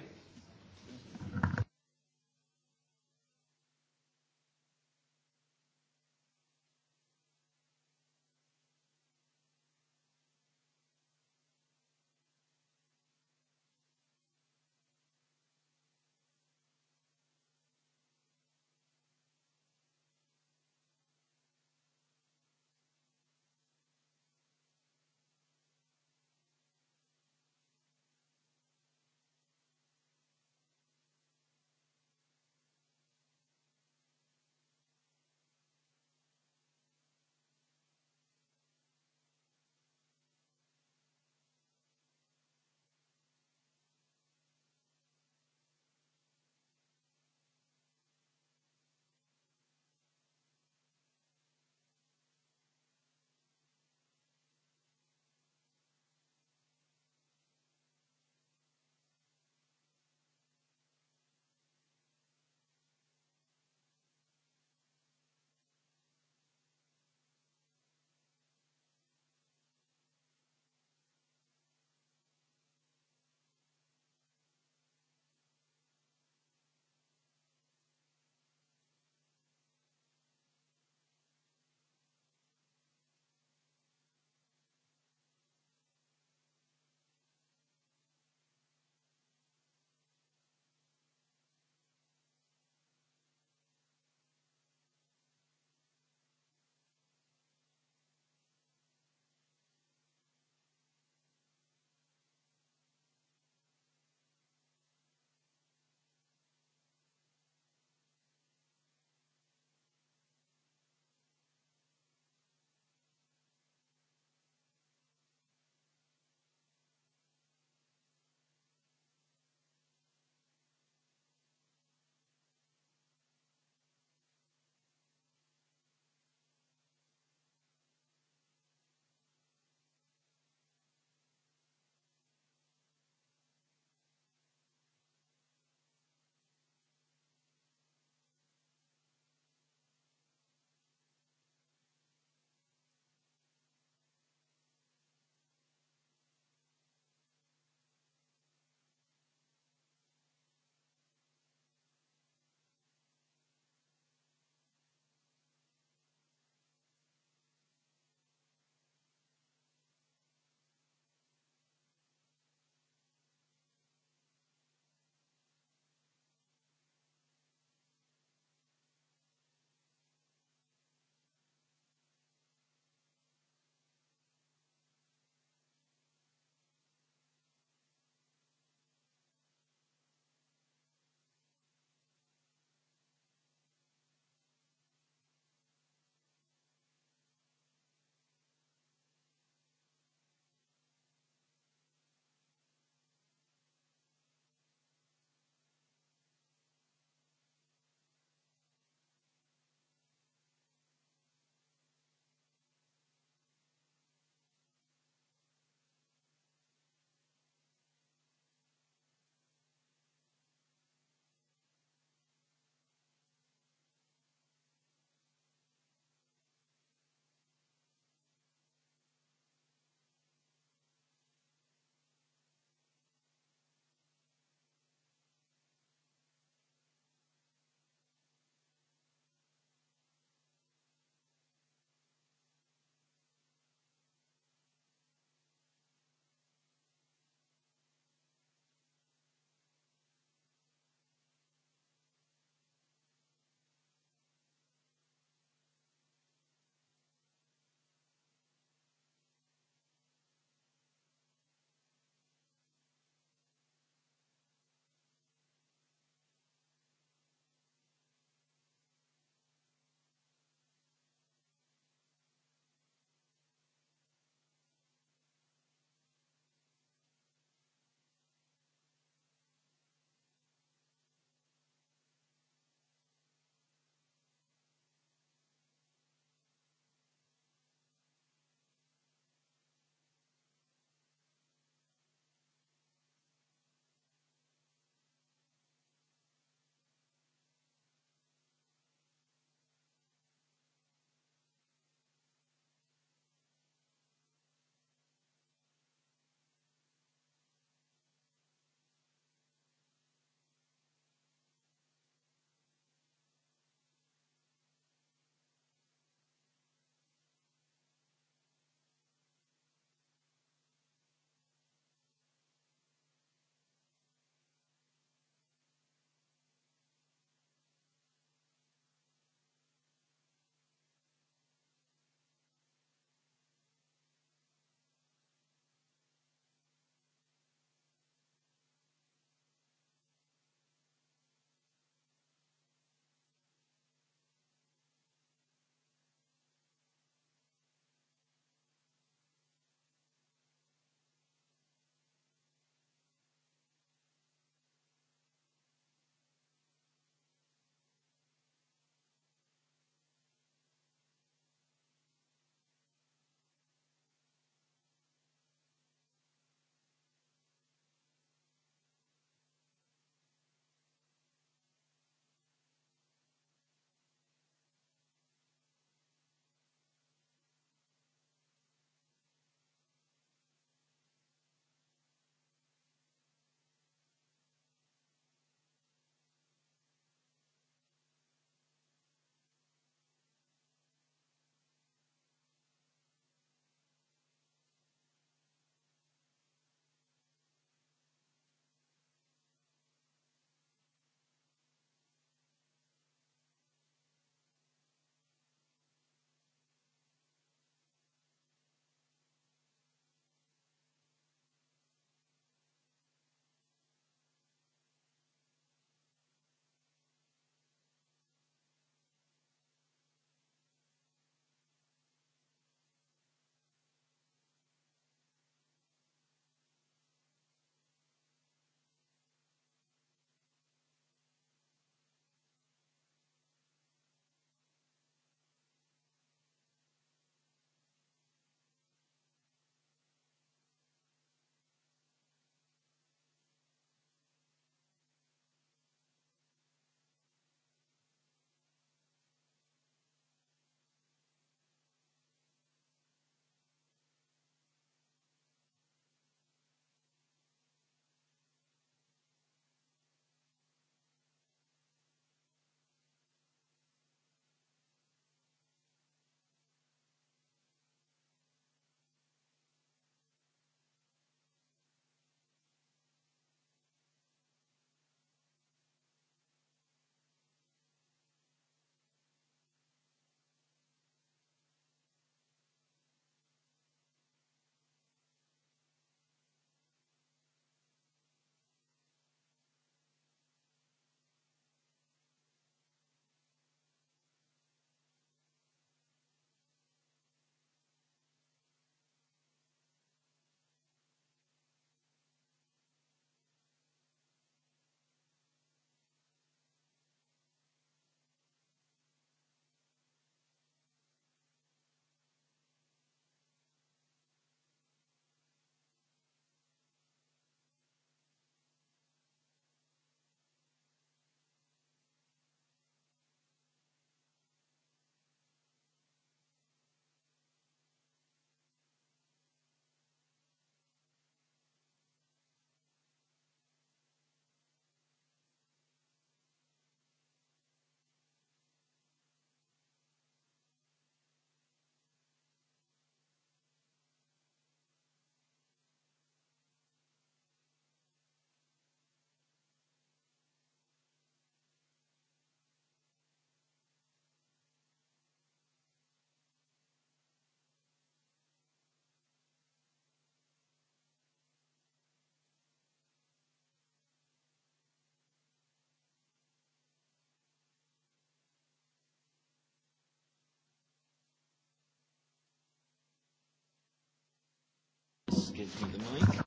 gives the mic.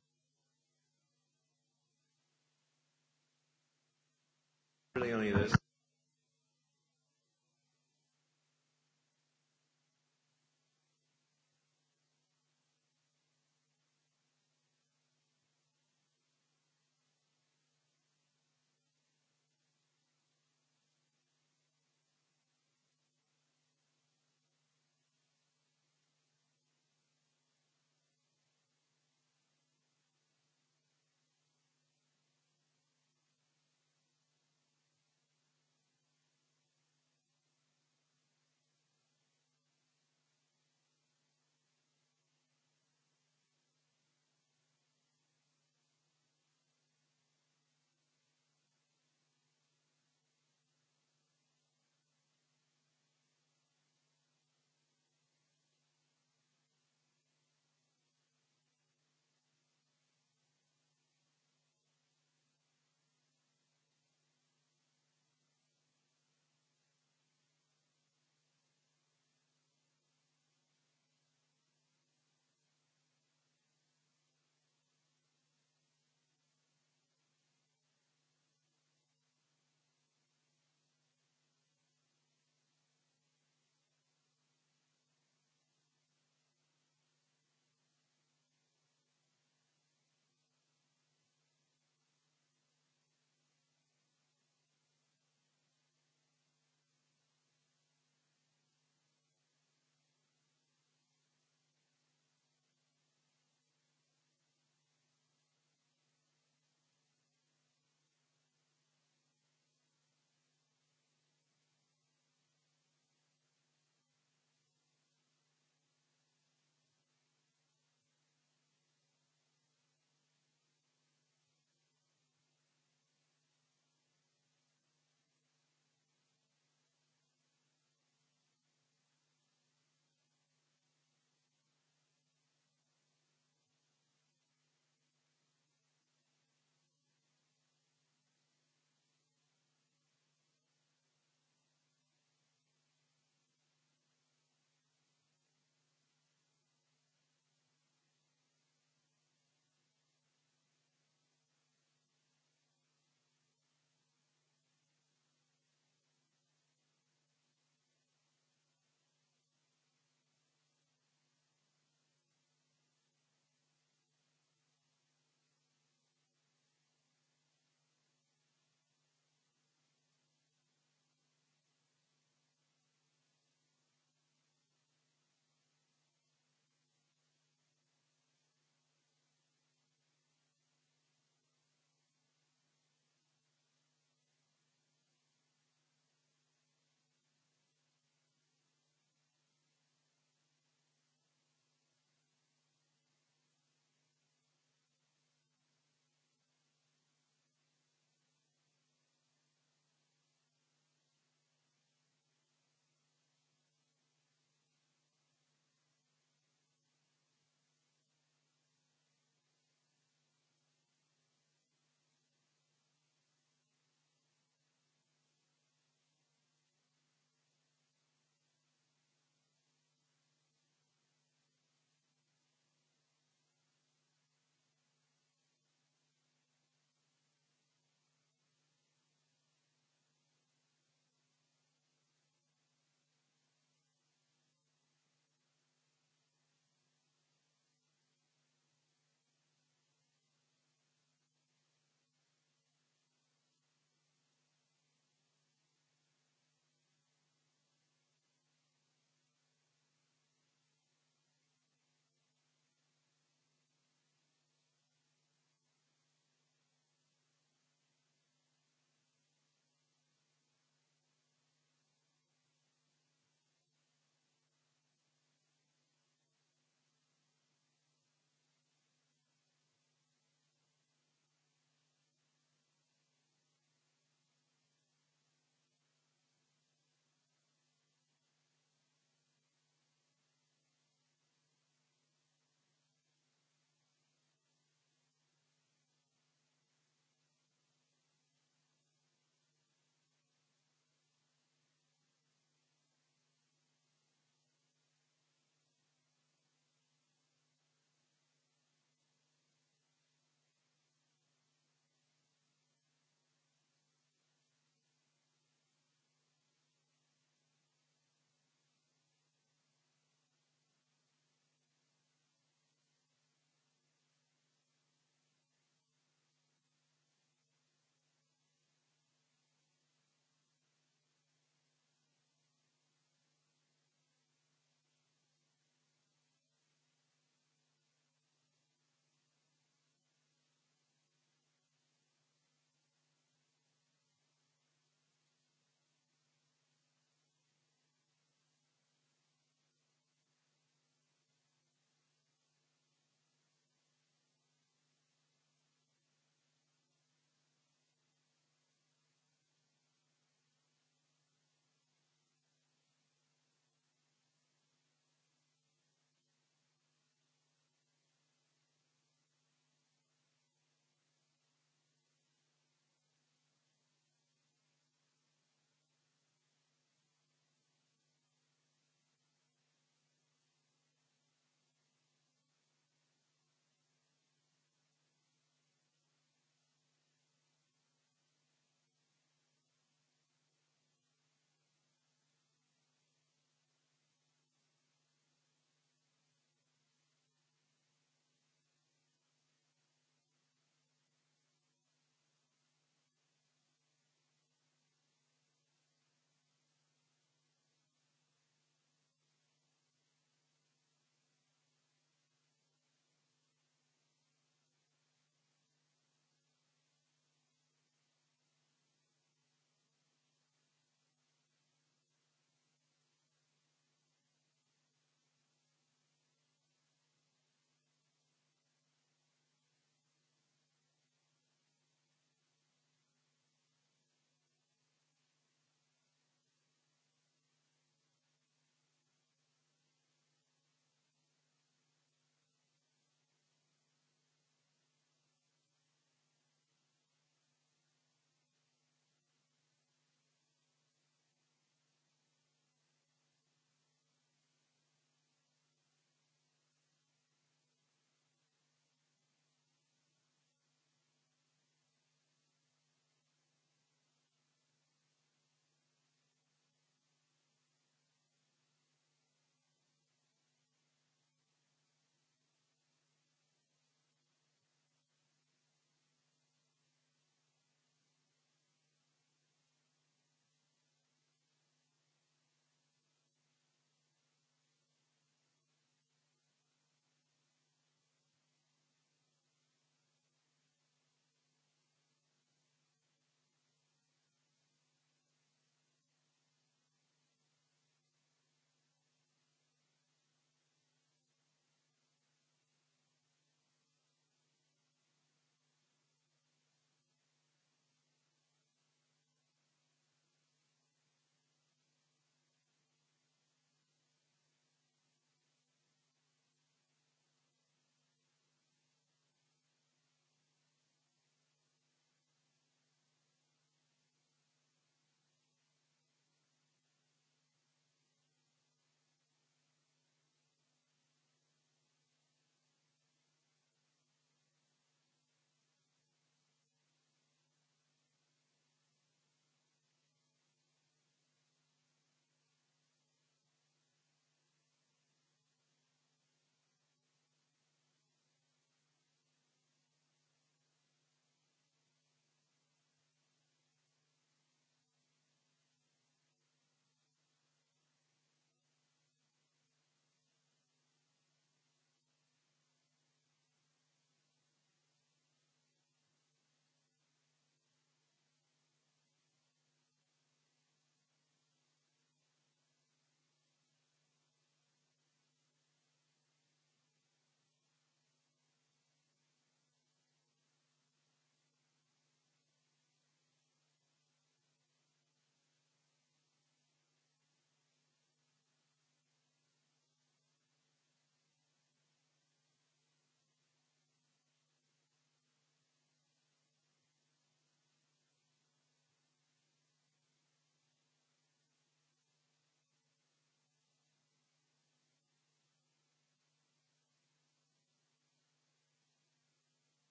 Really only this.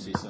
season.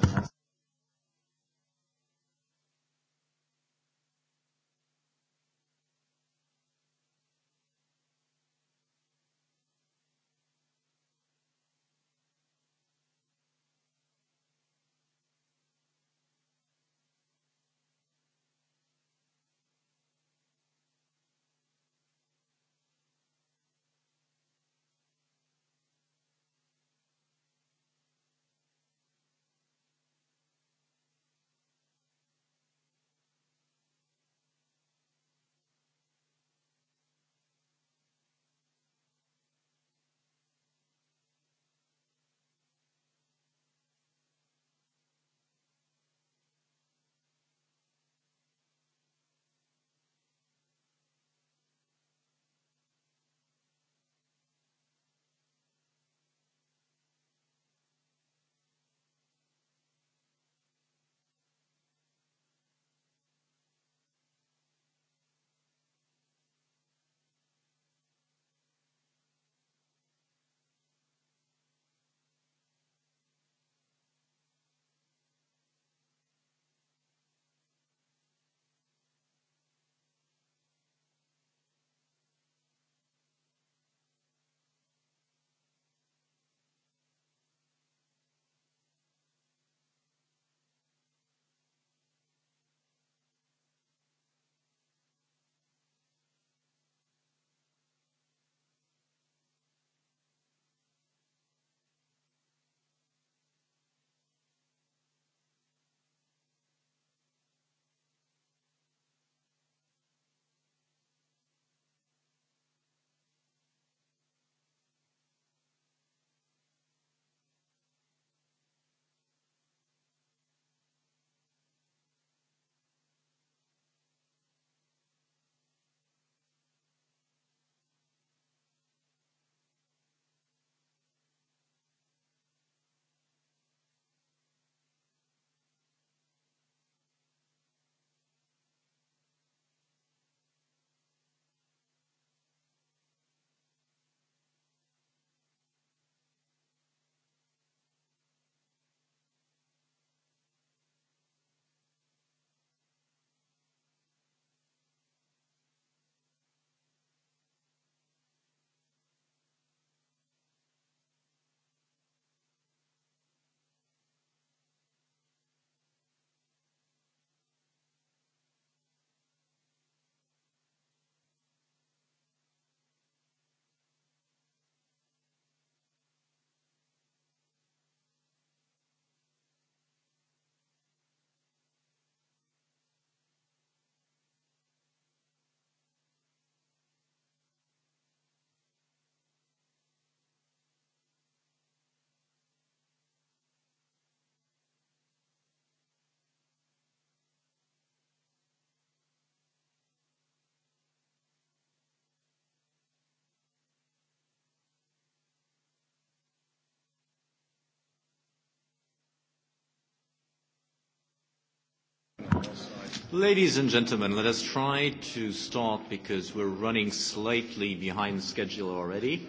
Ladies and gentlemen, let us try to start because we're running slightly behind schedule already.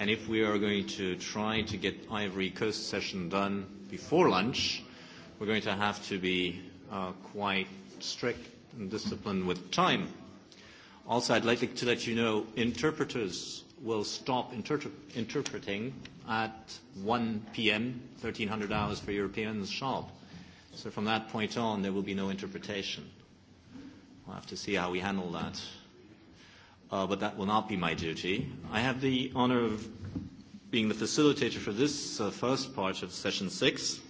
And if we are going to try to get Ivory Coast session done before lunch, we're going to have to be quite strict and disciplined with time. Also, I'd like to let you know interpreters will stop interpreting at 1 p.m., 1300 hours for Europeans sharp. So from that point on, there will be no interpretation. We'll have to see how we handle that. But that will not be my duty. I have the honor of being the facilitator for this first part of session six.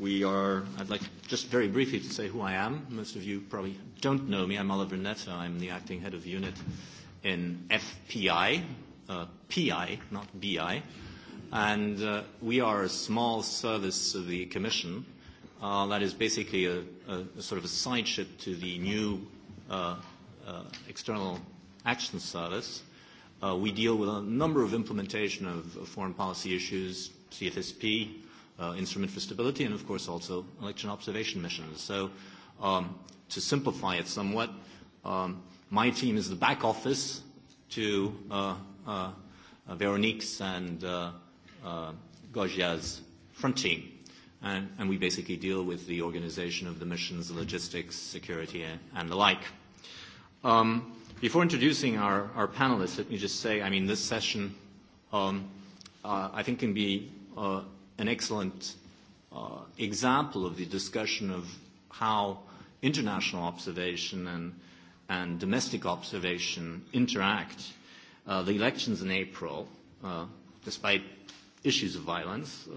We are, I'd like just very briefly to say who I am. Most of you probably don't know me. I'm Oliver Netta. I'm the acting head of unit in FPI, PI, not BI and we are a small service of the Commission that is basically a sort of a side ship to the new External Action Service. We deal with a number of implementation of foreign policy issues, CFSP, Instrument for Stability, and of course also election observation missions. So to simplify it somewhat, my team is the back office to Veronique's and Gojia's front team. And and we basically deal with the organization of the missions, logistics, security, and the like. Before introducing our our panelists, let me just say, I mean, this session, I think, can be an excellent example of the discussion of how international observation and domestic observation interact. The elections in April, despite issues of violence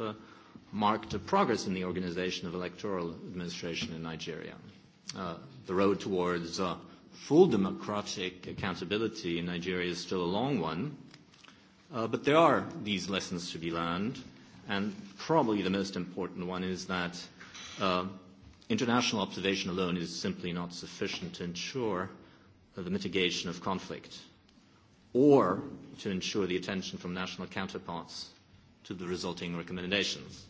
marked a progress in the organization of electoral administration in Nigeria. The road towards full democratic accountability in Nigeria is still a long one, but there are these lessons to be learned, and probably the most important one is that international observation alone is simply not sufficient to ensure the mitigation of conflict or to ensure the attention from national counterparts to the resulting recommendations.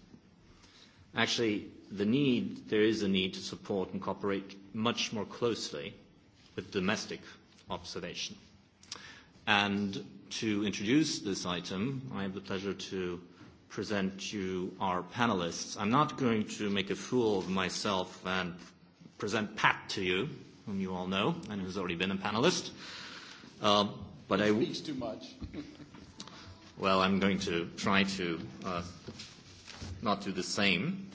Actually, the need, there is a need to support and cooperate much more closely with domestic observation. And to introduce this item, I have the pleasure to present you our panelists. I'm not going to make a fool of myself and present Pat to you, whom you all know and who's already been a panelist. But I speaks too much. Well, I'm going to try to not do the same.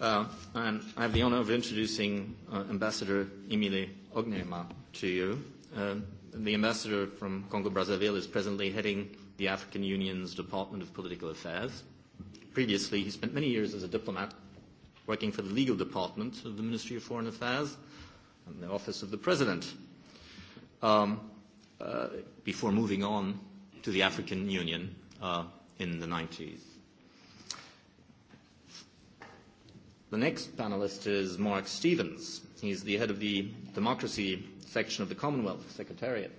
and I have the honor of introducing Ambassador Emile Ognema to you. The ambassador from Congo-Brazzaville is presently heading the African Union's Department of Political Affairs. Previously, he spent many years as a diplomat working for the legal department of the Ministry of Foreign Affairs and the Office of the President before moving on to the African Union in the 90s. The next panelist is Mark Stevens. He's the head of the democracy section of the Commonwealth Secretariat.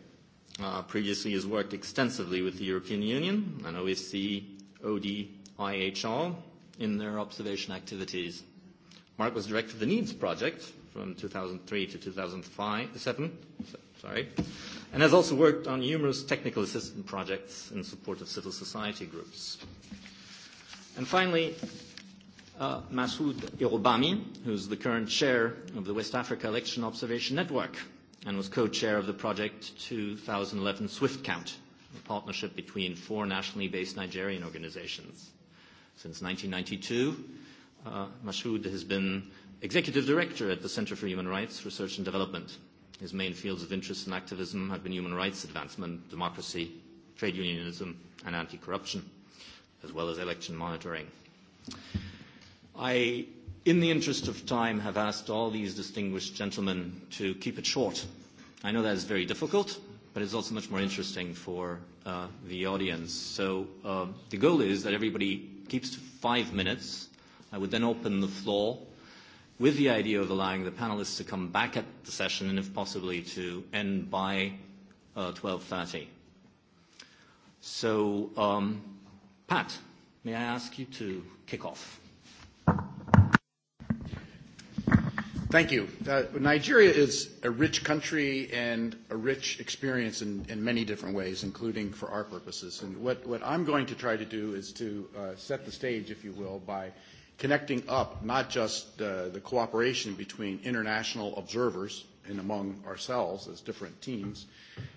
Previously, has worked extensively with the European Union and OSCE, ODIHR in their observation activities. Mark was director of the NEEDS project, from 2003 to 2007, sorry, and has also worked on numerous technical assistance projects in support of civil society groups. And finally, Masoud Irobami, who is the current chair of the West Africa Election Observation Network and was co-chair of the project 2011 Swift Count, a partnership between four nationally based Nigerian organizations. Since 1992, Masoud has been Executive Director at the Center for Human Rights, Research and Development. His main fields of interest and activism have been human rights advancement, democracy, trade unionism, and anti-corruption, as well as election monitoring. I, in the interest of time, have asked all these distinguished gentlemen to keep it short. I know that is very difficult, but it's also much more interesting for the audience. So the goal is that everybody keeps to five minutes. I would then open the floor with the idea of allowing the panelists to come back at the session and, if possibly, to end by 12.30. So, Pat, may I ask you to kick off? Thank you. Nigeria is a rich country and a rich experience in, in many different ways, including for our purposes. And what, what I'm going to try to do is to set the stage, if you will, by connecting up not just the cooperation between international observers and among ourselves as different teams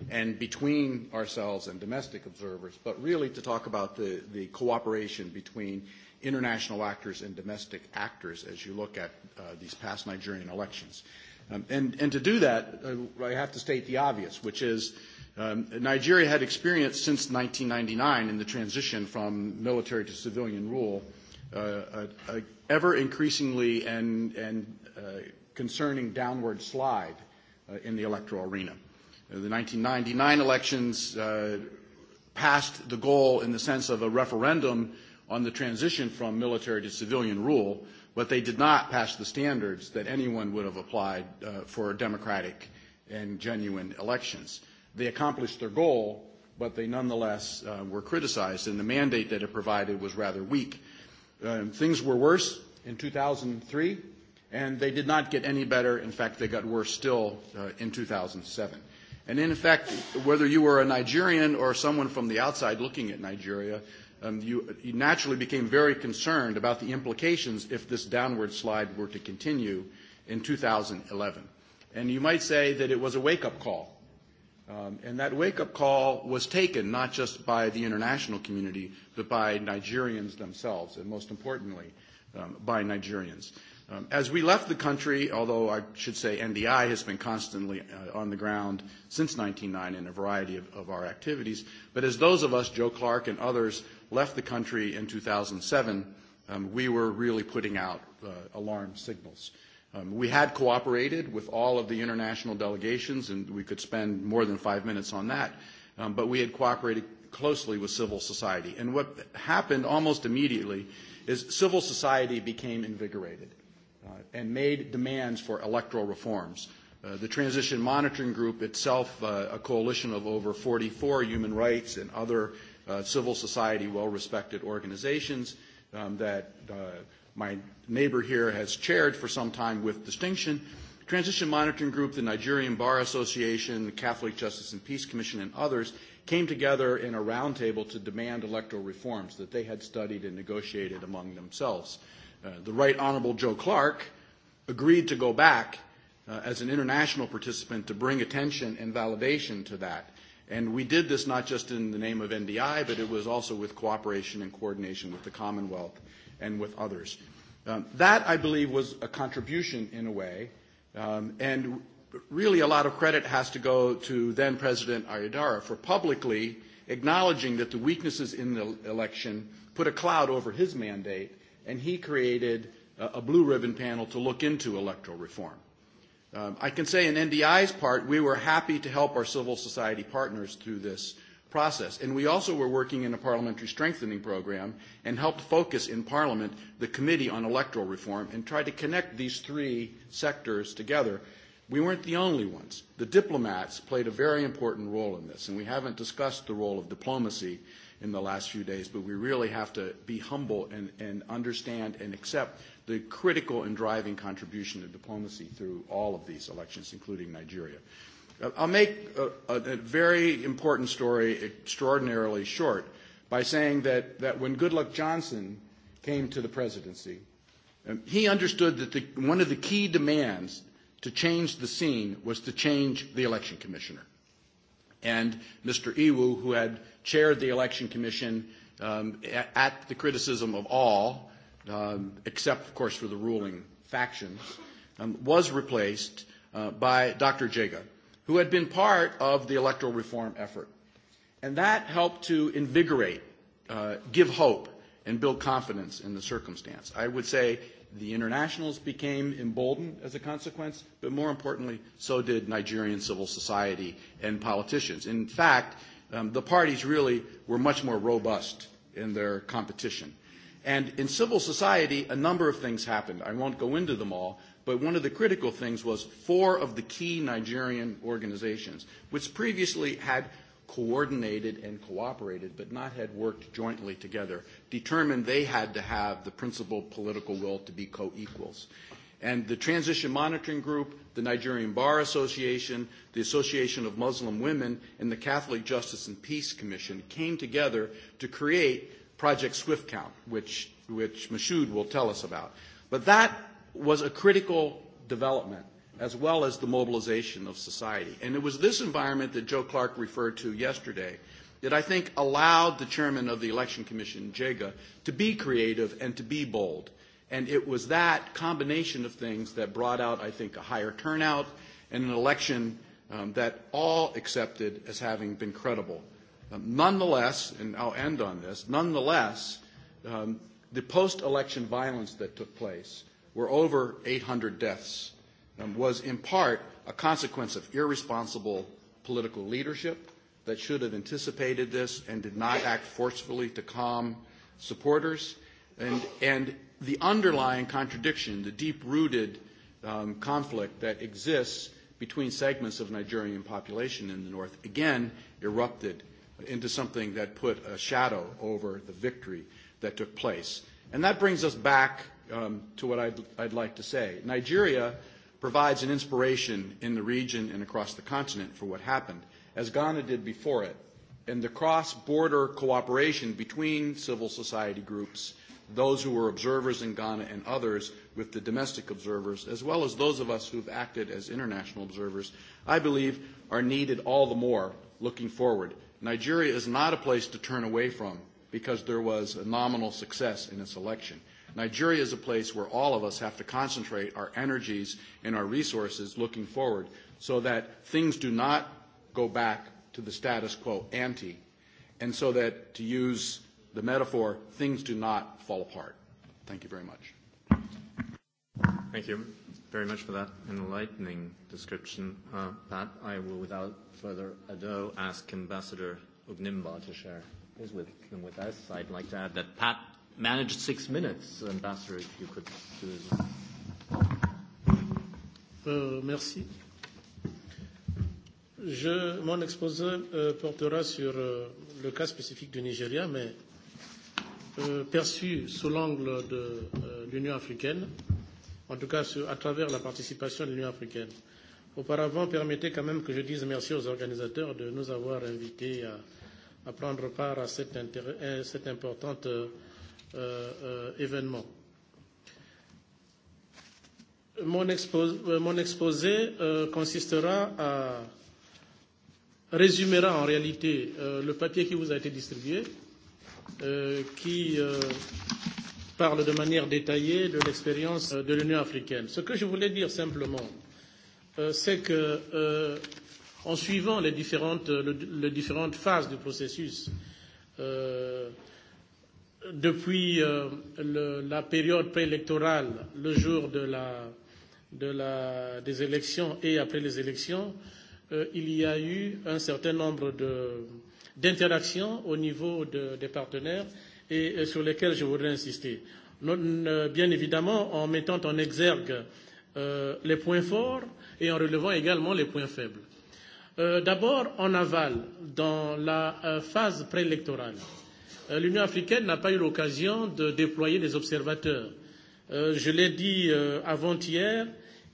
and between ourselves and domestic observers, but really to talk about the cooperation between international actors and domestic actors as you look at these past Nigerian elections. And to do that, I have to state the obvious, which is Nigeria had experienced since 1999 in the transition from military to civilian rule ever increasingly and and concerning downward slide in the electoral arena. The 1999 elections passed the goal in the sense of a referendum on the transition from military to civilian rule, but they did not pass the standards that anyone would have applied for democratic and genuine elections. They accomplished their goal, but they nonetheless were criticized, and the mandate that it provided was rather weak Things were worse in 2003, and they did not get any better. In fact, they got worse still in 2007. And in fact, whether you were a Nigerian or someone from the outside looking at Nigeria, you naturally became very concerned about the implications if this downward slide were to continue in 2011. And you might say that it was a wake-up call And that wake-up call was taken not just by the international community, but by Nigerians themselves, and most importantly, by Nigerians. As we left the country, although I should say NDI has been constantly on the ground since 1999 in a variety of our activities, but as those of us, Joe Clark and others, left the country in 2007, we were really putting out alarm signals. We had cooperated with all of the international delegations, and we could spend more than five minutes on that, but we had cooperated closely with civil society. And what happened almost immediately is civil society became invigorated and made demands for electoral reforms. The Transition Monitoring Group itself, a coalition of over 44 human rights and other civil society well-respected organizations that my neighbor here has chaired for some time with distinction, Transition Monitoring Group, the Nigerian Bar Association, the Catholic Justice and Peace Commission, and others came together in a roundtable to demand electoral reforms that they had studied and negotiated among themselves. The Right Honorable Joe Clark agreed to go back as an international participant to bring attention and validation to that. And we did this not just in the name of NDI, but it was also with cooperation and coordination with the Commonwealth and with others. That, I believe, was a contribution in a way, and really a lot of credit has to go to then-President Ayadara for publicly acknowledging that the weaknesses in the election put a cloud over his mandate, and he created a blue ribbon panel to look into electoral reform. I can say in NDI's part, we were happy to help our civil society partners through this process. And we also were working in a parliamentary strengthening program and helped focus in Parliament the Committee on Electoral Reform and tried to connect these three sectors together. We weren't the only ones. The diplomats played a very important role in this, and we haven't discussed the role of diplomacy in the last few days, but we really have to be humble and, and understand and accept the critical and driving contribution of diplomacy through all of these elections, including Nigeria. I'll make a very important story extraordinarily short by saying that when Goodluck Johnson came to the presidency, he understood that one of the key demands to change the scene was to change the election commissioner. And Mr. Iwu, who had chaired the election commission at the criticism of all, except, of course, for the ruling factions, was replaced by Dr. Jaga who had been part of the electoral reform effort. And that helped to invigorate, give hope, and build confidence in the circumstance. I would say the internationals became emboldened as a consequence, but more importantly, so did Nigerian civil society and politicians. In fact, the parties really were much more robust in their competition And in civil society, a number of things happened. I won't go into them all, but one of the critical things was four of the key Nigerian organizations, which previously had coordinated and cooperated, but not had worked jointly together, determined they had to have the principal political will to be co-equals. And the Transition Monitoring Group, the Nigerian Bar Association, the Association of Muslim Women, and the Catholic Justice and Peace Commission came together to create Project Swift Count, which, which Mashoud will tell us about. But that was a critical development, as well as the mobilization of society. And it was this environment that Joe Clark referred to yesterday that I think allowed the chairman of the Election Commission, JEGA, to be creative and to be bold. And it was that combination of things that brought out, I think, a higher turnout and an election that all accepted as having been credible. Nonetheless, and I'll end on this, nonetheless, the post-election violence that took place, where over 800 deaths, was in part a consequence of irresponsible political leadership that should have anticipated this and did not act forcefully to calm supporters. And the underlying contradiction, the deep-rooted conflict that exists between segments of Nigerian population in the north, again, erupted into something that put a shadow over the victory that took place. And that brings us back to what I'd like to say. Nigeria provides an inspiration in the region and across the continent for what happened, as Ghana did before it. And the cross-border cooperation between civil society groups, those who were observers in Ghana and others with the domestic observers, as well as those of us who've acted as international observers, I believe are needed all the more looking forward. Nigeria is not a place to turn away from because there was a nominal success in its election. Nigeria is a place where all of us have to concentrate our energies and our resources looking forward so that things do not go back to the status quo ante and so that, to use the metaphor, things do not fall apart. Thank you very much. Thank you very much for that enlightening description. Pat, I will, without further ado, ask Ambassador Ugnimba to share his wisdom with us. I'd like to add that Pat managed six minutes. Ambassador, if you could do as Merci. Je, mon exposé portera sur le cas spécifique du Nigeria, mais perçu sous l'angle de l'Union africaine, en tout cas à travers la participation de l'Union africaine. Auparavant, permettez quand même que je dise merci aux organisateurs de nous avoir invités à prendre part à cet important événement. Mon exposé consistera à résumera en réalité le papier qui vous a été distribué, qui parle de manière détaillée de l'expérience de l'Union africaine. Ce que je voulais dire simplement, c'est que, en suivant les différentes, les différentes phases du processus, depuis la période préélectorale, le jour de la, de la, des élections et après les élections, il y a eu un certain nombre d'interactions au niveau des partenaires et sur lesquels je voudrais insister. Bien évidemment, en mettant en exergue les points forts et en relevant également les points faibles. D'abord, en aval, dans la phase préélectorale, l'Union africaine n'a pas eu l'occasion de déployer des observateurs. Je l'ai dit avant-hier,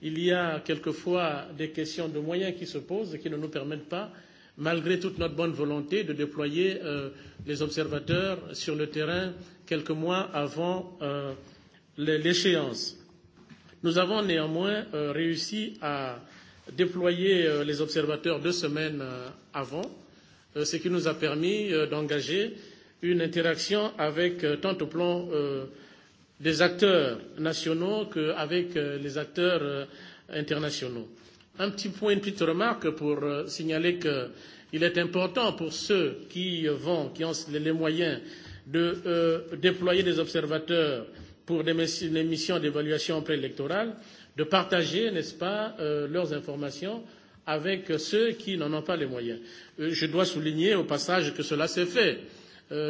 il y a quelquefois des questions de moyens qui se posent et qui ne nous permettent pas malgré toute notre bonne volonté de déployer les observateurs sur le terrain quelques mois avant l'échéance. Nous avons néanmoins réussi à déployer les observateurs deux semaines avant, ce qui nous a permis d'engager une interaction avec tant au plan des acteurs nationaux qu'avec les acteurs internationaux. Un petit point, une petite remarque pour signaler qu'il est important pour ceux qui vont, qui ont les moyens de déployer des observateurs pour des missions d'évaluation préélectorale, de partager, n'est-ce pas, leurs informations avec ceux qui n'en ont pas les moyens. Je dois souligner au passage que cela s'est fait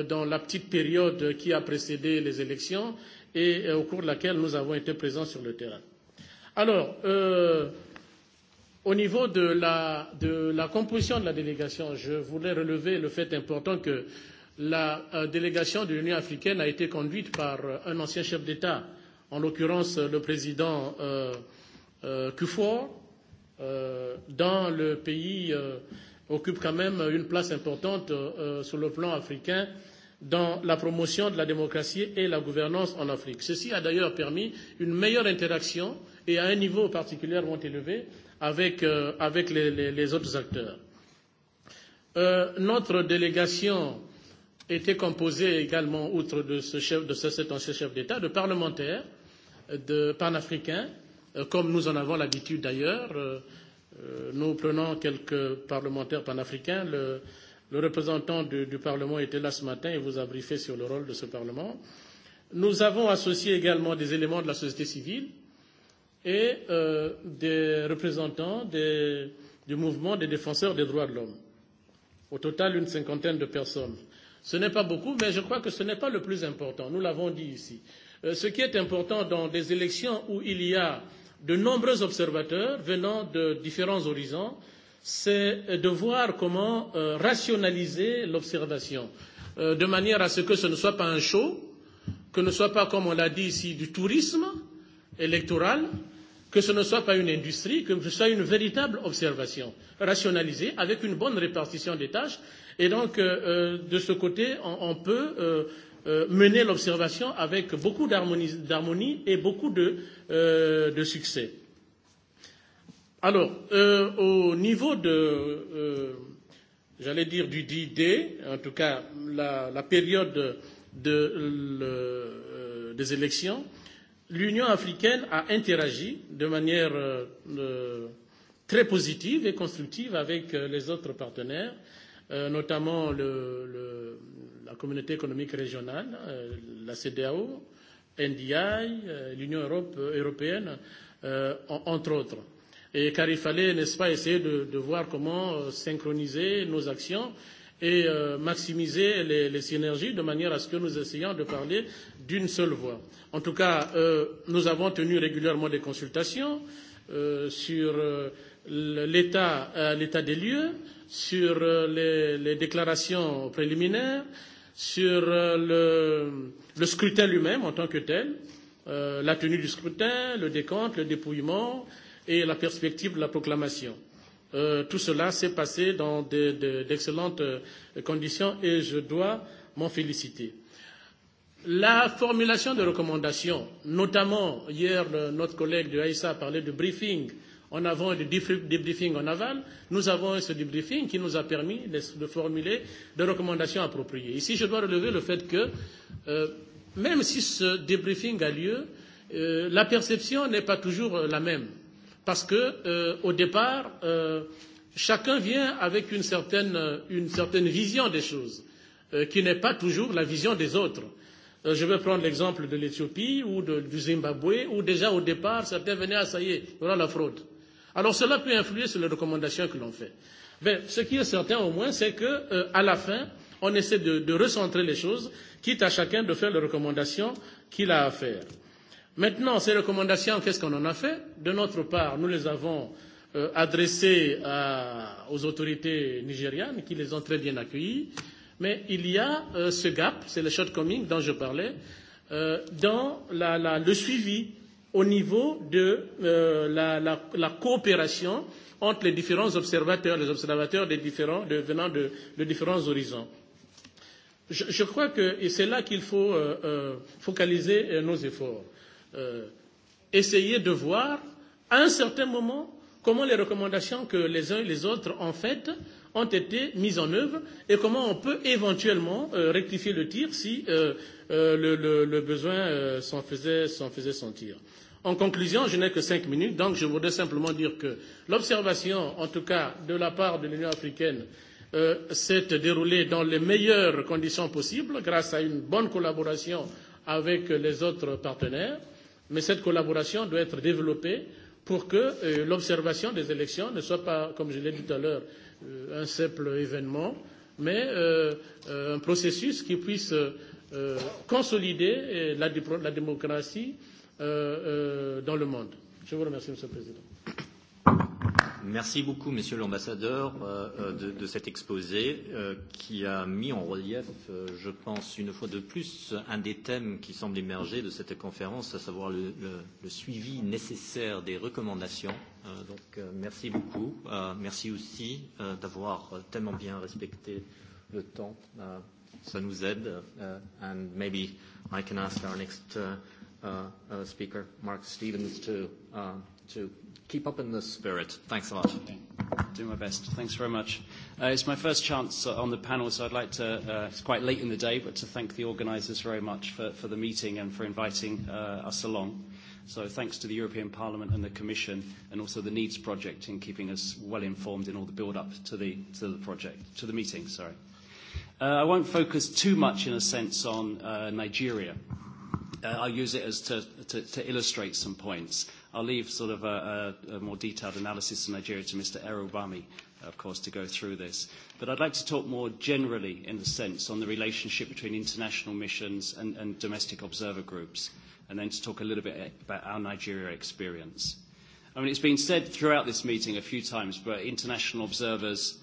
dans la petite période qui a précédé les élections et au cours de laquelle nous avons été présents sur le terrain. Alors, Au niveau de la, de composition de la délégation, je voulais relever le fait important que la délégation de l'Union africaine a été conduite par un ancien chef d'État, en l'occurrence le président Kufuor. Dans le pays occupe quand même une place importante sur le plan africain dans la promotion de la démocratie et la gouvernance en Afrique. Ceci a d'ailleurs permis une meilleure interaction et à un niveau particulièrement élevé avec, avec les, les, autres acteurs. notre délégation était composée également, outre de, ce chef, de cet ancien chef d'État, de parlementaires, de panafricains, comme nous en avons l'habitude d'ailleurs. Nous prenons quelques parlementaires panafricains. Le, le représentant du, du Parlement était là ce matin et vous a briefé sur le rôle de ce Parlement. Nous avons associé également des éléments de la société civile et des représentants du mouvement des défenseurs des droits de l'homme. Au total, une cinquantaine de personnes. Ce n'est pas beaucoup, mais je crois que ce n'est pas le plus important. Nous l'avons dit ici. Ce qui est important dans des élections où il y a de nombreux observateurs venant de différents horizons, c'est de voir comment rationaliser l'observation, de manière à ce que ce ne soit pas un show, que ne soit pas, comme on l'a dit ici, du tourisme électoral, que ce ne soit pas une industrie, que ce soit une véritable observation, rationalisée, avec une bonne répartition des tâches. Et donc, de ce côté, on peut mener l'observation avec beaucoup d'harmonie et beaucoup de succès. Alors, au niveau de, j'allais dire, du DID, en tout cas la période des élections, l'Union africaine a interagi de manière très positive et constructive avec les autres partenaires, notamment la communauté économique régionale, la CDAO, NDI, l'Union européenne, entre autres. Et car il fallait, n'est-ce pas, essayer de voir comment synchroniser nos actions et maximiser les synergies de manière à ce que nous essayions de parler d'une seule voix. En tout cas, nous avons tenu régulièrement des consultations sur l'état des lieux, sur les déclarations préliminaires, sur le scrutin lui-même en tant que tel, la tenue du scrutin, le décompte, le dépouillement et la perspective de la proclamation tout cela s'est passé dans d'excellentes conditions et je dois m'en féliciter. La formulation de recommandations, notamment hier notre collègue de AISA parlé de briefing en avant et de debriefing en aval, nous avons ce debriefing qui nous a permis de formuler des recommandations appropriées. Ici, je dois relever le fait que, même si ce debriefing a lieu, la perception n'est pas toujours la même parce que au départ chacun vient avec une certaine une certaine vision des choses qui n'est pas toujours la vision des autres je vais prendre l'exemple de l'Éthiopie ou du Zimbabwe où déjà au départ certains venaient à ça y est voilà la fraude alors cela peut influer sur les recommandations que l'on fait mais ce qui est certain au moins c'est qu'à à la fin on essaie de de recentrer les choses quitte à chacun de faire les recommandations qu'il a à faire Maintenant, ces recommandations, qu'est-ce qu'on en a fait De notre part, nous les avons adressées aux autorités nigérianes qui les ont très bien accueillies. Mais il y a ce gap, c'est le shortcoming dont je parlais, dans le suivi au niveau de la coopération entre les différents observateurs, les observateurs des différents, venant de, différents horizons. Je, je crois que c'est là qu'il faut focaliser nos efforts essayer de voir à un certain moment comment les recommandations que les uns et les autres ont faites ont été mises en œuvre et comment on peut éventuellement rectifier le tir si le besoin s'en faisait sentir. En conclusion, je n'ai que cinq minutes, donc je voudrais simplement dire que l'observation, en tout cas de la part de l'Union africaine, s'est déroulée dans les meilleures conditions possibles grâce à une bonne collaboration avec les autres partenaires. Mais cette collaboration doit être développée pour que l'observation des élections ne soit pas, comme je l'ai dit tout à l'heure, un simple événement, mais un processus qui puisse consolider la démocratie dans le monde. Je vous remercie, Monsieur le Président. Merci beaucoup, Monsieur l'ambassadeur, de, de cet exposé qui a mis en relief, je pense, une fois de plus, un des thèmes qui semble émerger de cette conférence, à savoir le, le, le suivi nécessaire des recommandations. Donc, merci beaucoup. Merci aussi d'avoir tellement bien respecté le temps. Ça nous aide. And maybe I can ask our next speaker, Mark Stevens, to to keep up in the spirit. Thanks a lot. Do my best. Thanks very much. It's my first chance on the panel, so I'd like to, it's quite late in the day, but to thank the organisers very much for the meeting and for inviting us along. So thanks to the European Parliament and the Commission and also the Needs Project in keeping us well informed in all the build-up to the project, to the meeting, sorry. I won't focus too much, in a sense, on Nigeria. I'll use it as to illustrate some points. I'll leave sort of a more detailed analysis of Nigeria to Mr. Erobami, of course, to go through this. But I'd like to talk more generally, in the sense, on the relationship between international missions and domestic observer groups, and then to talk a little bit about our Nigeria experience. I mean, it's been said throughout this meeting a few times, but international observers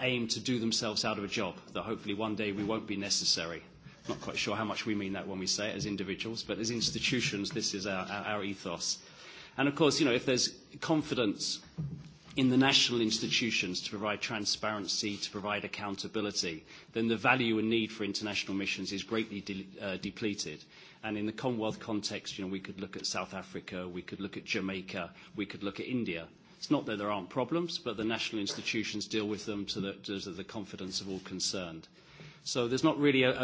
aim to do themselves out of a job, that hopefully one day we won't be necessary. Not quite sure how much we mean that when we say it as individuals, but as institutions, this is our ethos. And of course, you know, if there's confidence in the national institutions to provide transparency, to provide accountability, then the value and need for international missions is greatly depleted. And in the Commonwealth context, you know, we could look at South Africa, we could look at Jamaica, we could look at India. It's not that there aren't problems, but the national institutions deal with them to the confidence of all concerned. So there's not really an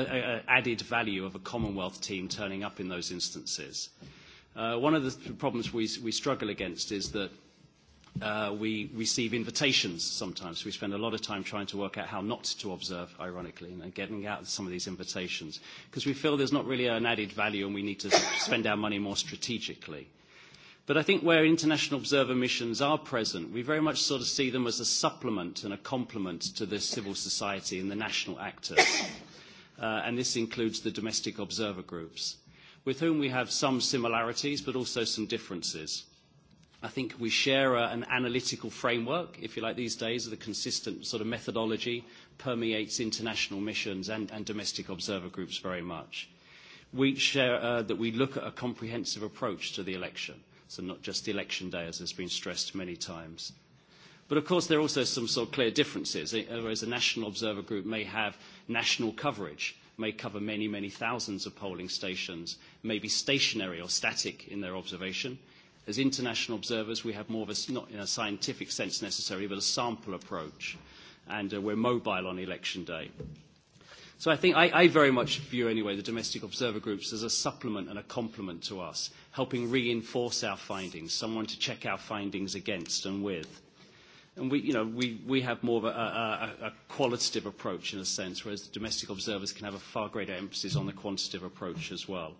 added value of a Commonwealth team turning up in those instances. One of the problems we we struggle against is that we receive invitations sometimes. We spend a lot of time trying to work out how not to observe, ironically, and getting out some of these invitations because we feel there's not really an added value and we need to spend our money more strategically. But I think where international observer missions are present, we very much sort of see them as a supplement and a complement to the civil society and the national actors. And this includes the domestic observer groups with whom we have some similarities but also some differences. I think we share an analytical framework, if you like, these days, the consistent sort of methodology permeates international missions and domestic observer groups very much. We share that we look at a comprehensive approach to the election, so not just election day, as has been stressed many times. But of course, there are also some sort of clear differences, whereas a national observer group may have national coverage may cover many, many thousands of polling stations, may be stationary or static in their observation. As international observers, we have more of a, not in a scientific sense necessary, but a sample approach, and we're mobile on election day. So I think I very much view, anyway, the domestic observer groups as a supplement and a complement to us, helping reinforce our findings, someone to check our findings against and with. And we, you know, we, we have more of a, qualitative approach in a sense, whereas the domestic observers can have a far greater emphasis on the quantitative approach as well.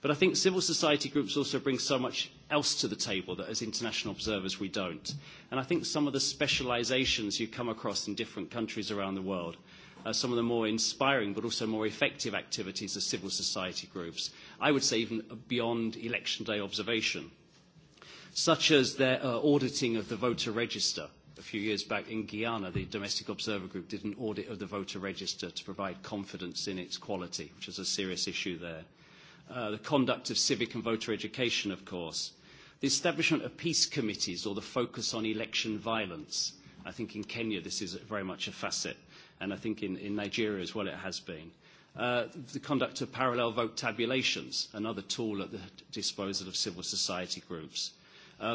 But I think civil society groups also bring so much else to the table that as international observers we don't. And I think some of the specializations you come across in different countries around the world are some of the more inspiring but also more effective activities of civil society groups. I would say even beyond election day observation such as their auditing of the voter register. A few years back in Guyana, the Domestic Observer Group did an audit of the voter register to provide confidence in its quality, which is a serious issue there. The conduct of civic and voter education, of course. The establishment of peace committees or the focus on election violence. I think in Kenya this is very much a facet, and I think in Nigeria as well it has been. The conduct of parallel vote tabulations, another tool at the disposal of civil society groups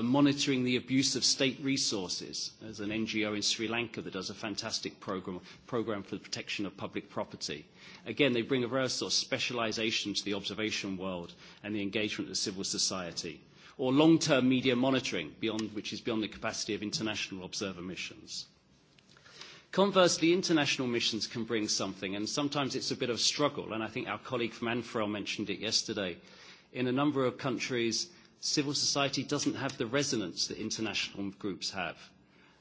monitoring the abuse of state resources. There's an NGO in Sri Lanka that does a fantastic program for the protection of public property. Again, they bring a very sort of specialization to the observation world and the engagement of civil society. Or long-term media monitoring, beyond which is beyond the capacity of international observer missions. Conversely, international missions can bring something, and sometimes it's a bit of a struggle, and I think our colleague from Anfrail mentioned it yesterday. In a number of countries, civil society doesn't have the resonance that international groups have.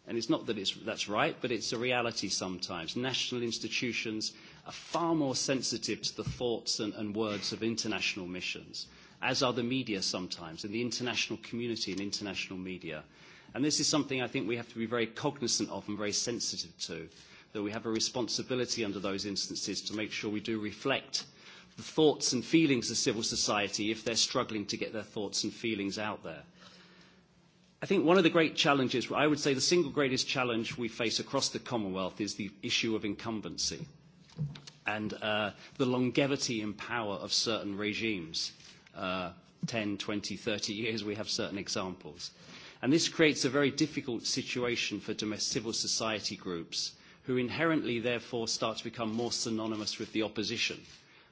And it's not that it's, that's right, but it's a reality sometimes. National institutions are far more sensitive to the thoughts and, and words of international missions, as are the media sometimes, and the international community and international media. And this is something I think we have to be very cognizant of and very sensitive to, that we have a responsibility under those instances to make sure we do reflect the thoughts and feelings of civil society if they're struggling to get their thoughts and feelings out there. I think one of the great challenges, I would say the single greatest challenge we face across the Commonwealth is the issue of incumbency and the longevity and power of certain regimes. 10, 20, 30 years, we have certain examples. And this creates a very difficult situation for domestic civil society groups who inherently, therefore, start to become more synonymous with the opposition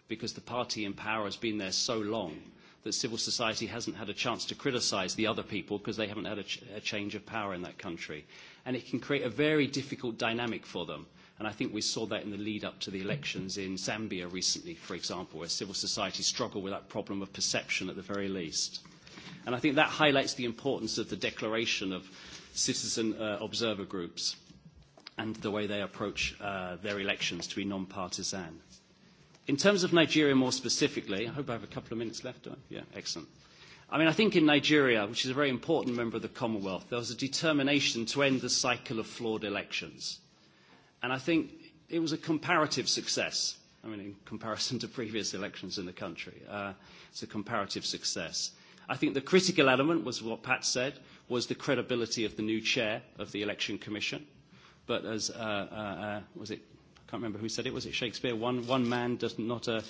because the party in power has been there so long that civil society hasn't had a chance to criticize the other people because they haven't had a change of power in that country. And it can create a very difficult dynamic for them. And I think we saw that in the lead up to the elections in Zambia recently, for example, where civil society struggled with that problem of perception at the very least. And I think that highlights the importance of the declaration of citizen observer groups and the way they approach their elections to be non-partisan. In terms of Nigeria more specifically, I hope I have a couple of minutes left. Yeah, excellent. I mean, I think in Nigeria, which is a very important member of the Commonwealth, there was a determination to end the cycle of flawed elections. And I think it was a comparative success. I mean, in comparison to previous elections in the country, it's a comparative success. I think the critical element was what Pat said, was the credibility of the new chair of the Election Commission. But as was it can't remember who said it, was it Shakespeare? One, one man does not a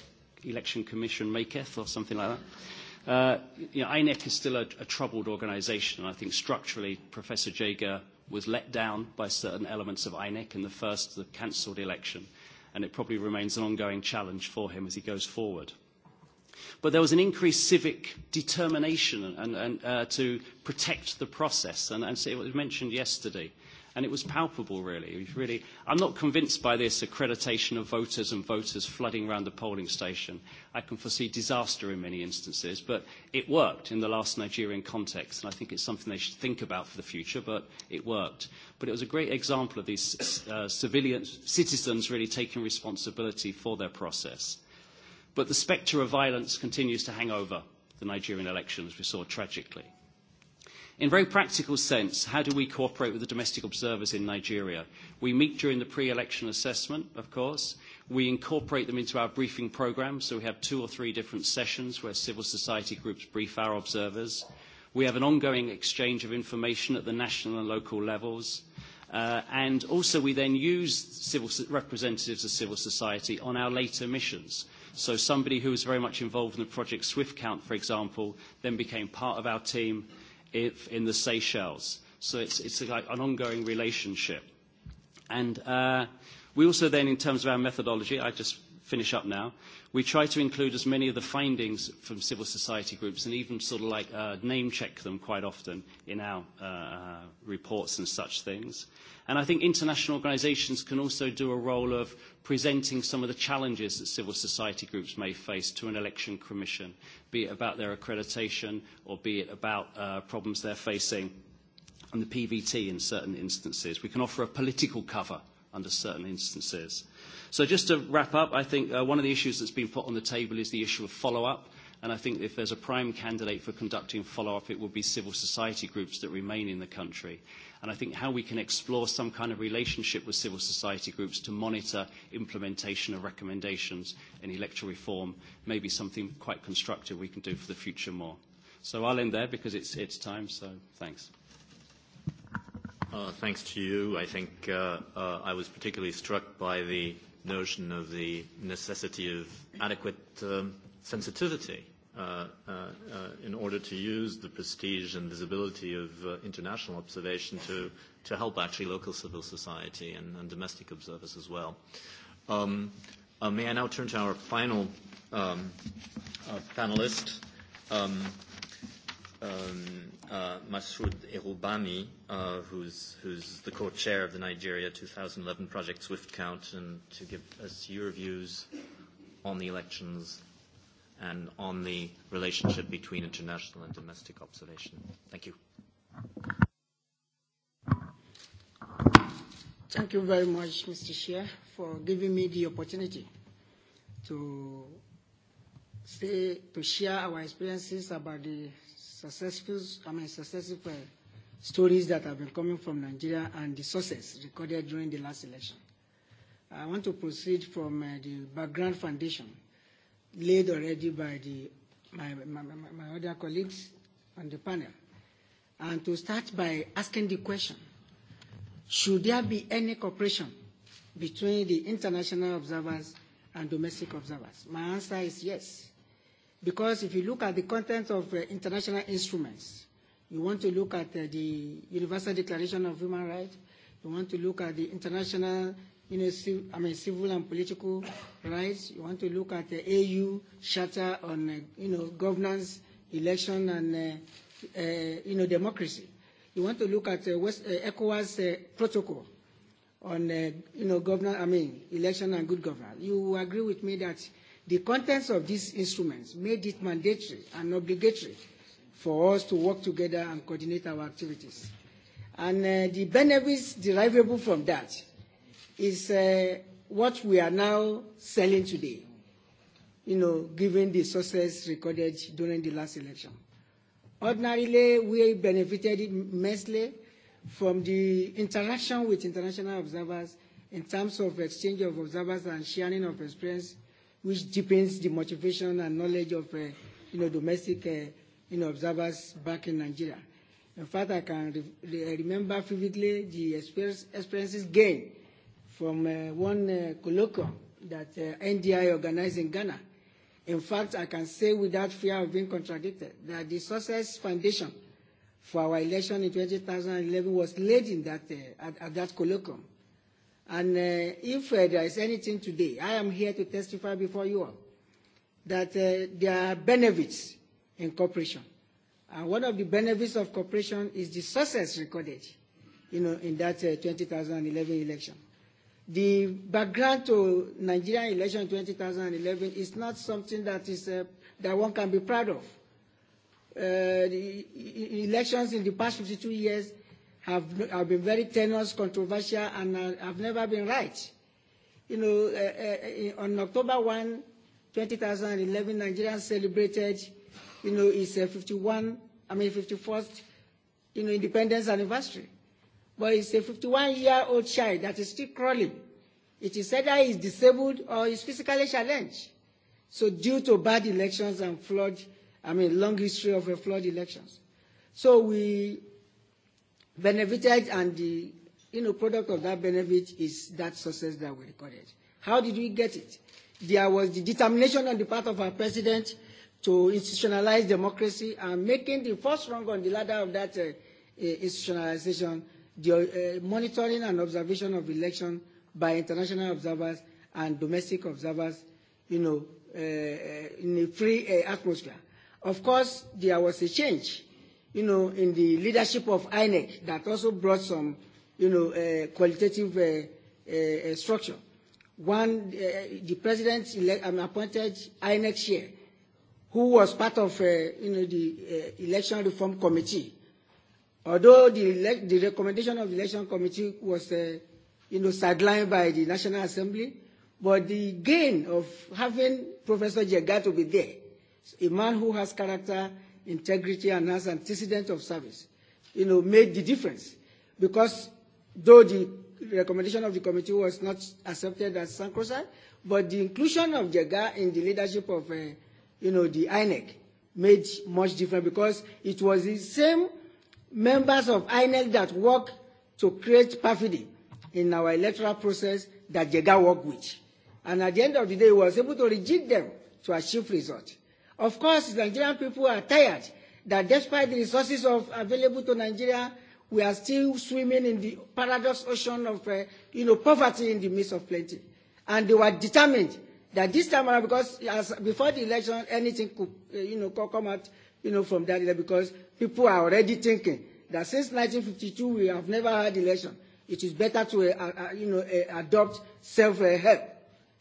election commission maketh or something like that. Uh, you know, INEC is still a, a troubled organization. And I think structurally, Professor Jager was let down by certain elements of INEC in the first, the cancelled election. And it probably remains an ongoing challenge for him as he goes forward. But there was an increased civic determination and, and, uh, to protect the process. And, and so it was mentioned yesterday and it was palpable, really. It really I'm not convinced by this accreditation of voters and voters flooding around the polling station. I can foresee disaster in many instances, but it worked in the last Nigerian context, and I think it's something they should think about for the future, but it worked. But it was a great example of these civilian citizens really taking responsibility for their process. But the spectre of violence continues to hang over the Nigerian elections, we saw tragically. In very practical sense, how do we cooperate with the domestic observers in Nigeria? We meet during the pre-election assessment, of course. We incorporate them into our briefing program, so we have two or three different sessions where civil society groups brief our observers. We have an ongoing exchange of information at the national and local levels. And also we then use civil representatives of civil society on our later missions. So somebody who was very much involved in the Project Swift Count, for example, then became part of our team in the Seychelles. So it's like an ongoing relationship. And we also then, in terms of our methodology, I just finish up now, we try to include as many of the findings from civil society groups and even sort of like name check them quite often in our reports and such things. And I think international organisations can also do a role of presenting some of the challenges that civil society groups may face to an election commission, be it about their accreditation or be it about problems they're facing and the PVT in certain instances. We can offer a political cover under certain instances. So just to wrap up, I think one of the issues that's been put on the table is the issue of follow-up. And I think if there's a prime candidate for conducting follow-up, it would be civil society groups that remain in the country and I think how we can explore some kind of relationship with civil society groups to monitor implementation of recommendations in electoral reform may be something quite constructive we can do for the future more. So I'll end there because it's it's time, so thanks. Thanks to you. I think I was particularly struck by the notion of the necessity of adequate sensitivity in order to use the prestige and visibility of international observation to to help actually local civil society and domestic observers as well. May I now turn to our final panelist, Masoud Erubami, who's who's the co-chair of the Nigeria 2011 Project SWIFT Count, and to give us your views on the elections and on the relationship between international and domestic observation. Thank you. Thank you very much, Mr. Chair, for giving me the opportunity to say, to share our experiences about the successful, I mean, successful stories that have been coming from Nigeria and the sources recorded during the last election. I want to proceed from the background foundation laid already by the, my, my, my other colleagues on the panel. And to start by asking the question, should there be any cooperation between the international observers and domestic observers? My answer is yes. Because if you look at the content of international instruments, you want to look at the Universal Declaration of Human Rights, you want to look at the International I mean, civil and political rights. You want to look at the AU Charter on, you know, governance, election, and, you know, democracy. You want to look at the ECOWAS protocol on, you know, governance, I mean, election and good governance. You agree with me that the contents of these instruments made it mandatory and obligatory for us to work together and coordinate our activities. And the benefits derivable from that is what we are now selling today, you know, given the success recorded during the last election. Ordinarily, we benefited immensely from the interaction with international observers in terms of exchange of observers and sharing of experience, which deepens the motivation and knowledge of you know, domestic you know, observers back in Nigeria. In fact, I can remember vividly the experiences gained from one colloquium that NDI organized in Ghana. In fact, I can say without fear of being contradicted that the success foundation for our election in 2011 was laid in that, at that colloquium. And if there is anything today, I am here to testify before you all that there are benefits in cooperation. And one of the benefits of cooperation is the success recorded, you know, in that 2011 election. The background to Nigerian election 2011 is not something that is that one can be proud of. The elections in the past 52 years have have been very tenuous, controversial, and have never been right. You know, on October 1, 2011, Nigeria celebrated, you know, its 51, I mean 51st, you know, independence anniversary but it's a 51-year-old child that is still crawling. It is either he's disabled or he's physically challenged. So due to bad elections and flood, I mean, long history of a flood elections. So we benefited and the, you know, product of that benefit is that success that we recorded. How did we get it? There was the determination on the part of our president to institutionalize democracy and making the first rung on the ladder of that institutionalization the monitoring and observation of election by international observers and domestic observers, you know, in a free atmosphere. Of course, there was a change, you know, in the leadership of INEC that also brought some, you know, qualitative structure. One, the president appointed INEC chair, who was part of, you know, the election reform committee Although the, the recommendation of the election committee was, uh, you know, sidelined by the National Assembly, but the gain of having Professor to be there, a man who has character, integrity, and has antecedent of service, you know, made the difference. Because though the recommendation of the committee was not accepted as sacrosanct, but the inclusion of Jaga in the leadership of, uh, you know, the INEC made much difference because it was the same members of INEC that work to create perfidy in our electoral process that Jega worked with. And at the end of the day, we was able to reject them to achieve results. Of course, Nigerian people are tired that despite the resources of available to Nigeria, we are still swimming in the paradox ocean of you know, poverty in the midst of plenty. And they were determined that this time around, because as before the election, anything could you know, come out you know, from that because people are already thinking that since 1952 we have never had election. It is better to, uh, uh, you know, uh, adopt self-help,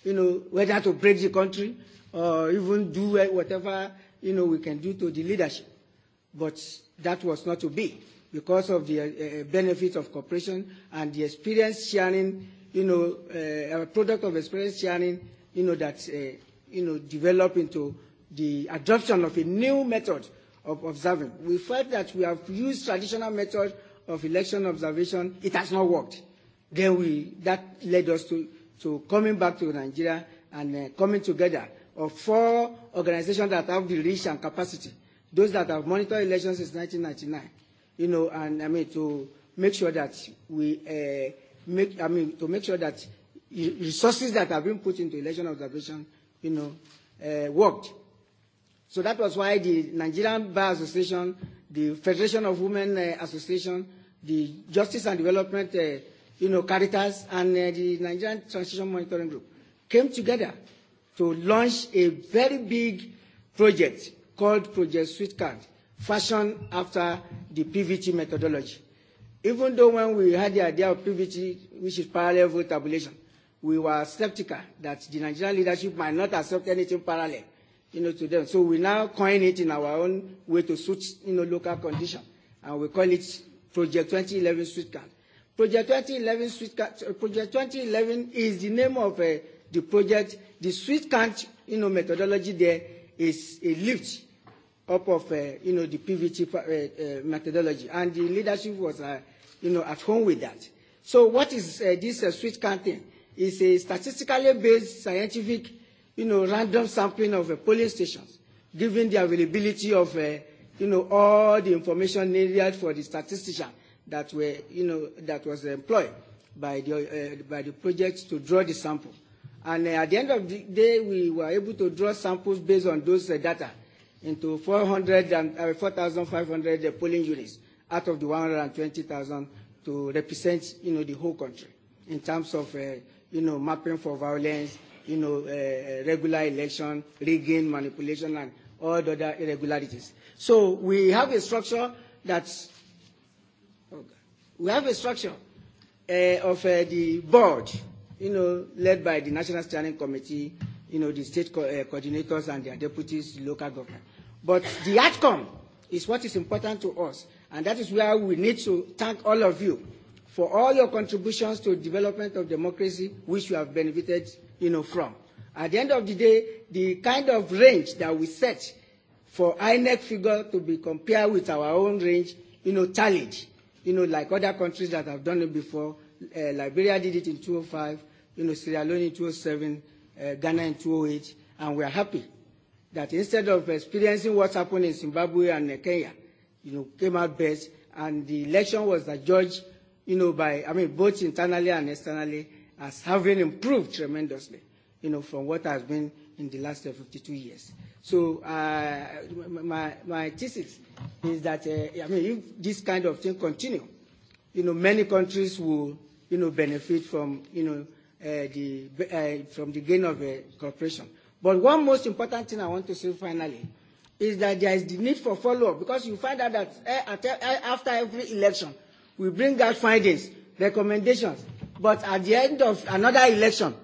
you know, whether to break the country or even do whatever, you know, we can do to the leadership. But that was not to be because of the uh, benefit of cooperation and the experience sharing, you know, uh, a product of experience sharing, you know, that, uh, you know, developed into the adoption of a new method of observing. We felt that we have used traditional methods of election observation. It has not worked. Then we, that led us to, to coming back to Nigeria and coming together of four organizations that have the reach and capacity, those that have monitored elections since 1999, you know, and I mean to make sure that we make, I mean to make sure that resources that have been put into election observation, you know, worked. So that was why the Nigerian Bar Association, the Federation of Women Association, the Justice and Development, you know, Caritas, and the Nigerian Transition Monitoring Group came together to launch a very big project called Project Sweet Card, fashioned after the PVT methodology. Even though when we had the idea of PVT, which is parallel vote tabulation, we were skeptical that the Nigerian leadership might not accept anything parallel you know, to them. So we now coin it in our own way to suit, you know, local condition, and we call it Project 2011 Sweet Card. Project 2011 sweet Card, Project 2011 is the name of uh, the project. The Sweet count, you know, methodology there is a lift up of, uh, you know, the PVT uh, uh, methodology, and the leadership was, uh, you know, at home with that. So what is uh, this uh, thing? It's a statistically based scientific you know, random sampling of polling stations, given the availability of, you know, all the information needed for the statistician that were, you know, that was employed by the, by the project to draw the sample. And at the end of the day, we were able to draw samples based on those data into 4,500 polling units out of the 120,000 to represent, you know, the whole country in terms of, you know, mapping for violence, you know, regular election, rigging, manipulation, and all the other irregularities. So we have a structure that's we have a structure of the board, you know, led by the National Standing Committee, you know, the state coordinators and their deputies, local government. But the outcome is what is important to us, and that is where we need to thank all of you for all your contributions to the development of democracy, which you have benefited you know, from. At the end of the day, the kind of range that we set for INEC figure to be compared with our own range, you know, challenge, you know, like other countries that have done it before. Liberia did it in 2005, you know, Sierra Leone in 2007, Ghana in 2008, and we are happy that instead of experiencing what happened in Zimbabwe and Kenya, you know, came out best, and the election was adjudged, you know, by, I mean, both internally and externally, as having improved tremendously, you know, from what has been in the last 52 years. So my my thesis is that, I mean, if this kind of thing continue, you know, many countries will, you know, benefit from, you know, the from the gain of cooperation. But one most important thing I want to say finally is that there is the need for follow-up because you find out that after every election, we bring out findings, recommendations, But at the end of another election,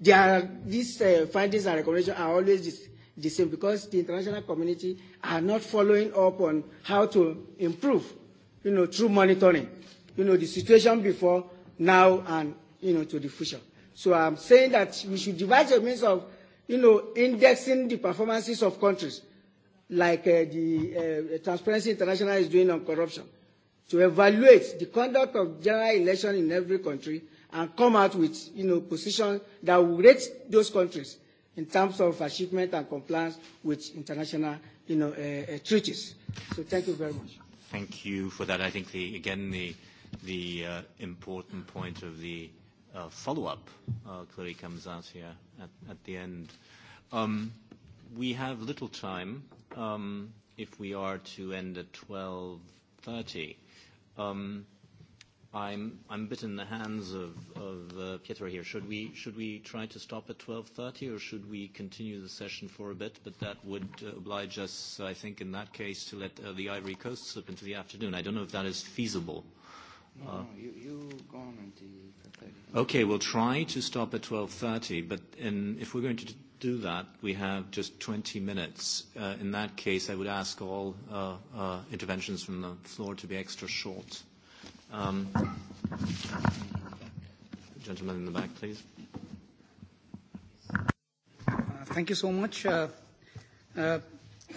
there these findings and recommendations are always the same because the international community are not following up on how to improve, you know, through monitoring, you know, the situation before, now, and, you know, to the future. So I'm saying that we should devise a means of, you know, indexing the performances of countries, like the Transparency International is doing on corruption, to evaluate the conduct of general election in every country and come out with you know, positions that will rate those countries in terms of achievement and compliance with international you know, uh, treaties. So thank you very much. Thank you for that. I think, the, again, the, the uh, important point of the uh, follow-up uh, clearly comes out here at, at the end. Um, we have little time um, if we are to end at 12.30. Um, I'm I'm a bit in the hands of of Pietro here. Should we should we try to stop at 12:30 or should we continue the session for a bit? But that would oblige us, I think, in that case, to let the Ivory Coast slip into the afternoon. I don't know if that is feasible. No, you you go on until Okay, we'll try to stop at 12:30. But if we're going to do that, we have just 20 minutes. In that case, I would ask all interventions from the floor to be extra short. Gentleman in the back, please. Thank you so much.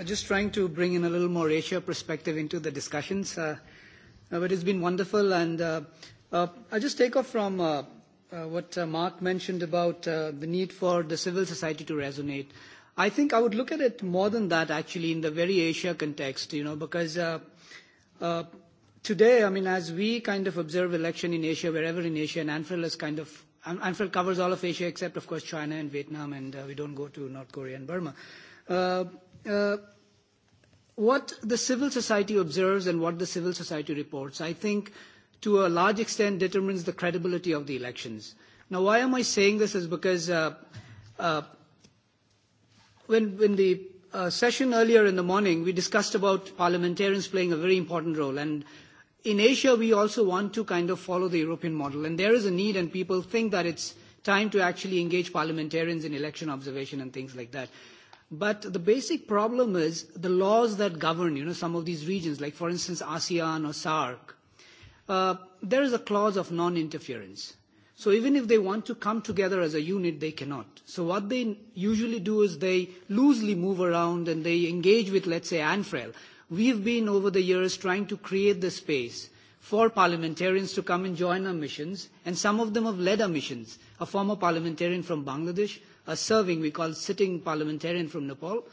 Just trying to bring in a little more Asia perspective into the discussions. But it's been wonderful, and I just take off from what Mark mentioned about the need for the civil society to resonate. I think I would look at it more than that, actually, in the very Asia context, you know, because today, I mean, as we kind of observe election in Asia, wherever in Asia, and ANFIL is kind of, ANFIL covers all of Asia except, of course, China and Vietnam, and we don't go to North Korea and Burma. What the civil society observes and what the civil society reports, I think, to a large extent, determines the credibility of the elections. Now, why am I saying this is because when the session earlier in the morning, we discussed about parliamentarians playing a very important role. And in Asia, we also want to kind of follow the European model, and there is a need, and people think that it's time to actually engage parliamentarians in election observation and things like that. But the basic problem is the laws that govern, you know, some of these regions, like, for instance, ASEAN or SARC. There is a clause of non-interference. So even if they want to come together as a unit, they cannot. So what they usually do is they loosely move around and they engage with, let's say, ANFREL We've been over the years trying to create the space for parliamentarians to come and join our missions, and some of them have led our missions. A former parliamentarian from Bangladesh, a serving, we call sitting parliamentarian from Nepal,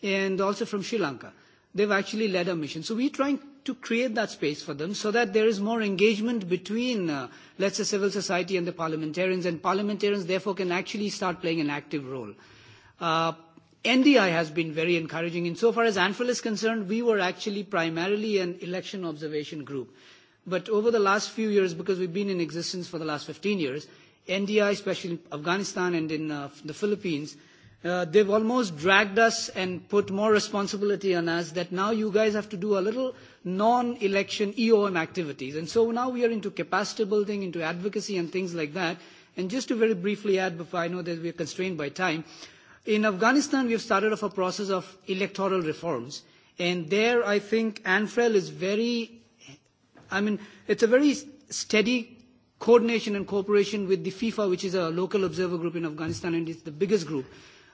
and also from Sri Lanka. They've actually led our mission. So we're trying to create that space for them so that there is more engagement between, let's say, civil society and the parliamentarians, and parliamentarians, therefore, can actually start playing an active role. NDI has been very encouraging. so far as ANFIL is concerned, we were actually primarily an election observation group. But over the last few years, because we've been in existence for the last 15 years, NDI, especially in Afghanistan and in the Philippines, they've almost dragged us and put more responsibility on us that now you guys have to do a little non-election EOM activities. And so now we are into capacity building, into advocacy and things like that. And just to very briefly add, before I know that we are constrained by time, In Afghanistan, we have started off a process of electoral reforms. And there, I think, ANFREL is very, I mean, it's a very steady coordination and cooperation with the FIFA, which is a local observer group in Afghanistan, and it's the biggest group.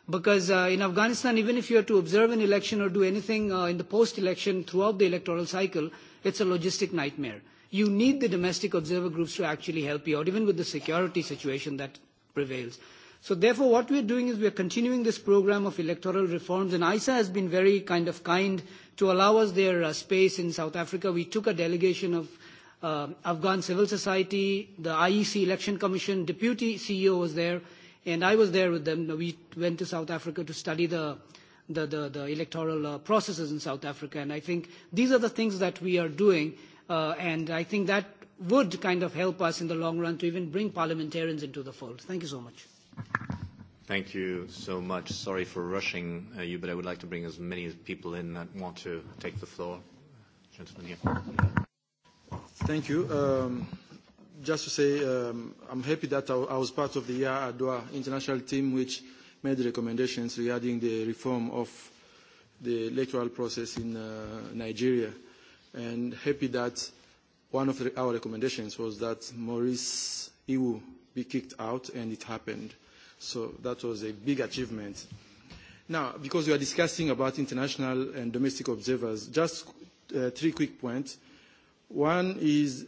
Because in Afghanistan, even if you are to observe an election or do anything in the post-election throughout the electoral cycle, it's a logistic nightmare. You need the domestic observer groups to actually help you out, even with the security situation that prevails. So therefore, what we are doing is we are continuing this program of electoral reforms, and ISA has been very kind of kind to allow us their space in South Africa. We took a delegation of Afghan civil society, the IEC Election Commission, Deputy CEO was there, and I was there with them. We went to South Africa to study the electoral processes in South Africa, and I think these are the things that we are doing, and I think that would kind of help us in the long run to even bring parliamentarians into the fold. Thank you so much. Thank you so much. Sorry for rushing you, but I would like to bring as many people in that want to take the floor. Gentlemen here. Thank you. Just to say, I'm happy that I was part of the Yar'Adua international team, which made recommendations regarding the reform of the electoral process in Nigeria, and happy that one of our recommendations was that Maurice Iwu be kicked out, and it happened. So that was a big achievement. Now, because we are discussing about international and domestic observers, just three quick points. One is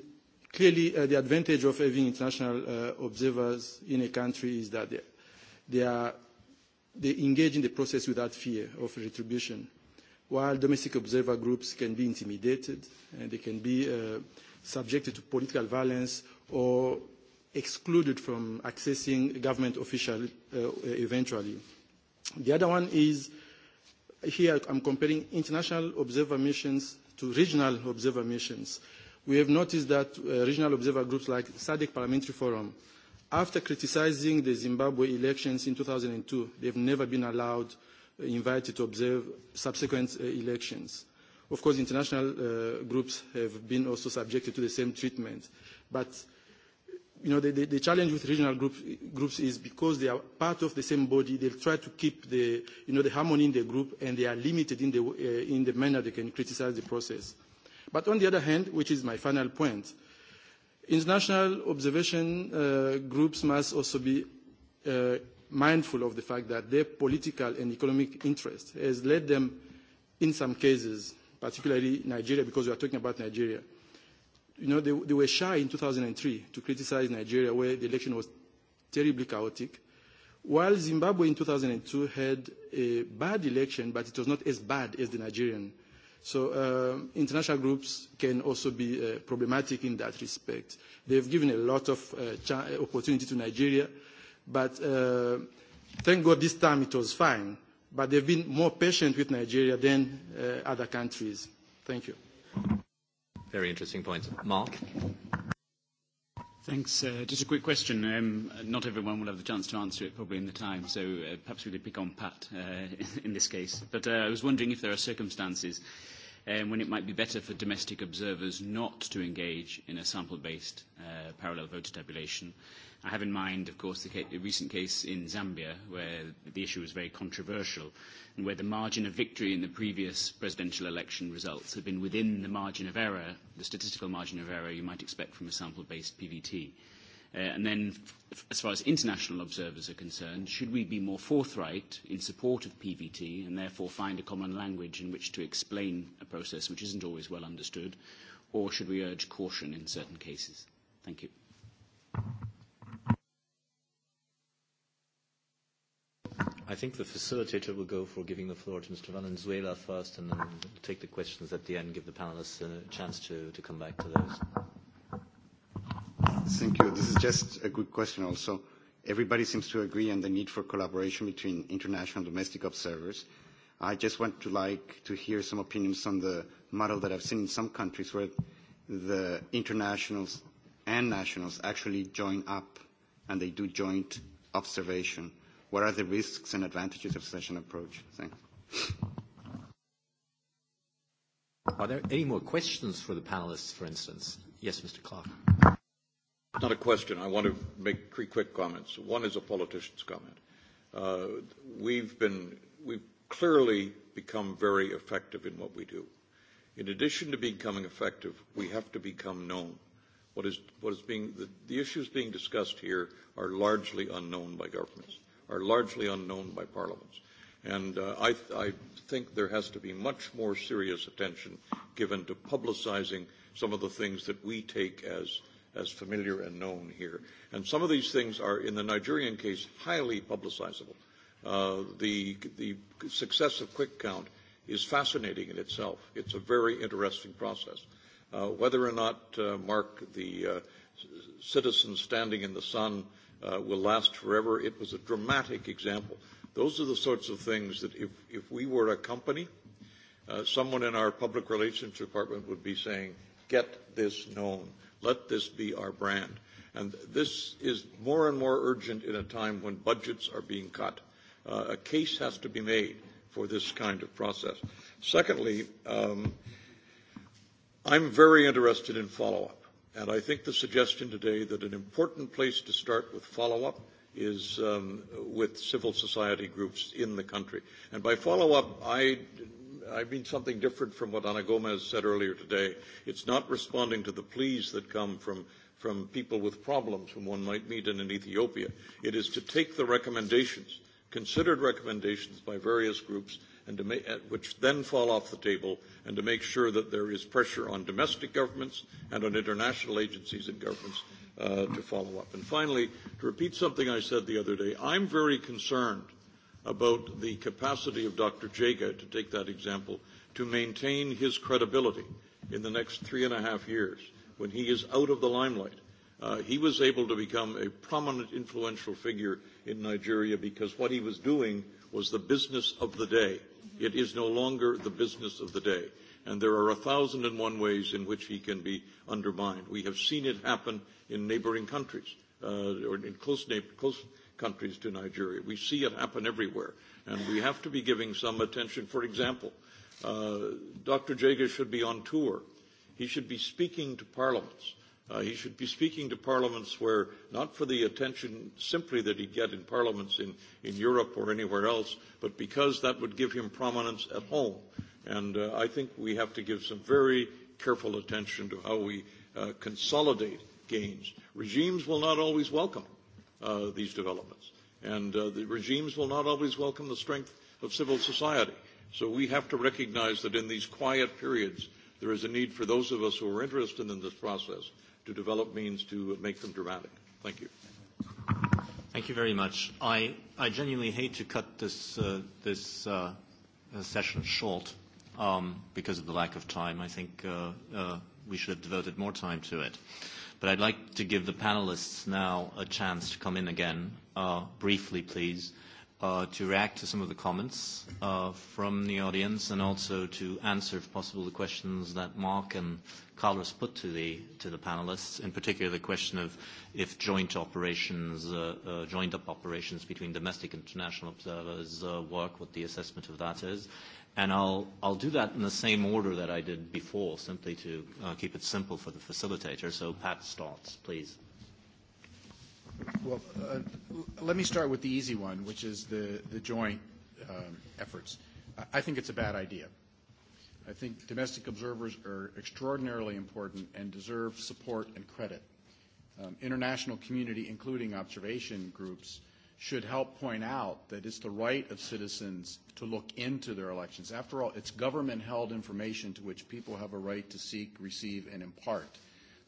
clearly the advantage of having international observers in a country is that they are they engage in the process without fear of retribution, while domestic observer groups can be intimidated and they can be subjected to political violence or excluded from accessing government officials, eventually. The other one is, here I'm comparing international observer missions to regional observer missions. We have noticed that regional observer groups like SADC Parliamentary Forum, after criticizing the Zimbabwe elections in 2002, they've never been allowed, invited to observe subsequent elections. Of course, international groups have been also subjected to the same treatment. But you know, the, the, the challenge with regional group, groups is because they are part of the same body, they'll try to keep the, you know, the harmony in the group and they are limited in the, in the manner they can criticize the process. But on the other hand, which is my final point, international observation uh, groups must also be uh, mindful of the fact that their political and economic interest has led them, in some cases, particularly Nigeria, because we are talking about Nigeria, you know, they, they were shy in 2003 to criticize Nigeria where the election was terribly chaotic, while Zimbabwe in 2002 had a bad election, but it was not as bad as the Nigerian. So international groups can also be problematic in that respect. They have given a lot of opportunity to Nigeria, but thank God this time it was fine. But they've been more patient with Nigeria than other countries. Thank you very interesting point. Mark? Thanks. Just a quick question. Not everyone will have the chance to answer it probably in the time, so perhaps we could pick on Pat in this case. But I was wondering if there are circumstances when it might be better for domestic observers not to engage in a sample-based parallel voter tabulation. I have in mind, of course, the recent case in Zambia where the issue was very controversial where the margin of victory in the previous presidential election results have been within the margin of error, the statistical margin of error you might expect from a sample-based PVT. And then, as far as international observers are concerned, should we be more forthright in support of PVT and therefore find a common language in which to explain a process which isn't always well understood, or should we urge caution in certain cases? Thank you. I think the facilitator will go for giving the floor to Mr. Valenzuela first, and then take the questions at the end, give the panelists a chance to, come back to those. Thank you. This is just a good question also. Everybody seems to agree on the need for collaboration between international and domestic observers. I just want to like to hear some opinions on the model that I've seen in some countries where the internationals and nationals actually join up and they do joint observation What are the risks and advantages of such an approach? Thanks. Are there any more questions for the panelists, for instance? Yes, Mr. Clark. Not a question. I want to make three quick comments. One is a politician's comment. We've been, we've clearly become very effective in what we do. In addition to becoming effective, we have to become known. What is, what is being, the issues being discussed here are largely unknown by governments are largely unknown by parliaments. And I I think there has to be much more serious attention given to publicizing some of the things that we take as as familiar and known here. And some of these things are, in the Nigerian case, highly publicizable. The the success of Quick Count is fascinating in itself. It's a very interesting process. Whether or not, Mark, the citizens standing in the sun will last forever. It was a dramatic example. Those are the sorts of things that if, if we were a company, someone in our public relations department would be saying, get this known. Let this be our brand. And this is more and more urgent in a time when budgets are being cut. A case has to be made for this kind of process. Secondly, I'm very interested in follow-up. And I think the suggestion today that an important place to start with follow-up is with civil society groups in the country. And by follow-up, I I mean something different from what Ana Gomez said earlier today. It's not responding to the pleas that come from from people with problems whom one might meet in an Ethiopia. It is to take the recommendations, considered recommendations by various groups, and to which then fall off the table, and to make sure that there is pressure on domestic governments and on international agencies and governments to follow up. And finally, to repeat something I said the other day, I'm very concerned about the capacity of Dr. Jaga, to take that example, to maintain his credibility in the next three and a half years when he is out of the limelight. He was able to become a prominent, influential figure in Nigeria because what he was doing was the business of the day. It is no longer the business of the day. And there are a thousand and one ways in which he can be undermined. We have seen it happen in neighboring countries, or in close close countries to Nigeria. We see it happen everywhere. And we have to be giving some attention. For example, Dr. Jager should be on tour. He should be speaking to parliaments He should be speaking to parliaments where, not for the attention simply that he'd get in parliaments in Europe or anywhere else, but because that would give him prominence at home. And I think we have to give some very careful attention to how we consolidate gains. Regimes will not always welcome these developments, and the regimes will not always welcome the strength of civil society. So we have to recognize that in these quiet periods, there is a need for those of us who are interested in this process to develop means to make them dramatic. Thank you. Thank you very much. I I genuinely hate to cut this this session short because of the lack of time. I think we should have devoted more time to it. But I'd like to give the panelists now a chance to come in again, briefly, please to react to some of the comments from the audience and also to answer, if possible, the questions that Mark and Carlos put to the to the panelists, in particular the question of if joint operations, joined up operations between domestic and international observers work, what the assessment of that is. And I'll I'll do that in the same order that I did before, simply to keep it simple for the facilitator. So Pat starts, please. Well, let me start with the easy one, which is the the joint efforts. I think it's a bad idea. I think domestic observers are extraordinarily important and deserve support and credit. International community, including observation groups, should help point out that it's the right of citizens to look into their elections. After all, it's government-held information to which people have a right to seek, receive, and impart.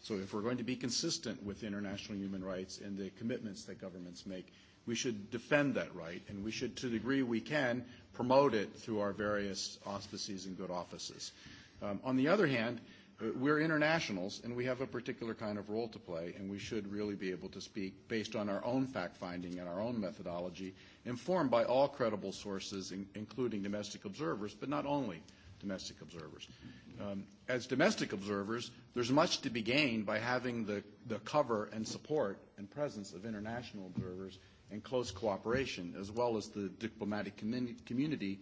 So if we're going to be consistent with international human rights and the commitments that governments make, we should defend that right, and we should, to the degree we can, promote it through our various auspices and good offices. On the other hand, we're internationals, and we have a particular kind of role to play, and we should really be able to speak based on our own fact-finding and our own methodology, informed by all credible sources, including domestic observers, but not only domestic observers as domestic observers, there's much to be gained by having the, cover and support and presence of international observers and close cooperation, as well as the diplomatic community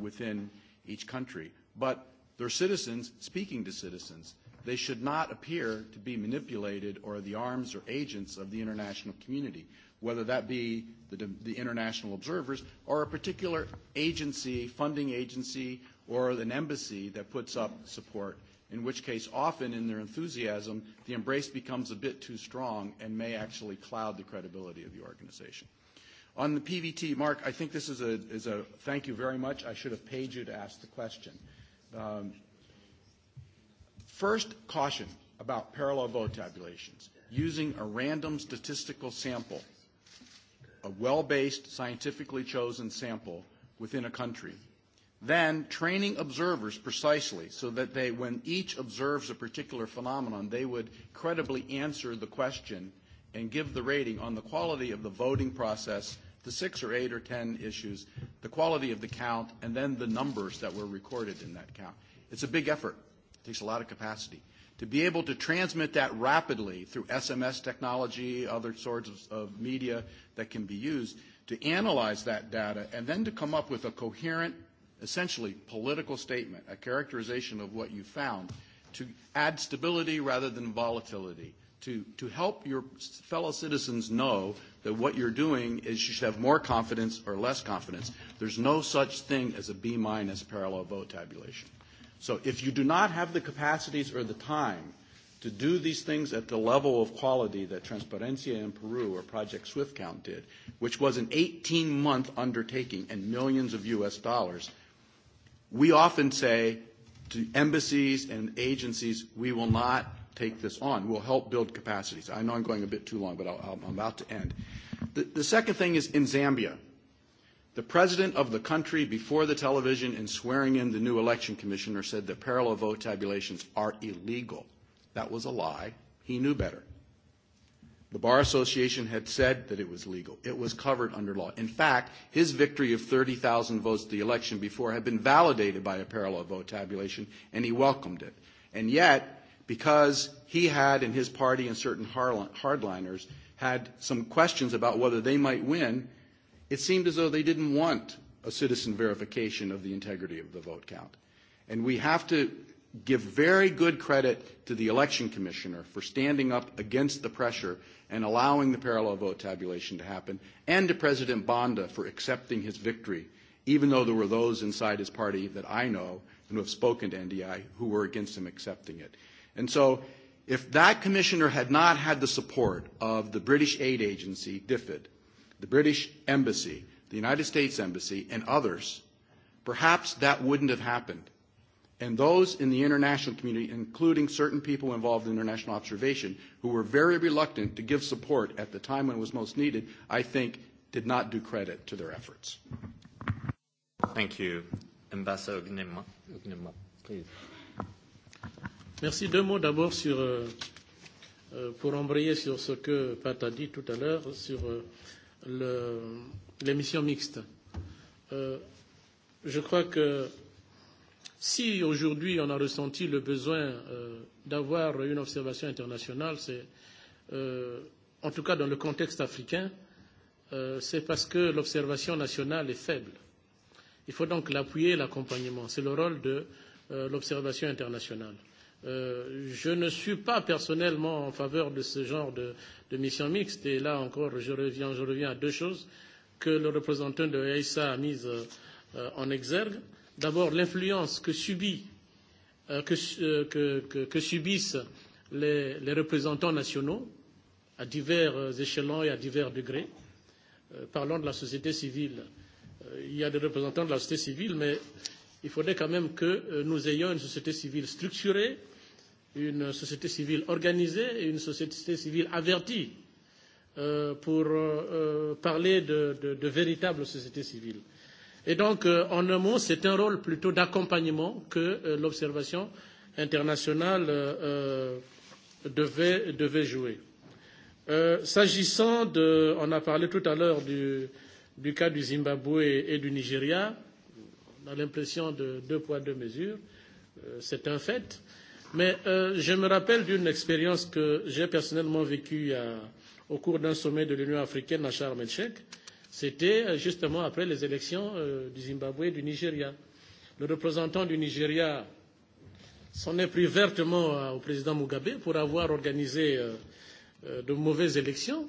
within each country. But they're citizens speaking to citizens. They should not appear to be manipulated or the arms or agents of the international community, whether that be the international observers or a particular agency, funding agency, or an embassy that puts up support, in which case often in their enthusiasm, the embrace becomes a bit too strong and may actually cloud the credibility of the organization. On the PVT, Mark, I think this is a, is a thank you very much. I should have paid you to ask the question. Um, first, caution about parallel vote tabulations. Using a random statistical sample, a well-based, scientifically chosen sample within a country Then training observers precisely so that they, when each observes a particular phenomenon, they would credibly answer the question and give the rating on the quality of the voting process, the six or eight or ten issues, the quality of the count, and then the numbers that were recorded in that count. It's a big effort. It takes a lot of capacity. To be able to transmit that rapidly through SMS technology, other sorts of media that can be used, to analyze that data, and then to come up with a coherent essentially political statement, a characterization of what you found, to add stability rather than volatility, to, to help your fellow citizens know that what you're doing is you should have more confidence or less confidence. There's no such thing as a B minus parallel vote tabulation. So if you do not have the capacities or the time to do these things at the level of quality that Transparencia in Peru or Project Swift Count did, which was an 18-month undertaking and millions of U.S. dollars, We often say to embassies and agencies, we will not take this on. We'll help build capacities. I know I'm going a bit too long, but I'll, I'm about to end. The, the second thing is in Zambia. The president of the country, before the television and swearing in the new election commissioner, said that parallel vote tabulations are illegal. That was a lie. He knew better. The Bar Association had said that it was legal. It was covered under law. In fact, his victory of 30,000 votes the election before had been validated by a parallel vote tabulation, and he welcomed it. And yet, because he had and his party and certain hardliners had some questions about whether they might win, it seemed as though they didn't want a citizen verification of the integrity of the vote count. And we have to give very good credit to the election commissioner for standing up against the pressure and allowing the parallel vote tabulation to happen, and to President Bonda for accepting his victory, even though there were those inside his party that I know and who have spoken to NDI who were against him accepting it. And so if that commissioner had not had the support of the British aid agency, DFID, the British embassy, the United States embassy, and others, perhaps that wouldn't have happened and those in the international community, including certain people involved in international observation, who were very reluctant to give support at the time when it was most needed, I think did not do credit to their efforts. Thank you. Ambassador Ognema please. Merci. Deux mots d'abord sur, pour embrayer sur ce que Pat a dit tout à l'heure sur les missions mixtes. Je crois que Si aujourd'hui on a ressenti le besoin d'avoir une observation internationale, c'est en tout cas dans le contexte africain, c'est parce que l'observation nationale est faible. Il faut donc l'appuyer et l'accompagnement. C'est le rôle de l'observation internationale. Je ne suis pas personnellement en faveur de ce genre de mission mixte. Et là encore, je reviens je reviens à deux choses que le représentant de EISA a mises en exergue d'abord l'influence que subit que subissent les représentants nationaux à divers échelons et à divers degrés. Parlons de la société civile. Il y a des représentants de la société civile, mais il faudrait quand même que nous ayons une société civile structurée, une société civile organisée et une société civile avertie pour parler de véritables sociétés civiles. Et donc, en un mot, c'est un rôle plutôt d'accompagnement que l'observation internationale devait jouer. S'agissant de, on a parlé tout à l'heure du cas du Zimbabwe et du Nigeria, on a l'impression de deux poids, deux mesures, c'est un fait. Mais je me rappelle d'une expérience que j'ai personnellement vécue au cours d'un sommet de l'Union africaine à Sharm C'était justement après les élections du Zimbabwe et du Nigeria. Le représentant du Nigeria s'en est pris vertement au président Mugabe pour avoir organisé de mauvaises élections.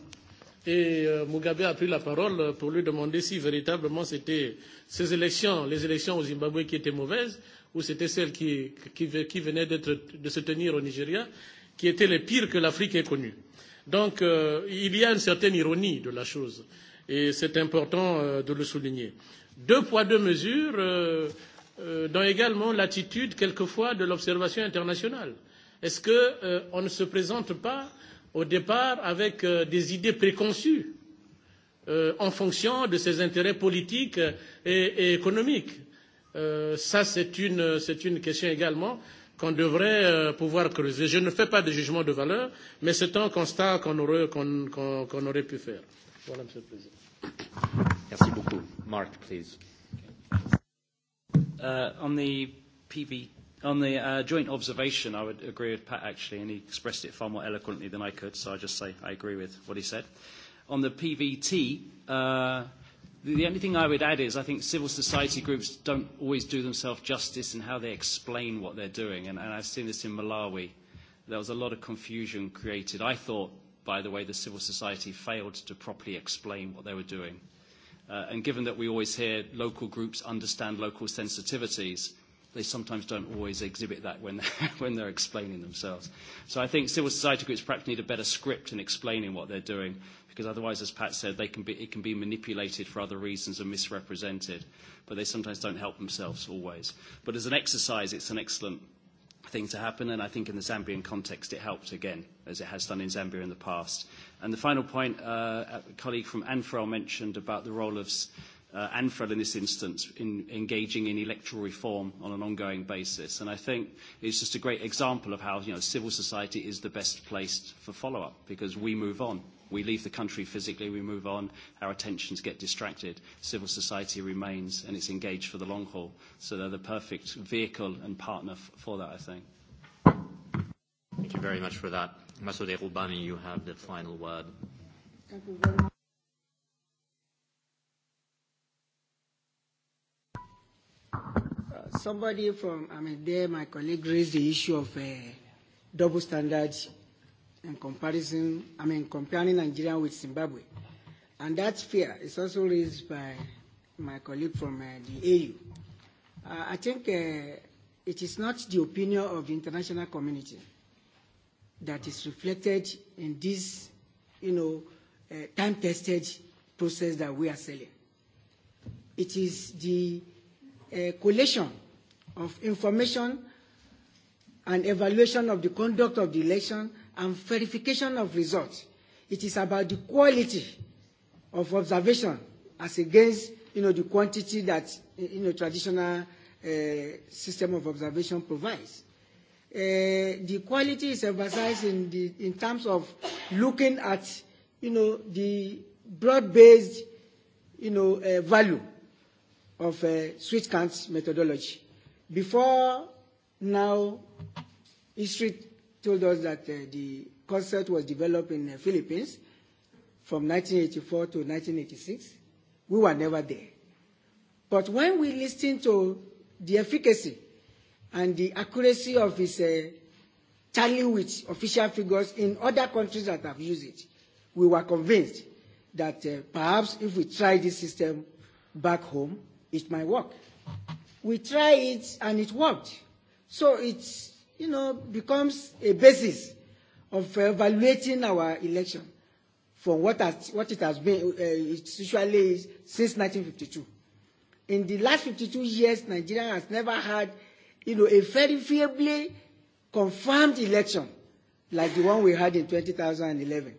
Et Mugabe a pris la parole pour lui demander si véritablement c'était ces élections, les élections au Zimbabwe qui étaient mauvaises, ou c'était celles qui, qui, qui venaient de se tenir au Nigeria, qui étaient les pires que l'Afrique ait connues. Donc, il y a une certaine ironie de la chose et c'est important de le souligner. Deux poids, deux mesures dans également l'attitude quelquefois de l'observation internationale. Est-ce qu'on ne se présente pas au départ avec des idées préconçues en fonction de ses intérêts politiques et économiques Ça, c'est une question également qu'on devrait pouvoir creuser. Je ne fais pas de jugement de valeur, mais c'est un constat qu'on aurait, qu'on, aurait pu faire. Voilà, Monsieur le Président. Merci beaucoup. Mark, please. Uh, on the PV, on the uh, joint observation, I would agree with Pat actually, and he expressed it far more eloquently than I could, so I just say I agree with what he said. On the PVT, uh, The only thing I would add is I think civil society groups don't always do themselves justice in how they explain what they're doing, and I've seen this in Malawi. There was a lot of confusion created. I thought, by the way, the civil society failed to properly explain what they were doing. And given that we always hear local groups understand local sensitivities, they sometimes don't always exhibit that when they're explaining themselves. So I think civil society groups perhaps need a better script in explaining what they're doing because otherwise, as Pat said, they can be, it can be manipulated for other reasons and misrepresented, but they sometimes don't help themselves always. But as an exercise, it's an excellent thing to happen, and I think in the Zambian context it helped again, as it has done in Zambia in the past. And the final point, a colleague from ANFREL mentioned about the role of ANFREL in this instance in engaging in electoral reform on an ongoing basis. And I think it's just a great example of how, you know, civil society is the best place for follow-up because we move on We leave the country physically, we move on, our attentions get distracted. Civil society remains and it's engaged for the long haul. So they're the perfect vehicle and partner for that, I think. Thank you very much for that. Masoud Roubani, you have the final word. Thank you very much. Somebody from, I mean, there, my colleague raised the issue of double standards in comparison, I mean, comparing Nigeria with Zimbabwe. And that fear is also raised by my colleague from the AU. I think it is not the opinion of the international community that is reflected in this, you know, time-tested process that we are selling. It is the collation of information and evaluation of the conduct of the election and verification of results. It is about the quality of observation as against you know, the quantity that you know, traditional system of observation provides. The quality is emphasized in, the, in terms of looking at you know, the broad-based you know, value of switch counts methodology. Before now, history told us that the concept was developed in the Philippines from 1984 to 1986. We were never there. But when we listened to the efficacy and the accuracy of his tally with official figures in other countries that have used it, we were convinced that perhaps if we try this system back home, it might work. We tried it and it worked. So it's you know, becomes a basis of evaluating our election for what, has, what it has been, uh, usually is, since 1952. In the last 52 years, Nigeria has never had, you know, a verifiably confirmed election like the one we had in 2011.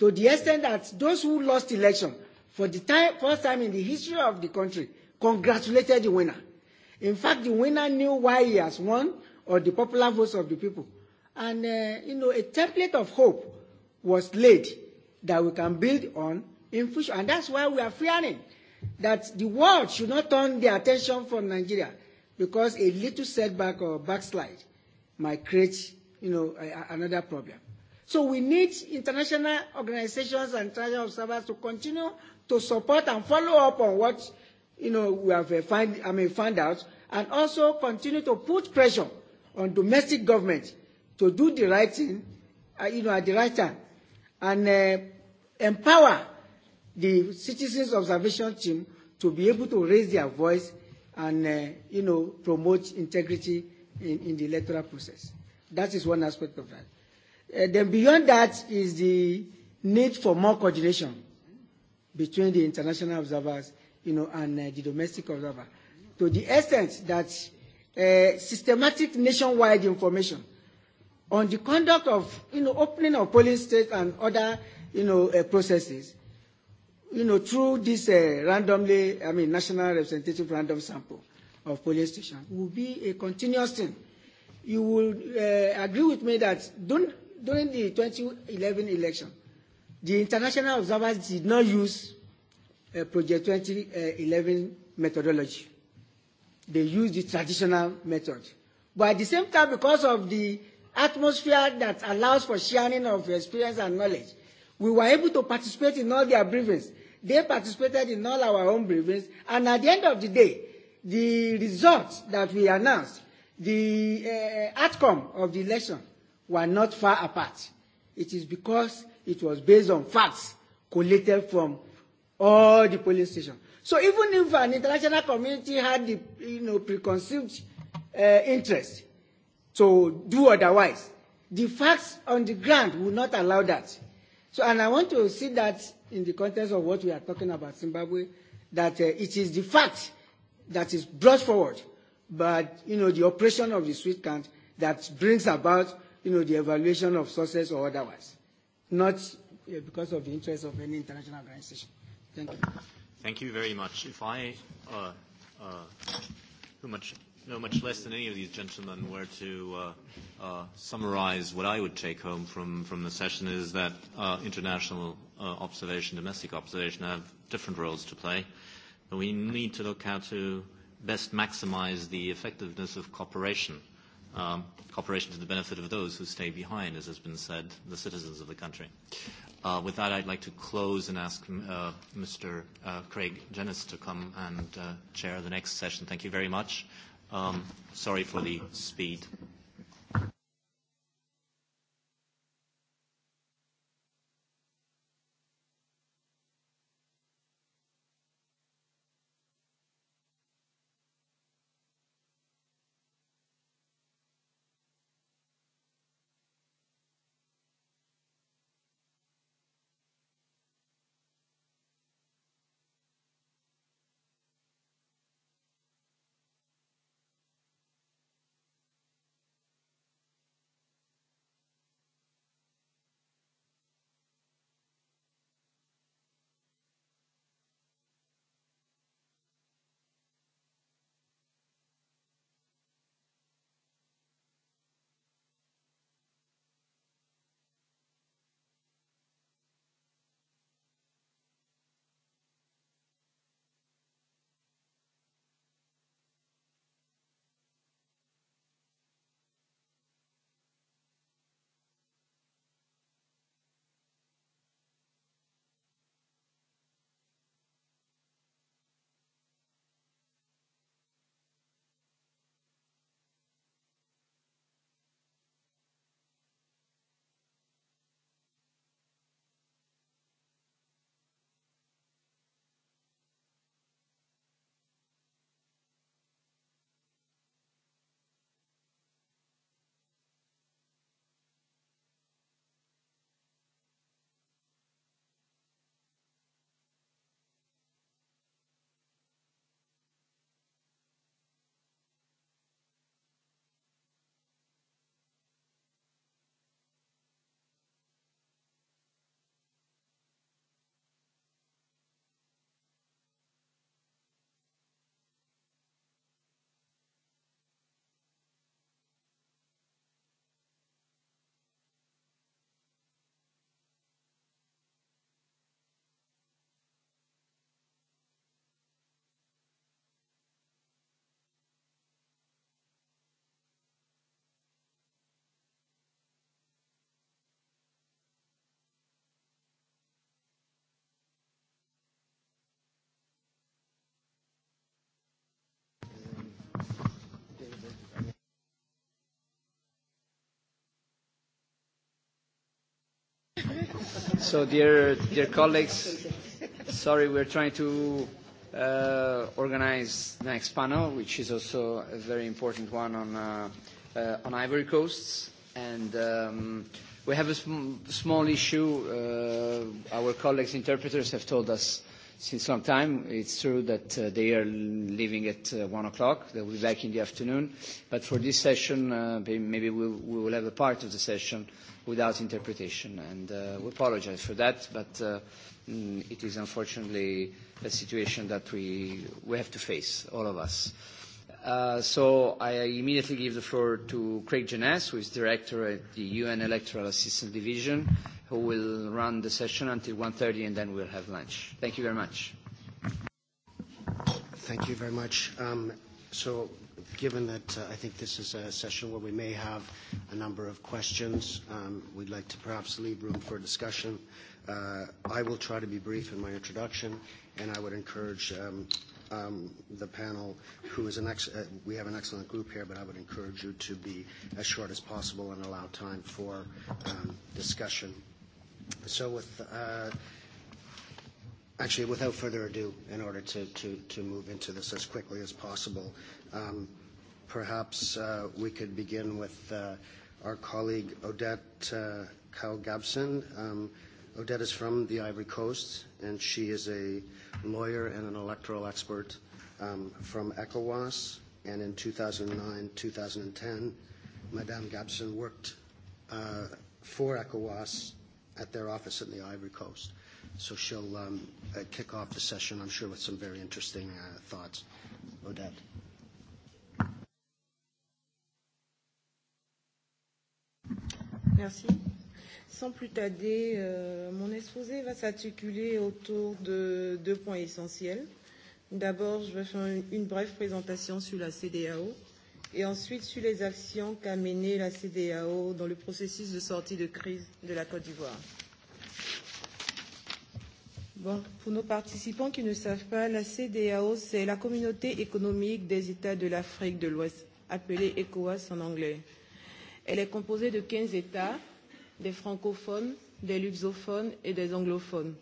To the extent that those who lost election for the time, first time in the history of the country congratulated the winner. In fact, the winner knew why he has won, or the popular votes of the people. And, you know, a template of hope was laid that we can build on in future. And that's why we are fearing that the world should not turn their attention from Nigeria because a little setback or backslide might create, you know, another problem. So we need international organizations and international observers to continue to support and follow up on what, you know, we have found, I mean, found out and also continue to put pressure on domestic government to do the right thing, you know, at the right time, and empower the citizens observation team to be able to raise their voice and, you know, promote integrity in the electoral process. That is one aspect of that. Then beyond that is the need for more coordination between the international observers, you know, and the domestic observer, to the extent that systematic nationwide information on the conduct of, you know, opening of polling states and other, you know, processes, you know, through this randomly, I mean, national representative random sample of polling stations will be a continuous thing. You will agree with me that during the 2011 election, the international observers did not use Project 2011 methodology they use the traditional method. But at the same time, because of the atmosphere that allows for sharing of experience and knowledge, we were able to participate in all their briefings. They participated in all our own briefings. And at the end of the day, the results that we announced, the outcome of the election, were not far apart. It is because it was based on facts collated from all the police stations. So even if an international community had the you know, preconceived interest to do otherwise, the facts on the ground will not allow that. So, and I want to see that in the context of what we are talking about Zimbabwe, that it is the fact that is brought forward, but you know the operation of the sweet count that brings about you know the evaluation of sources or otherwise, not because of the interest of any international organization. Thank you. Thank you very much. If I, uh, uh, who much, no much less than any of these gentlemen, were to uh, uh, summarize what I would take home from, from the session is that uh, international uh, observation, domestic observation have different roles to play. But we need to look how to best maximize the effectiveness of cooperation cooperation to the benefit of those who stay behind, as has been said, the citizens of the country. With that, I'd like to close and ask Mr. Craig Jennis to come and chair the next session. Thank you very much. Sorry for the speed. So, dear, dear colleagues, sorry, we're trying to uh, organize the next panel, which is also a very important one on, uh, uh, on Ivory Coasts. And um, we have a sm small issue. Uh, our colleagues interpreters have told us since a long time. It's true that they are leaving at one o'clock. They will be back in the afternoon. But for this session, maybe we will have a part of the session without interpretation. And we apologize for that, but it is unfortunately a situation that we we have to face, all of us. So I immediately give the floor to Craig Jeunesse, who is director at the UN Electoral Assistance Division who will run the session until 1.30 and then we'll have lunch. Thank you very much. Thank you very much. So given that I think this is a session where we may have a number of questions, we'd like to perhaps leave room for discussion. I will try to be brief in my introduction, and I would encourage the panel, who is an ex we have an excellent group here, but I would encourage you to be as short as possible and allow time for discussion. So with actually, without further ado, in order to to to move into this as quickly as possible, perhaps we could begin with our colleague Odette Kyle-Gabson. Odette is from the Ivory Coast, and she is a lawyer and an electoral expert from ECOWAS. And in 2009-2010, Madame Gabson worked for ECOWAS at their office in the Ivory Coast. So she'll um, kick off the session, I'm sure, with some very interesting uh, thoughts. Odette. Merci. Sans plus tarder, euh, mon exposé va s'articuler autour de deux points essentiels. D'abord, je vais faire une, une brève présentation sur la CDAO et ensuite sur les actions qu'a menées la CDAO dans le processus de sortie de crise de la Côte d'Ivoire. Bon, pour nos participants qui ne savent pas, la CDAO, c'est la communauté économique des États de l'Afrique de l'Ouest, appelée ECOWAS en anglais. Elle est composée de 15 États, des francophones, des luxophones et des anglophones.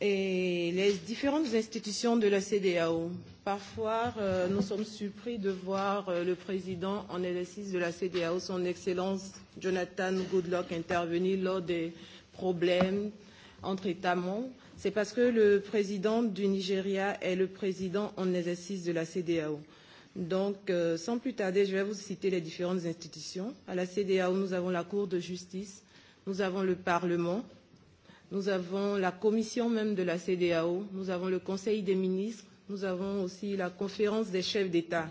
Et les différentes institutions de la CDAO, Parfois, nous sommes surpris de voir le président en exercice de la CDAO, son Excellence Jonathan Goodlock, intervenir lors des problèmes entre États membres. C'est parce que le président du Nigeria est le président en exercice de la CDAO. Donc, sans plus tarder, je vais vous citer les différentes institutions. À la CDAO, nous avons la Cour de justice, nous avons le Parlement, nous avons la Commission même de la CDAO, nous avons le Conseil des ministres, Nous avons aussi la conférence des chefs d'État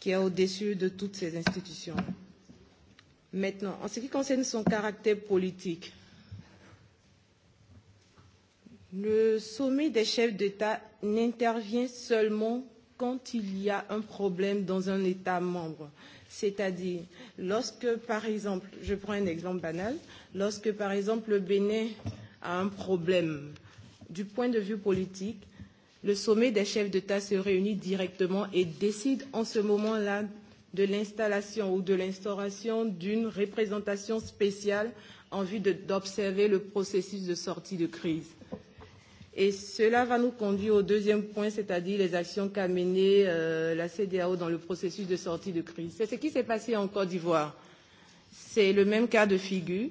qui est au-dessus de toutes ces institutions. Maintenant, en ce qui concerne son caractère politique, le sommet des chefs d'État n'intervient seulement quand il y a un problème dans un État membre. C'est-à-dire, lorsque, par exemple, je prends un exemple banal, lorsque, par exemple, le Bénin a un problème du point de vue politique, le sommet des chefs d'État se réunit directement et décide en ce moment-là de l'installation ou de l'instauration d'une représentation spéciale en vue d'observer le processus de sortie de crise. Et cela va nous conduire au deuxième point, c'est-à-dire les actions qu'a menées la CDAO dans le processus de sortie de crise. C'est ce qui s'est passé en Côte d'Ivoire. C'est le même cas de figure.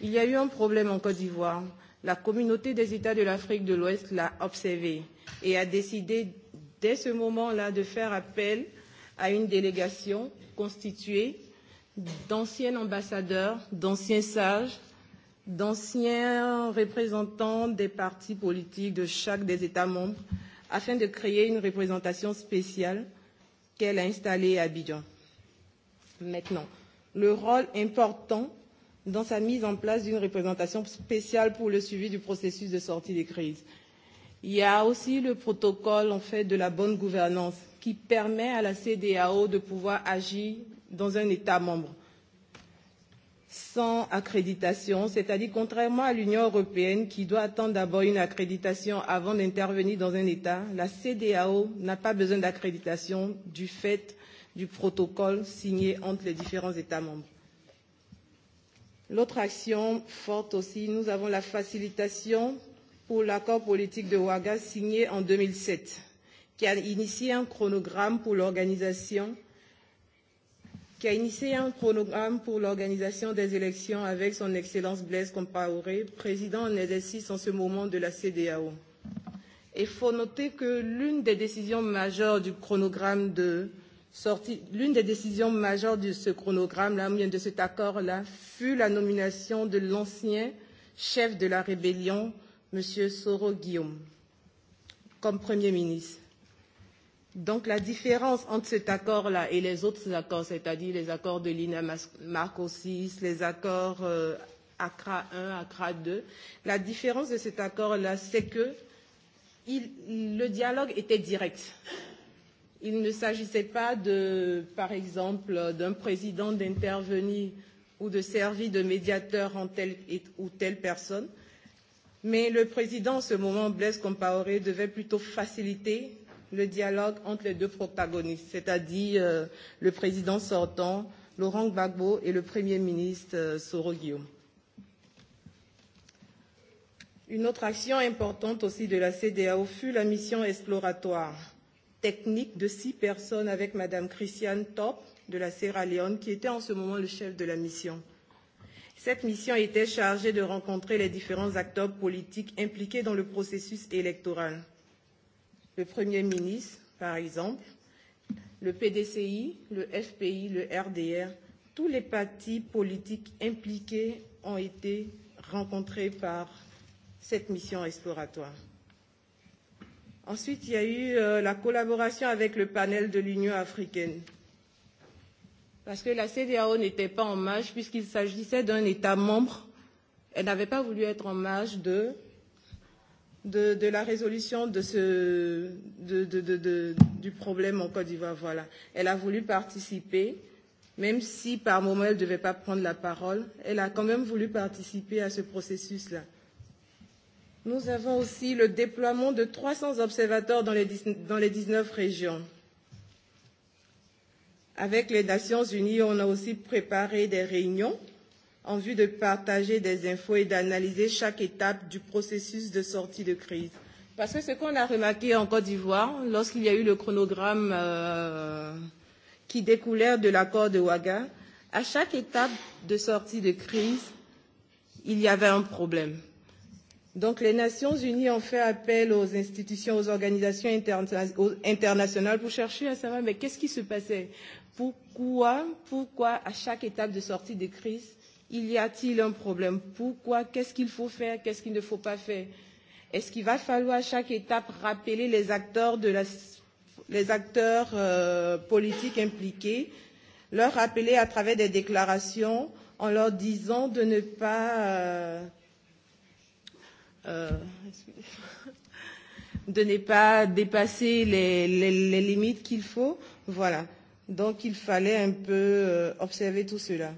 Il y a eu un problème en Côte d'Ivoire. La communauté des États de l'Afrique de l'Ouest l'a observé et a décidé dès ce moment-là de faire appel à une délégation constituée d'anciens ambassadeurs, d'anciens sages, d'anciens représentants des partis politiques de chaque des États membres, afin de créer une représentation spéciale qu'elle a installée à Abidjan. Maintenant, le rôle important dans sa mise en place d'une représentation spéciale pour le suivi du processus de sortie des crises. Il y a aussi le protocole en fait de la bonne gouvernance qui permet à la CDAO de pouvoir agir dans un État membre sans accréditation, c'est-à-dire contrairement à l'Union européenne qui doit attendre d'abord une accréditation avant d'intervenir dans un État, la CDAO n'a pas besoin d'accréditation du fait du protocole signé entre les différents États membres. L'autre action forte aussi, nous avons la facilitation pour l'accord politique de Ouaga signé en 2007, qui a initié un chronogramme pour l'organisation qui a initié un chronogramme pour l'organisation des élections avec son Excellence Blaise Compaoré, président en exercice en ce moment de la CDAO. Il faut noter que l'une des décisions majeures du chronogramme de sortie, l'une des décisions majeures de ce chronogramme-là, de cet accord-là, fut la nomination de l'ancien chef de la rébellion Monsieur Soro Guillaume comme Premier ministre. Donc la différence entre cet accord-là et les autres accords, c'est-à-dire les accords de l'INA Marco 6, les accords ACRA 1, ACRA 2, la différence de cet accord-là, c'est que le dialogue était direct. Il ne s'agissait pas, de, par exemple, d'un président d'intervenir ou de servir de médiateur en telle ou telle personne Mais le président, en ce moment, Blaise Compaoré, devait plutôt faciliter le dialogue entre les deux protagonistes, c'est-à-dire le président sortant, Laurent Gbagbo, et le Premier ministre Soro Guillaume. Une autre action importante aussi de la CDAO fut la mission exploratoire technique de six personnes avec madame Christiane Top de la Sierra Leone, qui était en ce moment le chef de la mission. Cette mission était chargée de rencontrer les différents acteurs politiques impliqués dans le processus électoral. Le Premier ministre, par exemple, le PDCI, le FPI, le RDR, tous les partis politiques impliqués ont été rencontrés par cette mission exploratoire. Ensuite, il y a eu la collaboration avec le panel de l'Union africaine parce que la CDAO n'était pas en marge puisqu'il s'agissait d'un État membre. Elle n'avait pas voulu être en marge de, de, de la résolution de ce, de, de, de, du problème en Côte d'Ivoire. Voilà. Elle a voulu participer, même si par moment elle ne devait pas prendre la parole. Elle a quand même voulu participer à ce processus-là. Nous avons aussi le déploiement de 300 observateurs dans les, dans les 19 régions Avec les Nations Unies, on a aussi préparé des réunions en vue de partager des infos et d'analyser chaque étape du processus de sortie de crise. Parce que ce qu'on a remarqué en Côte d'Ivoire, lorsqu'il y a eu le chronogramme qui découlait de l'accord de Ouaga, à chaque étape de sortie de crise, il y avait un problème. Donc les Nations Unies ont fait appel aux institutions, aux organisations internationales pour chercher à savoir mais qu'est-ce qui se passait Pourquoi, pourquoi à chaque étape de sortie de crise, il y a-t-il un problème Pourquoi Qu'est-ce qu'il faut faire Qu'est-ce qu'il ne faut pas faire Est-ce qu'il va falloir à chaque étape rappeler les acteurs, de la, les acteurs politiques impliqués, leur rappeler à travers des déclarations en leur disant de ne pas de ne pas dépasser les, les, les limites qu'il faut. Voilà. Donc il fallait un peu observer tout cela.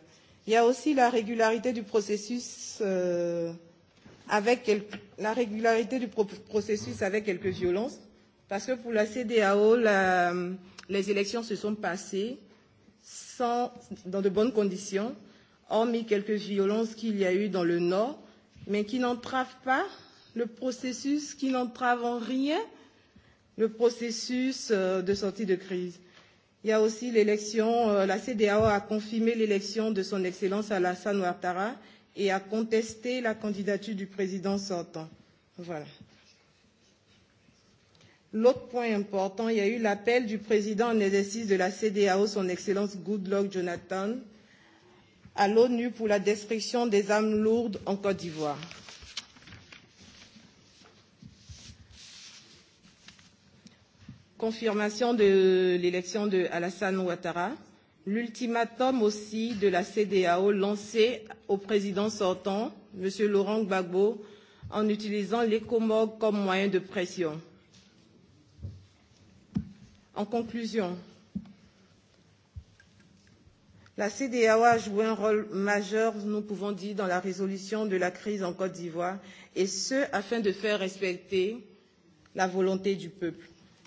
Il y a aussi la régularité du processus avec la régularité du processus avec quelques violences, parce que pour la CDAO, les élections se sont passées sans, dans de bonnes conditions, hormis quelques violences qu'il y a eu dans le Nord, mais qui n'entravent pas le processus, qui n'entravent en rien le processus de sortie de crise. Il y a aussi l'élection, la CDAO a confirmé l'élection de son Excellence Alassane Ouattara et a contesté la candidature du président sortant. Voilà. L'autre point important, il y a eu l'appel du président en exercice de la CDAO, son Excellence Goodluck Jonathan, à l'ONU pour la destruction des âmes lourdes en Côte d'Ivoire. confirmation de l'élection de Alassane Ouattara, l'ultimatum aussi de la CDAO lancé au président sortant, M. Laurent Gbagbo, en utilisant l'écomogue comme moyen de pression. En conclusion, la CDAO a joué un rôle majeur, nous pouvons dire, dans la résolution de la crise en Côte d'Ivoire, et ce, afin de faire respecter la volonté du peuple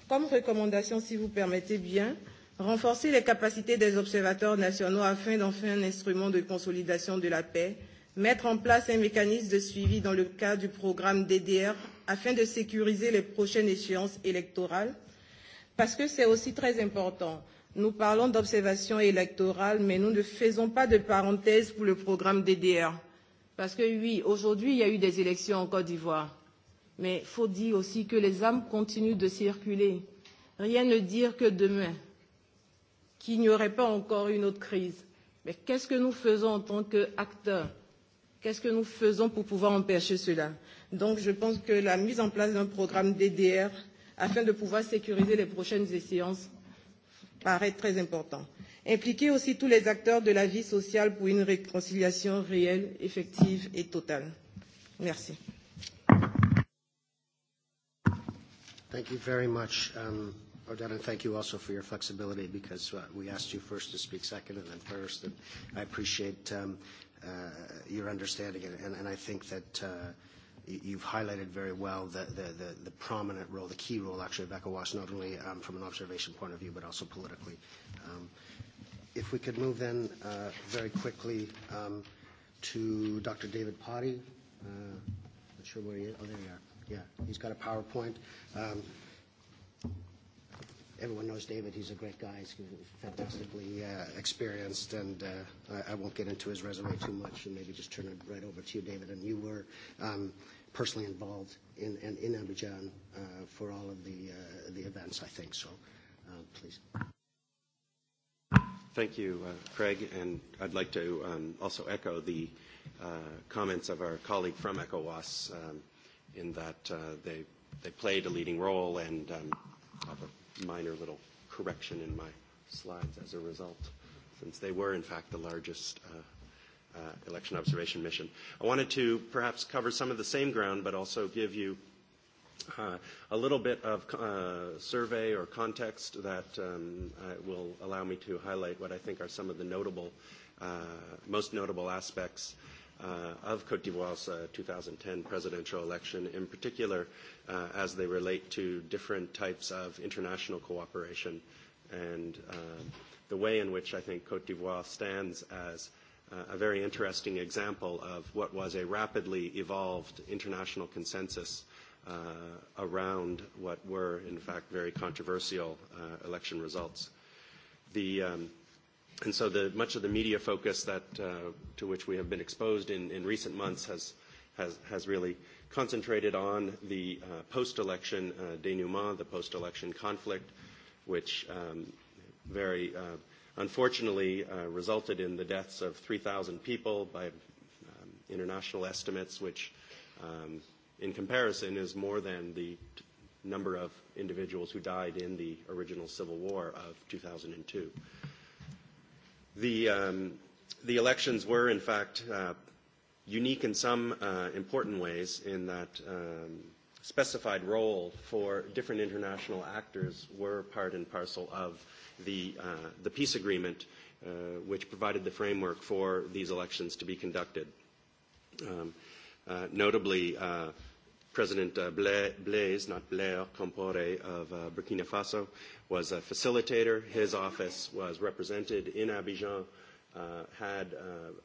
comme recommandation, si vous permettez bien, renforcer les capacités des observateurs nationaux afin d'en faire un instrument de consolidation de la paix, mettre en place un mécanisme de suivi dans le cadre du programme DDR afin de sécuriser les prochaines échéances électorales, parce que c'est aussi très important. Nous parlons d'observation électorale, mais nous ne faisons pas de parenthèse pour le programme DDR. Parce que oui, aujourd'hui, il y a eu des élections en Côte d'Ivoire. Mais il faut dire aussi que les âmes continuent de circuler. Rien ne dire que demain, qu'il n'y aurait pas encore une autre crise. Mais qu'est-ce que nous faisons en tant qu'acteurs Qu'est-ce que nous faisons pour pouvoir empêcher cela Donc je pense que la mise en place d'un programme DDR afin de pouvoir sécuriser les prochaines séances paraît très important. Impliquer aussi tous les acteurs de la vie sociale pour une réconciliation réelle, effective et totale. Merci. Thank you very much, um, and thank you also for your flexibility because we asked you first to speak second and then first, and I appreciate your understanding, and, and I think that you've highlighted very well the, prominent role, the key role actually of ECOWAS, not only from an observation point of view, but also politically. if we could move then very quickly to Dr. David Potty. Uh, not sure where he is. Oh, there you are. Yeah, he's got a PowerPoint. Um, everyone knows David. He's a great guy. He's fantastically uh, experienced, and uh, I, I won't get into his resume too much, and maybe just turn it right over to you, David. And you were um, personally involved in, in, in Abidjan uh, for all of the, uh, the events, I think. So, please. Thank you, uh, Craig, and I'd like to um, also echo the uh, comments of our colleague from ECOWAS. Um, in that they they played a leading role and um, have a minor little correction in my slides as a result, since they were in fact the largest election observation mission. I wanted to perhaps cover some of the same ground, but also give you a little bit of survey or context that will allow me to highlight what I think are some of the notable, most notable aspects of Cote d'Ivoire's 2010 presidential election, in particular as they relate to different types of international cooperation and the way in which I think Cote d'Ivoire stands as a very interesting example of what was a rapidly evolved international consensus around what were, in fact, very controversial election results. The And so the, much of the media focus that, to which we have been exposed in, in recent months has, has, has really concentrated on the post-election denouement, the post-election conflict, which very unfortunately resulted in the deaths of 3,000 people by international estimates, which in comparison is more than the number of individuals who died in the original civil war of 2002. The elections were, in fact, unique in some important ways in that specified role for different international actors were part and parcel of the peace agreement, which provided the framework for these elections to be conducted. Notably, President Blaise, not Blair Compore of Burkina Faso, was a facilitator. His office was represented in Abidjan, had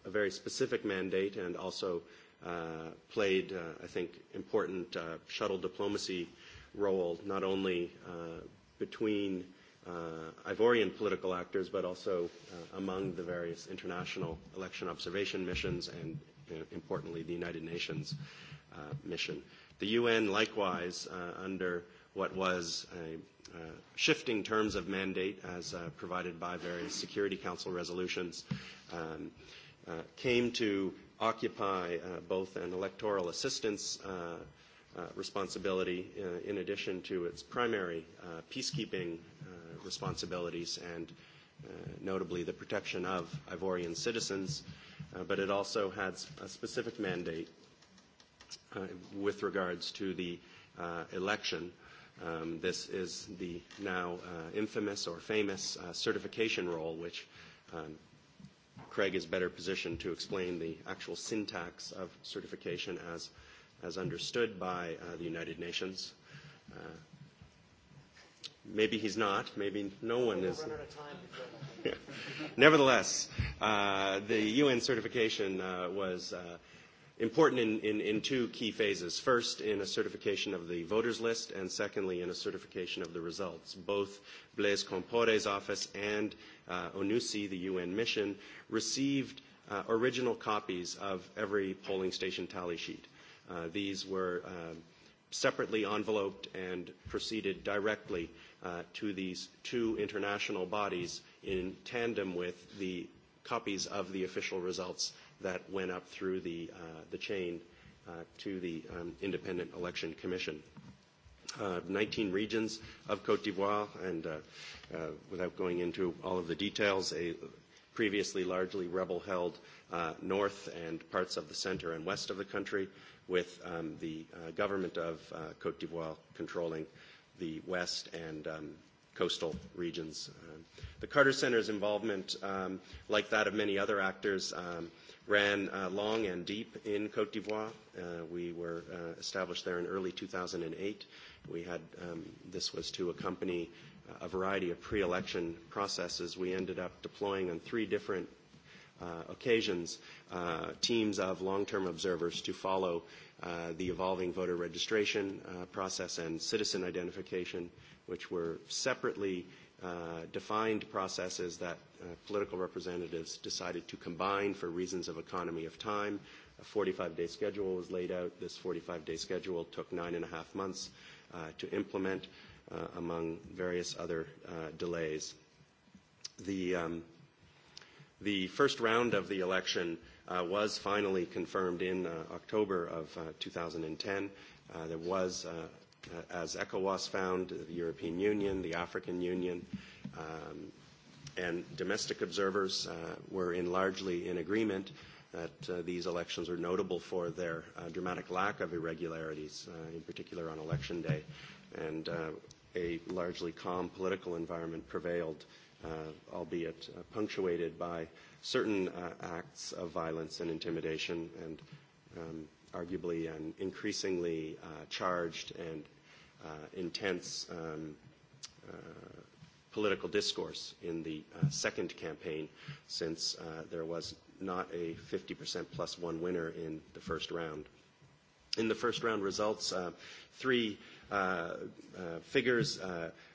a very specific mandate, and also played, I think, important shuttle diplomacy role, not only between Ivorian political actors, but also among the various international election observation missions and, importantly, the United Nations mission. The UN, likewise, under what was a shifting terms of mandate as provided by various Security Council resolutions, came to occupy both an electoral assistance responsibility in addition to its primary peacekeeping responsibilities and notably the protection of Ivorian citizens, but it also had a specific mandate with regards to the election This is the now infamous or famous certification role, which Craig is better positioned to explain the actual syntax of certification as as understood by the United Nations. Maybe he's not. Maybe no one is. Nevertheless, the UN certification was important in, in, in two key phases. First, in a certification of the voters list, and secondly, in a certification of the results. Both Blaise Compore's office and uh, ONUSI, the UN mission, received original copies of every polling station tally sheet. these were separately enveloped and proceeded directly to these two international bodies in tandem with the copies of the official results that went up through the the chain to the Independent Election Commission. 19 regions of Cote d'Ivoire, and without going into all of the details, a previously largely rebel-held north and parts of the center and west of the country, with the government of Cote d'Ivoire controlling the west and coastal regions. The Carter Center's involvement, like that of many other actors, ran long and deep in Cote d'Ivoire. We were established there in early 2008. We had, this was to accompany a variety of pre-election processes. We ended up deploying on three different occasions teams of long-term observers to follow the evolving voter registration process and citizen identification, which were separately defined processes that political representatives decided to combine for reasons of economy of time. A 45-day schedule was laid out. This 45-day schedule took nine and a half months to implement, among various other delays. The the first round of the election was finally confirmed in October of 2010. There was as ECOWAS found, the European Union, the African Union, and domestic observers were in largely in agreement that these elections are notable for their dramatic lack of irregularities, in particular on election day, and a largely calm political environment prevailed, albeit punctuated by certain acts of violence and intimidation and arguably an increasingly charged and intense political discourse in the second campaign since there was not a 50% plus one winner in the first round. In the first round results, three figures,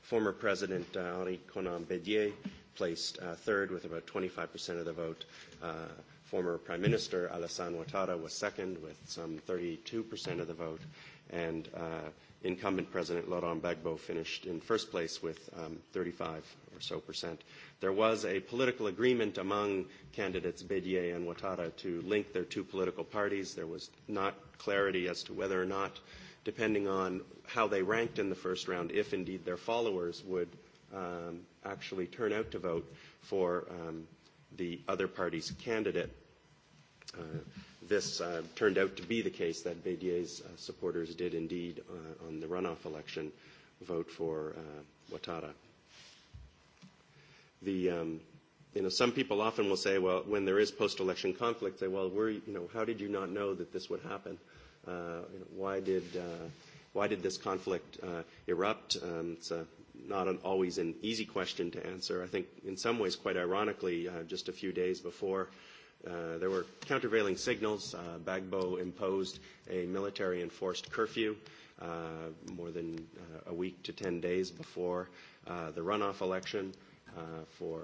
former President Henri Conan Bédier placed third with about 25% of the vote. Former Prime Minister Alassane Ouattara was second with some 32% of the vote. And incumbent President Laurent Bagbo finished in first place with um 35 or so percent. There was a political agreement among candidates Bédier and Ouattara to link their two political parties. There was not clarity as to whether or not, depending on how they ranked in the first round, if indeed their followers would um actually turn out to vote for um the other party's candidate this turned out to be the case that Bédier's supporters did indeed on the runoff election vote for Ouattara. The, you know, some people often will say, well, when there is post-election conflict, say, well, you know, how did you not know that this would happen? why did, why did this conflict erupt? it's not always an easy question to answer. I think in some ways, quite ironically, just a few days before There were countervailing signals. Bagbo imposed a military enforced curfew more than a week to 10 days before the runoff election for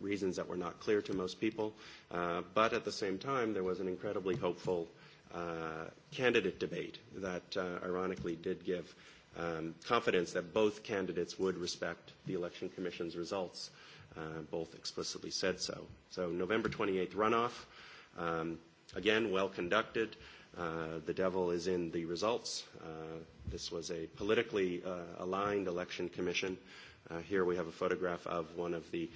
reasons that were not clear to most people. But at the same time, there was an incredibly hopeful candidate debate that ironically did give confidence that both candidates would respect the Election Commission's results both explicitly said so. So November 28th runoff, again, well conducted. The devil is in the results. This was a politically aligned election commission. Here we have a photograph of one of the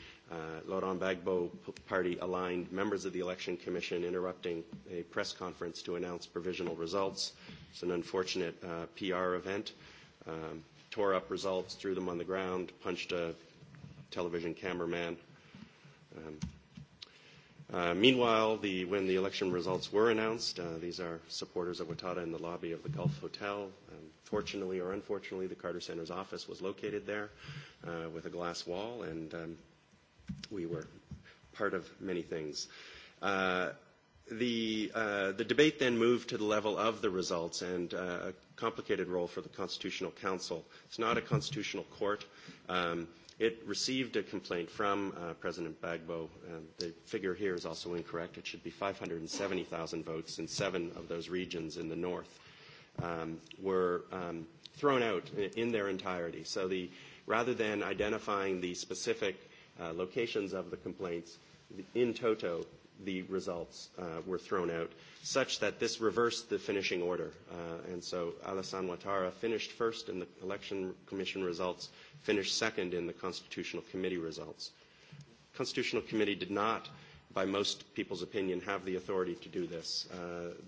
Laurent Bagbo party-aligned members of the election commission interrupting a press conference to announce provisional results. It's an unfortunate PR event. Tore up results, threw them on the ground, punched a television cameraman. Um Meanwhile, the when the election results were announced, these are supporters of Watada in the lobby of the Gulf Hotel. Fortunately or unfortunately, the Carter Center's office was located there uh with a glass wall, and um we were part of many things. Uh The the debate then moved to the level of the results and a complicated role for the Constitutional Council. It's not a constitutional court. Um It received a complaint from President Bagbo. The figure here is also incorrect. It should be 570,000 votes in seven of those regions in the north were thrown out in their entirety. So the rather than identifying the specific locations of the complaints in toto, the results were thrown out, such that this reversed the finishing order. And so Alassane Ouattara finished first in the election commission results, finished second in the Constitutional Committee results. Constitutional Committee did not, by most people's opinion, have the authority to do this.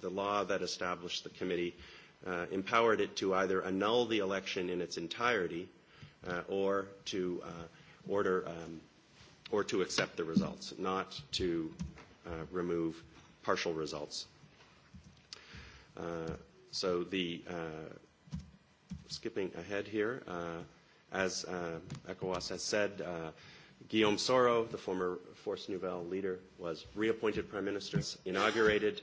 The law that established the committee empowered it to either annul the election in its entirety or to order or to accept the results, not to remove partial results. So the skipping ahead here, as ECOWAS has said, Guillaume Soro, the former Force Nouvelle leader, was reappointed prime minister, inaugurated,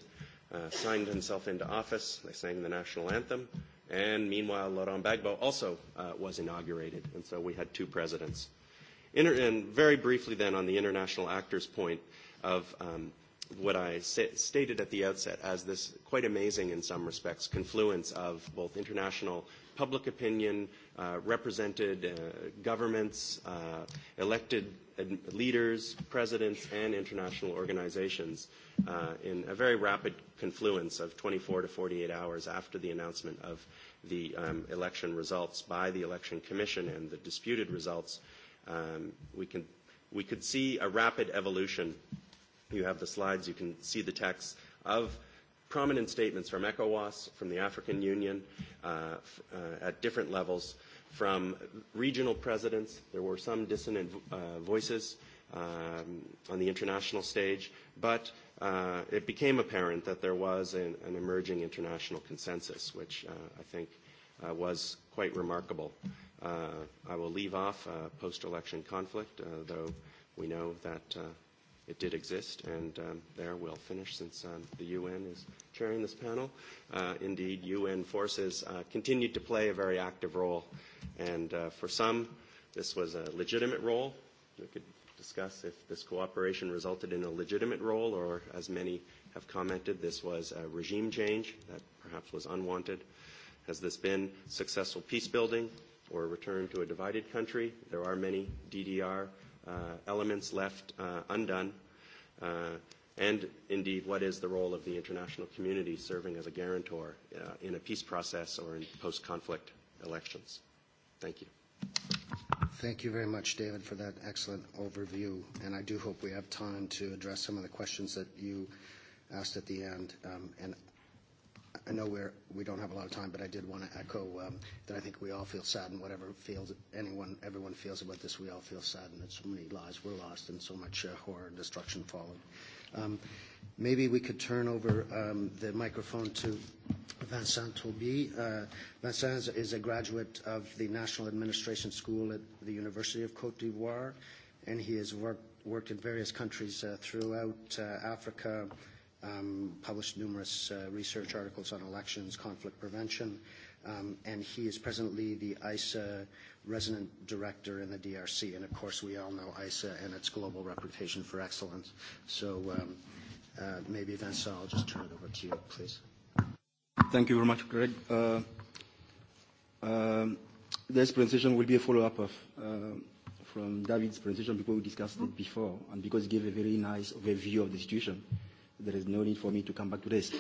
signed himself into office. They sang the national anthem. And meanwhile, Laurent Bagbo also was inaugurated. And so we had two presidents. And very briefly then on the international actors point, of what I stated at the outset as this quite amazing, in some respects, confluence of both international public opinion, represented governments, elected leaders, presidents, and international organizations in a very rapid confluence of 24 to 48 hours after the announcement of the election results by the Election Commission and the disputed results. We could see a rapid evolution You have the slides. You can see the text of prominent statements from ECOWAS, from the African Union, at different levels, from regional presidents. There were some dissonant voices on the international stage, but it became apparent that there was an emerging international consensus, which I think was quite remarkable. I will leave off post-election conflict, though we know that it did exist, and um, there we'll finish since um, the UN is chairing this panel. Uh, indeed, UN forces uh, continued to play a very active role, and uh, for some, this was a legitimate role. We could discuss if this cooperation resulted in a legitimate role, or as many have commented, this was a regime change that perhaps was unwanted. Has this been successful peace building or a return to a divided country? There are many DDR elements left undone, and indeed what is the role of the international community serving as a guarantor in a peace process or in post-conflict elections. Thank you. Thank you very much, David, for that excellent overview. And I do hope we have time to address some of the questions that you asked at the end. And I know we're, we don't have a lot of time, but I did want to echo um, that I think we all feel sad, and whatever feels anyone, everyone feels about this, we all feel sad, and that so many lives were lost, and so much uh, horror and destruction followed. Um, maybe we could turn over um, the microphone to Vincent Tauby. Uh, Vincent is a graduate of the National Administration School at the University of Cote d'Ivoire, and he has worked, worked in various countries uh, throughout uh, Africa published numerous research articles on elections, conflict prevention, and he is presently the ISA resident director in the DRC. And of course, we all know ISA and its global reputation for excellence. So maybe, Vincent, I'll just turn it over to you, please. Thank you very much, Greg. This presentation will be a follow-up of from David's presentation because we discussed it before and because he gave a very nice overview of the situation. There is no need for me to come back to this.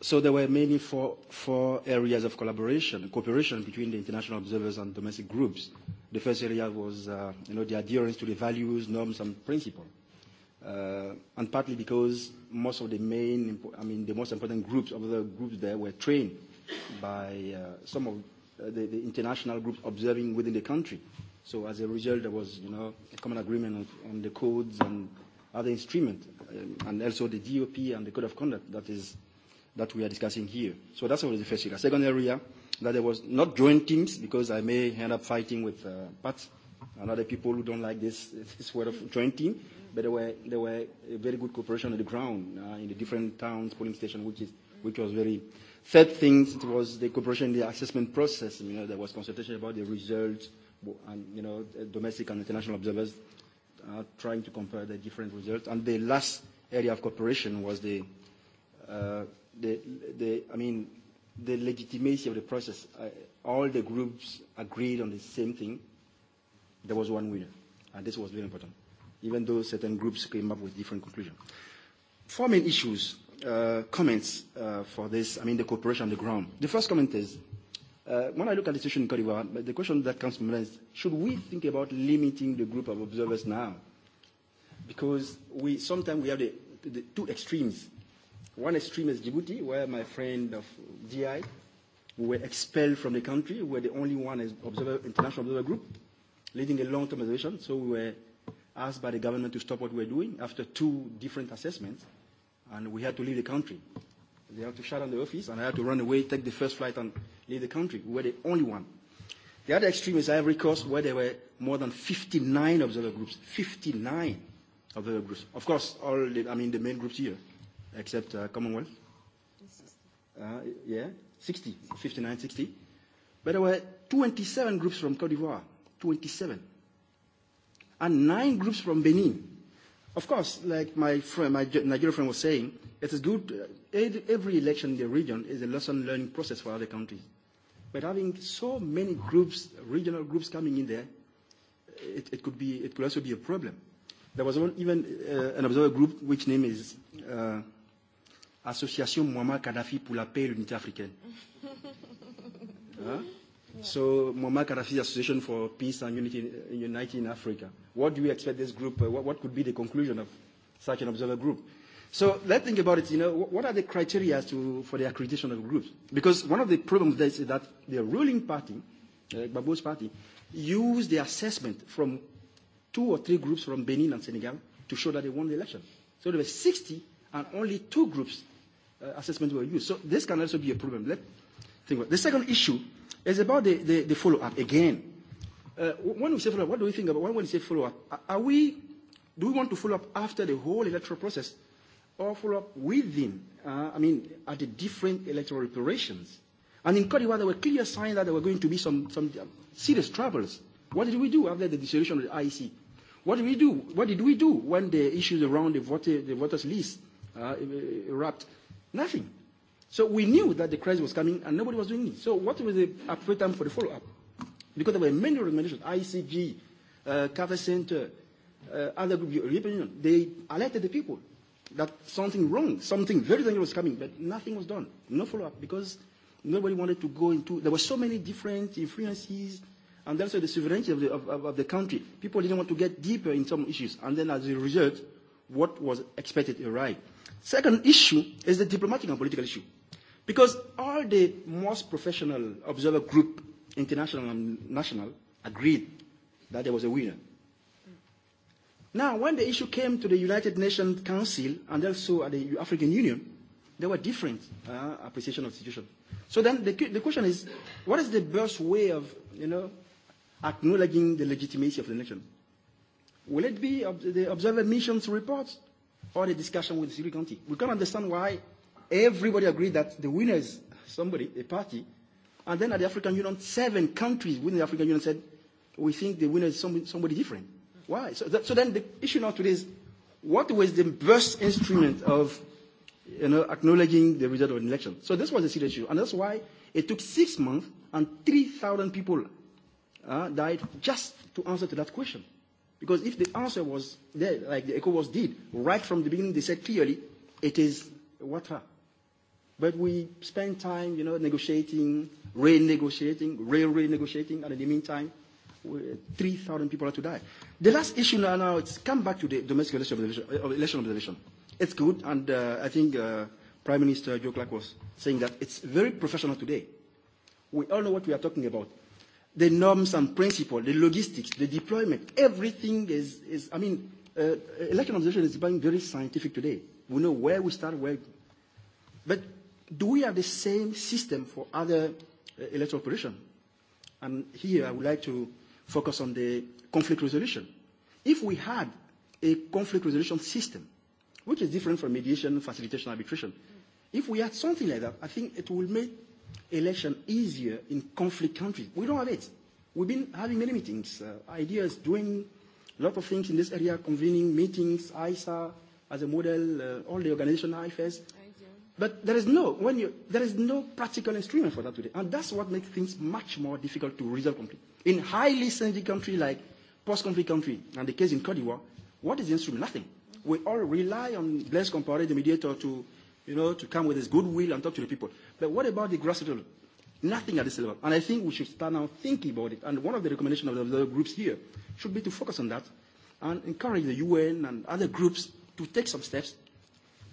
So there were mainly four, four areas of collaboration, cooperation between the international observers and domestic groups. The first area was you know, the adherence to the values, norms, and principles. and partly because most of the main, I mean, the most important groups of the groups there were trained by some of the, the international groups observing within the country. So as a result, there was, you know, a common agreement on the codes and other instruments and also the DOP and the code of conduct that is that we are discussing here. So that's always the first area. Second area, that there was not joint teams because I may end up fighting with uh, Pat and other people who don't like this, this word of joint team, but there were, there were very good cooperation on the ground in the different towns, polling stations, which, which was very... Third thing it was the cooperation in the assessment process. You know, there was consultation about the results and, you know, domestic and international observers trying to compare the different results. And the last area of cooperation was the, the, I mean, the legitimacy of the process. All the groups agreed on the same thing. There was one winner, and this was very important, even though certain groups came up with different conclusions. Four main issues, comments for this, I mean, the cooperation on the ground. The first comment is When I look at the situation in Cote d'Ivoire, the question that comes to mind is, should we think about limiting the group of observers now? Because we sometimes we have the two extremes. One extreme is Djibouti, where my friend of DI were expelled from the country, were the only one as observer, international observer group, leading a long-term observation. So we were asked by the government to stop what we were doing after two different assessments, and we had to leave the country. They had to shut down the office, and I had to run away, take the first flight, and leave the country. We were the only one. The other extreme is Ivory Coast, where there were more than 59 observer groups. 59 observer groups. Of course, all the, I mean the main groups here, except uh, Commonwealth. Uh, yeah, 60, 59, 60. But there were 27 groups from Cote d'Ivoire, 27, and nine groups from Benin. Of course, like my friend, my Nigerian friend was saying, it is good. Every election in the region is a lesson learning process for other countries. But having so many groups, regional groups coming in there, it, it could be, it could also be a problem. There was even an observer group which name is uh, Association Muammar Gaddafi pour la paix et l'unité africaine. So Muammar Gaddafi Association for Peace and Unity in Africa. What do we expect this group? what could be the conclusion of such an observer group? So let's think about it. You know, what are the criteria to, for the accreditation of groups? Because one of the problems there is that the ruling party, uh, Babo's party, used the assessment from two or three groups from Benin and Senegal to show that they won the election. So there were 60 and only two groups uh, assessments were used. So this can also be a problem. Let think about The second issue is about the, the, the follow-up again. Uh, when we say follow-up, what do we think about when we say follow-up? Are we, do we want to follow up after the whole electoral process? or follow-up within, I mean, at the different electoral operations. And in Cote d'Ivoire, there were clear signs that there were going to be some, some serious troubles. What did we do after the dissolution of the IEC? What did we do? What did we do when the issues around the, voter, the voters' list uh, erupted? Nothing. So we knew that the crisis was coming and nobody was doing it. So what was the appropriate time for the follow-up? Because there were many recommendations, ICG, uh, Café Center, uh, other groups, European Union, they alerted the people that something wrong, something very dangerous was coming, but nothing was done. No follow-up because nobody wanted to go into. There were so many different influences, and also the sovereignty of the, of, of the country. People didn't want to get deeper in some issues, and then as a result, what was expected arrived. Second issue is the diplomatic and political issue, because all the most professional observer group, international and national, agreed that there was a winner. Now, when the issue came to the United Nations Council and also at the African Union, there were different uh, appreciation of the situation. So then the, question is, what is the best way of, you know, acknowledging the legitimacy of the nation? Will it be the observer missions report or the discussion with the Security County? We can't understand why everybody agreed that the winner is somebody, a party, and then at the African Union, seven countries within the African Union said, we think the winner is somebody, somebody different. Why? So, that, so then the issue now today is what was the best instrument of you know, acknowledging the result of an election? So this was a serious issue. And that's why it took six months and 3,000 people uh, died just to answer to that question. Because if the answer was there, like the ECOWAS did, right from the beginning, they said clearly, it is water. But we spent time, you know, negotiating, renegotiating, re-renegotiating, and in the meantime, 3,000 people are to die. The last issue now, now it's come back to the domestic election observation. It's good, and I think Prime Minister Joe Clark was saying that it's very professional today. We all know what we are talking about. The norms and principles, the logistics, the deployment, everything is, is I mean, election observation is becoming very scientific today. We know where we start, where. But do we have the same system for other electoral operations? And here I would like to focus on the conflict resolution. If we had a conflict resolution system, which is different from mediation, facilitation, arbitration, if we had something like that, I think it will make election easier in conflict countries. We don't have it. We've been having many meetings, ideas, doing a lot of things in this area, convening meetings, ISA as a model, all the organization, IFS. But there is no when there is no practical instrument for that today, and that's what makes things much more difficult to resolve conflict. In highly sensitive country like post-conflict country, and the case in Cote d'Ivoire, what is the instrument? Nothing. We all rely on blessed Compaoré, the mediator, to, you know, to come with his goodwill and talk to the people. But what about the grassroots Nothing at this level. And I think we should start now thinking about it. And one of the recommendations of the groups here should be to focus on that and encourage the UN and other groups to take some steps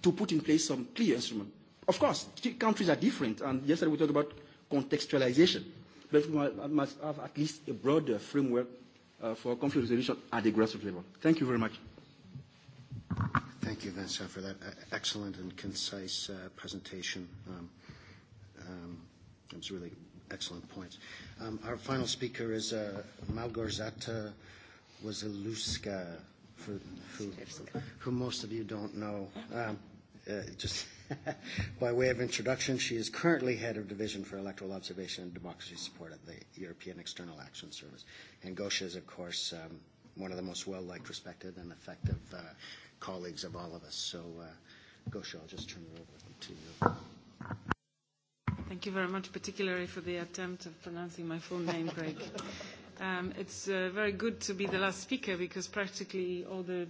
to put in place some clear instrument. Of course, countries are different. And yesterday we talked about contextualization but we must have at least a broader framework for conflict resolution at the grassroots level. Thank you very much. Thank you, Vincent, for that excellent and concise presentation. It was really excellent points. Our final speaker is Malgorzata who who most of you don't know. Um just by way of introduction, she is currently head of division for electoral observation and democracy support at the European External Action Service. And Gosha is, of course, one of the most well-liked, respected, and effective colleagues of all of us. So, uh, Gosha, I'll just turn it over to you. Thank you very much, particularly for the attempt of pronouncing my full name, Greg. Um, it's very good to be the last speaker because practically all the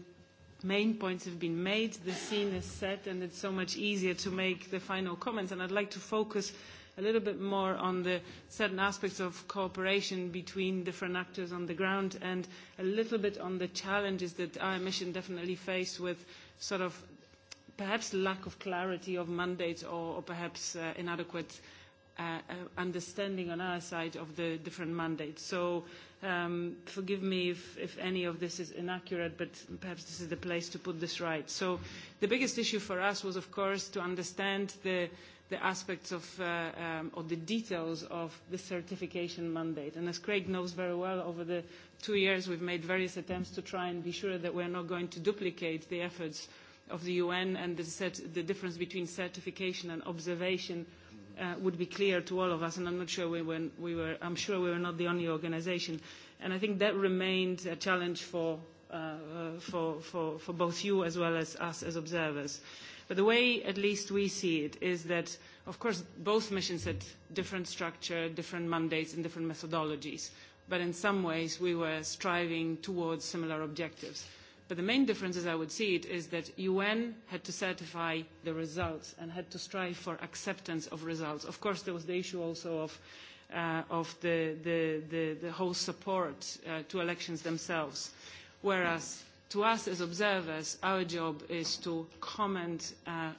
main points have been made, the scene is set, and it's so much easier to make the final comments. And I'd like to focus a little bit more on the certain aspects of cooperation between different actors on the ground and a little bit on the challenges that our mission definitely faced with sort of perhaps lack of clarity of mandates or perhaps inadequate understanding on our side of the different mandates. So forgive me if any of this is inaccurate, but perhaps this is the place to put this right. So the biggest issue for us was, of course, to understand the aspects of or the details of the certification mandate. And as Craig knows very well, over the two years we've made various attempts to try and be sure that we're not going to duplicate the efforts of the UN and the difference between certification and observation would be clear to all of us, and I'm not sure we were, I'm sure we were not the only organisation. And I think that remained a challenge for for both you as well as us as observers. But the way at least we see it is that, of course, both missions had different structure, different mandates and different methodologies. But in some ways, we were striving towards similar objectives. But the main difference, as I would see it, is that UN had to certify the results and had to strive for acceptance of results. Of course, there was the issue also of of the whole support to elections themselves. Whereas to us as observers, our job is to comment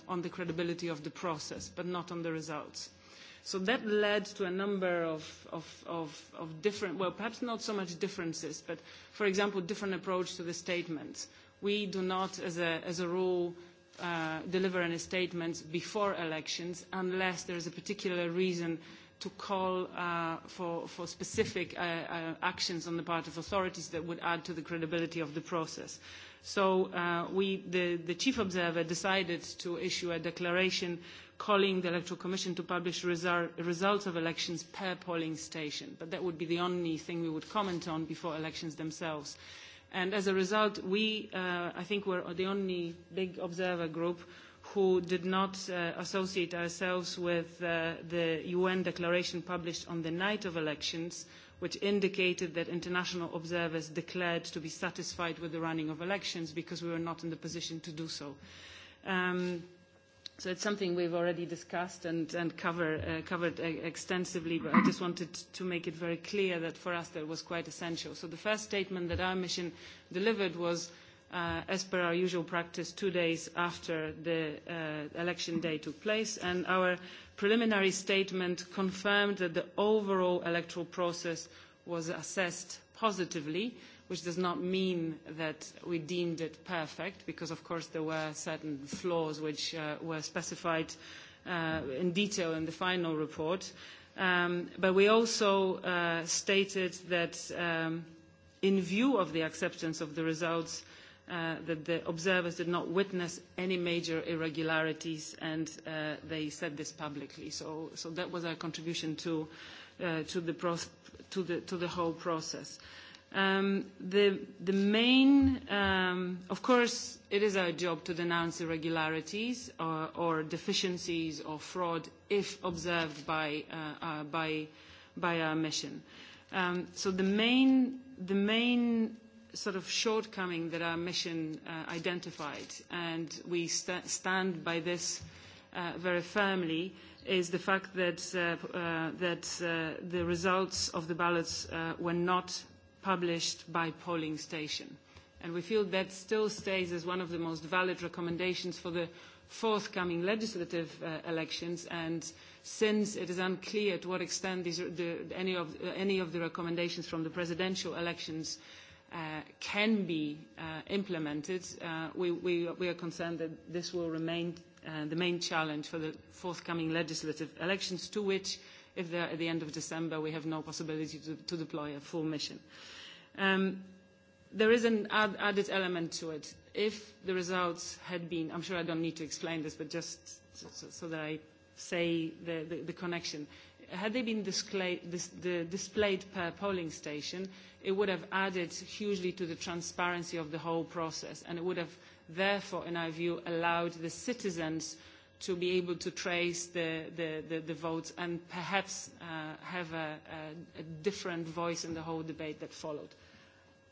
on the credibility of the process, but not on the results. So that led to a number of different, well, perhaps not so much differences, but, for example, different approach to the statements. We do not, as a rule, deliver any statements before elections unless there is a particular reason to call for specific actions on the part of authorities that would add to the credibility of the process. So the chief observer decided to issue a declaration calling the Electoral Commission to publish results of elections per polling station. But that would be the only thing we would comment on before elections themselves. And as a result, we, I think, were the only big observer group who did not associate ourselves with the UN declaration published on the night of elections, which indicated that international observers declared to be satisfied with the running of elections because we were not in the position to do so. So it's something we've already discussed and covered extensively, but I just wanted to make it very clear that for us that was quite essential. So the first statement that our mission delivered was, as per our usual practice, two days after the election day took place, and our preliminary statement confirmed that the overall electoral process was assessed positively which does not mean that we deemed it perfect, because, of course, there were certain flaws which were specified in detail in the final report. But we also stated that in view of the acceptance of the results, that the observers did not witness any major irregularities, and they said this publicly. So that was our contribution to the whole process. The main, of course, it is our job to denounce irregularities or deficiencies or fraud if observed by our mission. So the main the main sort of shortcoming that our mission identified, and we stand by this very firmly, is the fact that the results of the ballots were not published by polling station. And we feel that still stays as one of the most valid recommendations for the forthcoming legislative elections. And since it is unclear to what extent any of the recommendations from the presidential elections can be implemented, we are concerned that this will remain the main challenge for the forthcoming legislative elections, to which if at the end of December we have no possibility to deploy a full mission. There is an added element to it. If the results had been, I'm sure I don't need to explain this, but just so that I say the connection, had they been displayed per polling station, it would have added hugely to the transparency of the whole process, and it would have therefore, in our view, allowed the citizens to be able to trace the votes and perhaps have a different voice in the whole debate that followed.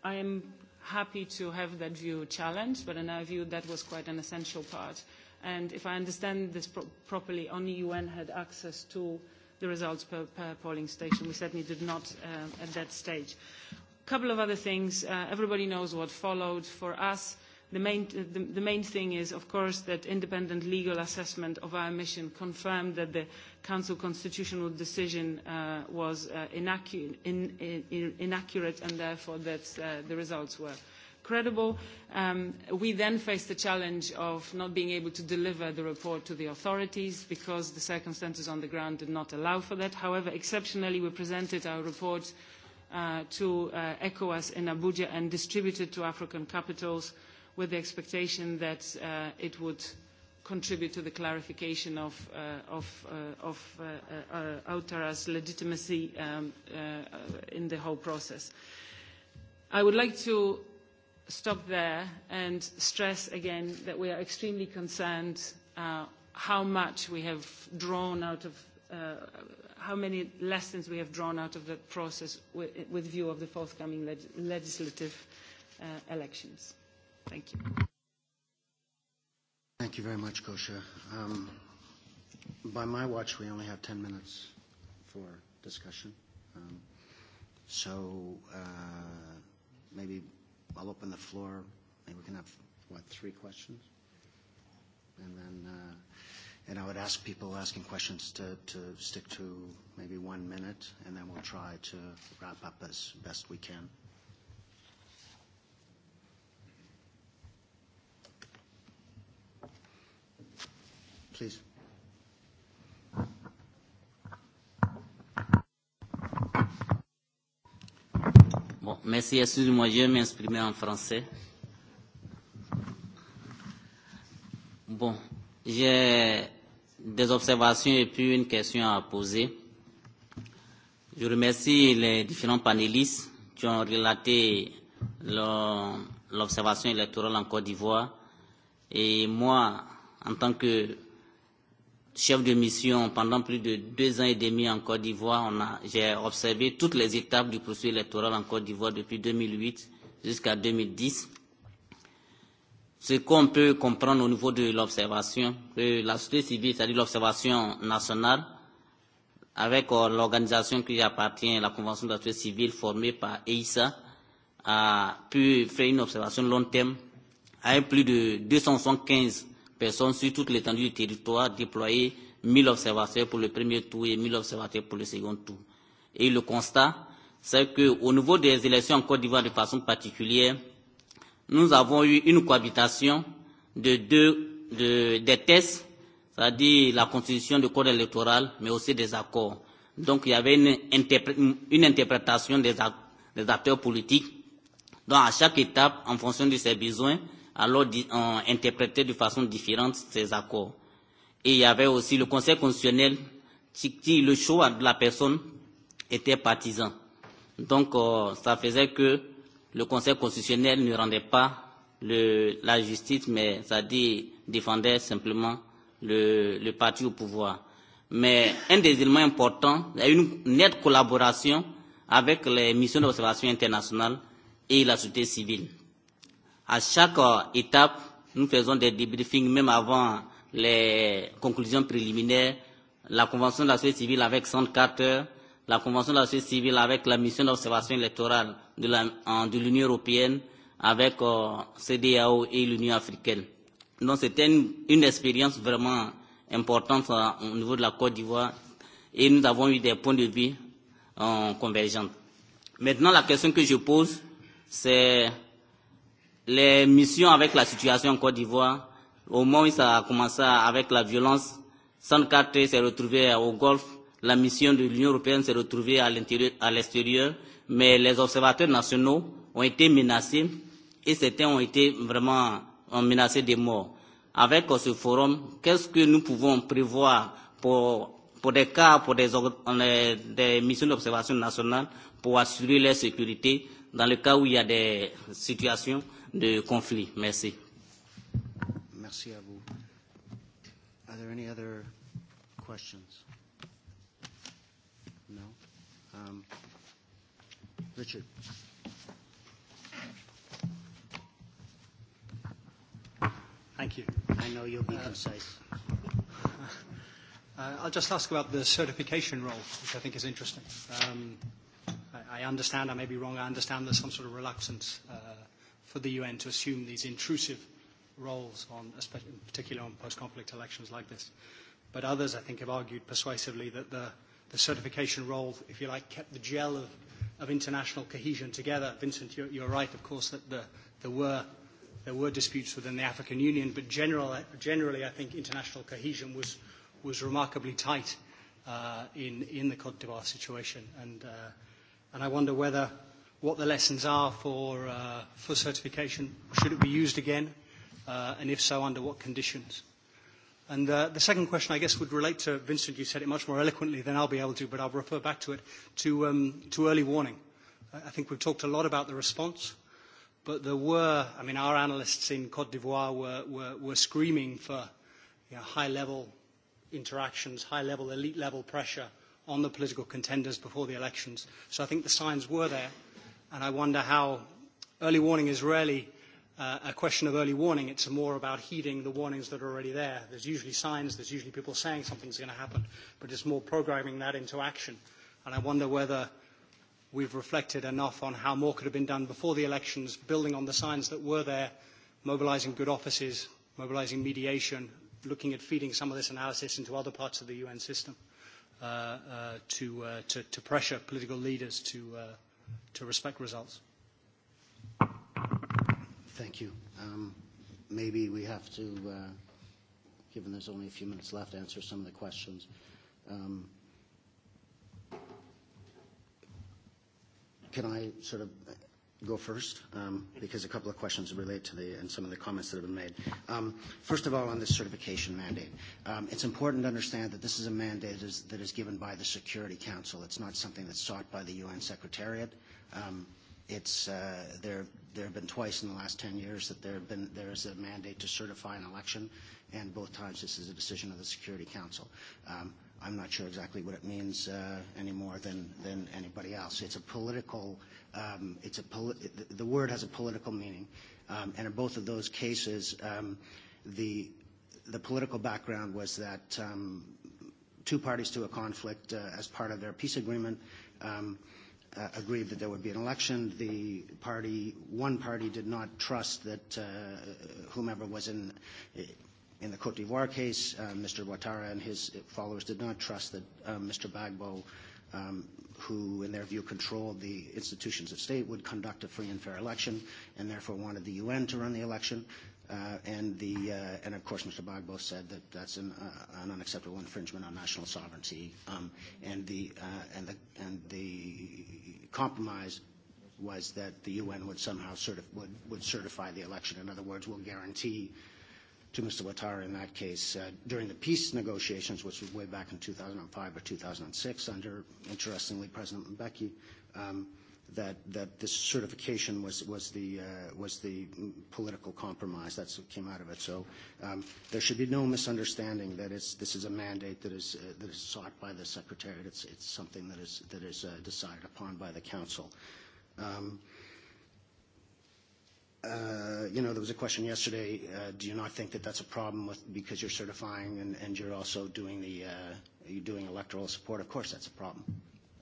I am happy to have that view challenged, but in our view that was quite an essential part. And if I understand this properly, only UN had access to the results per polling station. We certainly did not at that stage. A couple of other things. Everybody knows what followed. For us, The main thing is, of course, that independent legal assessment of our mission confirmed that the Council constitutional decision was inaccurate and therefore that the results were credible. We then faced the challenge of not being able to deliver the report to the authorities because the circumstances on the ground did not allow for that. However, exceptionally, we presented our report to ECOWAS in Abuja and distributed to African capitals with the expectation that it would contribute to the clarification of Outara's legitimacy in the whole process. I would like to stop there and stress again that we are extremely concerned how much we have drawn out of how many lessons we have drawn out of that process with view of the forthcoming legislative elections. Thank you. Thank you very much, Kosha. Um, by my watch, we only have 10 minutes for discussion. Um, so uh, maybe I'll open the floor. Maybe we can have, what, three questions? And then, uh, and I would ask people asking questions to, to stick to maybe one minute, and then we'll try to wrap up as best we can. please. Bon, merci, excusez-moi, je vais m'exprimer en français. Bon, j'ai des observations et puis une question à poser. Je remercie les différents panélistes qui ont relaté l'observation électorale en Côte d'Ivoire. Et moi, en tant que chef de mission pendant plus de deux ans et demi en Côte d'Ivoire. J'ai observé toutes les étapes du processus électoral en Côte d'Ivoire depuis 2008 jusqu'à 2010. Ce qu'on peut comprendre au niveau de l'observation, que la société civile, c'est-à-dire l'observation nationale, avec l'organisation qui appartient à la Convention de la société civile formée par EISA, a pu faire une observation long terme à plus de 275 personnes sur toute l'étendue du territoire déployer 1000 observateurs pour le premier tour et 1000 observateurs pour le second tour. Et le constat, c'est qu'au niveau des élections en Côte d'Ivoire de façon particulière, nous avons eu une cohabitation de deux, de, des tests, c'est-à-dire la constitution du code électoral, mais aussi des accords. Donc il y avait une, une interprétation des, des acteurs politiques. Donc à chaque étape, en fonction de ses besoins, alors ont interprété de façon différente ces accords. Et il y avait aussi le Conseil constitutionnel qui, le choix de la personne, était partisan. Donc, ça faisait que le Conseil constitutionnel ne rendait pas la justice, mais ça dit défendait simplement le, parti au pouvoir. Mais un des éléments importants, il y a une nette collaboration avec les missions d'observation internationale et la société civile. À chaque étape, nous faisons des debriefings, même avant les conclusions préliminaires, la Convention de la société civile avec 104 heures, la Convention de la société civile avec la mission d'observation électorale de l'Union européenne, avec CDAO et l'Union africaine. Donc c'était une expérience vraiment importante au niveau de la Côte d'Ivoire et nous avons eu des points de vue convergents. Maintenant, la question que je pose, c'est les missions avec la situation en Côte d'Ivoire, au moment où ça a commencé avec la violence, 104 s'est retrouvé au Golfe, la mission de l'Union européenne s'est retrouvée à l'intérieur, à l'extérieur, mais les observateurs nationaux ont été menacés et certains ont été vraiment menacés de mort. Avec ce forum, qu'est-ce que nous pouvons prévoir pour, pour des cas, pour des, des missions d'observation nationale, pour assurer leur sécurité dans le cas où il y a des situations de conflit. Merci. Merci à vous. Are there any other questions? No? Um, Richard. Thank you. I know you'll be concise. I'll just ask about the certification role, which I think is interesting. Um, I, I understand, I may be wrong, I understand there's some sort of reluctance uh, for the UN to assume these intrusive roles, on, particular on post-conflict elections like this. But others, I think, have argued persuasively that the, the certification role, if you like, kept the gel of, of international cohesion together. Vincent, you're, you're right, of course, that the, there were there were disputes within the African Union, but generally, I think international cohesion was was remarkably tight in in the Cote d'Ivoire situation, and and I wonder whether what the lessons are for for certification, should it be used again, and if so, under what conditions. And the second question, I guess, would relate to Vincent. You said it much more eloquently than I'll be able to, but I'll refer back to it, to early warning. I think we've talked a lot about the response, but there were, I mean, our analysts in Côte d'Ivoire were screaming for high-level interactions, high-level, elite-level pressure on the political contenders before the elections. So I think the signs were there and I wonder how early warning is rarely a question of early warning. It's more about heeding the warnings that are already there. There's usually signs. There's usually people saying something's going to happen, but it's more programming that into action. And I wonder whether we've reflected enough on how more could have been done before the elections, building on the signs that were there, mobilising good offices, mobilising mediation, looking at feeding some of this analysis into other parts of the UN system to pressure political leaders to to respect results. Thank you. Maybe we have to, given there's only a few minutes left, answer some of the questions. Can I sort of go first um, because a couple of questions relate to the and some of the comments that have been made. Um, first of all, on this certification mandate, um, it's important to understand that this is a mandate is, that is given by the Security Council. It's not something that's sought by the UN Secretariat. Um, it's uh, there. There have been twice in the last 10 years that there have been there is a mandate to certify an election, and both times this is a decision of the Security Council. Um, I'm not sure exactly what it means uh, any more than, than anybody else. It's a political um, it's a the word has a political meaning, um, and in both of those cases, um, the the political background was that um, two parties to a conflict, as part of their peace agreement, um, agreed that there would be an election. The party, one party, did not trust that uh, whomever was in in the Cote d'Ivoire case, Mr. Ouattara and his followers did not trust that Mr. Bagbo um, who, in their view, controlled the institutions of state, would conduct a free and fair election, and therefore wanted the UN to run the election. And the and of course, Mr. Bagbo said that that's an unacceptable infringement on national sovereignty. And the and the and the compromise was that the UN would somehow would would certify the election. In other words, will guarantee to Mr. Ouattara in that case during the peace negotiations, which was way back in 2005 or 2006 under, interestingly, President Mbeki, that that this certification was was the was the political compromise that's what came out of it. So there should be no misunderstanding that it's this is a mandate that is that is sought by the Secretary. It's it's something that is that is decided upon by the Council. Um you know, there was a question yesterday, do you not think that that's a problem with, because you're certifying and, and you're also doing the, you're doing electoral support? Of course that's a problem.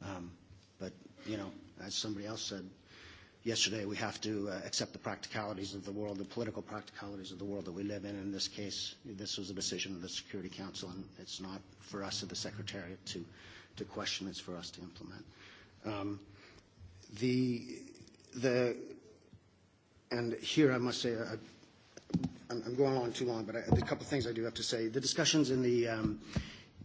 Um, but, you know, as somebody else said yesterday, we have to accept the practicalities of the world, the political practicalities of the world that we live in. In this case, this was a decision of the Security Council, and it's not for us or the Secretariat to, to question, it's for us to implement. Um, the, the and here I must say I'm going on too long, but a couple of things I do have to say. The discussions in the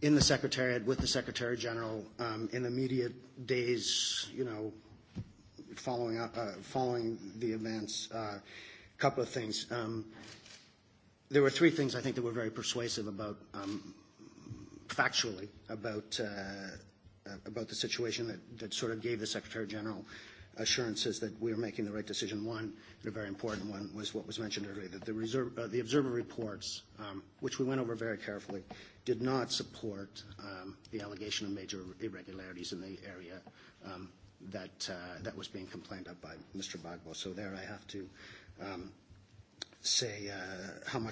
in the Secretariat with the Secretary General in the immediate days, you know, following following the events, a couple of things. There were three things I think that were very persuasive about, factually, about about the situation that that sort of gave the Secretary General assurances that we are making the right decision. One, and a very important one, was what was mentioned earlier, that the, reserve, uh, the observer reports, um, which we went over very carefully, did not support um, the allegation of major irregularities in the area um, that, uh, that was being complained of by Mr. Bagbo. So there I have to um, say uh, how much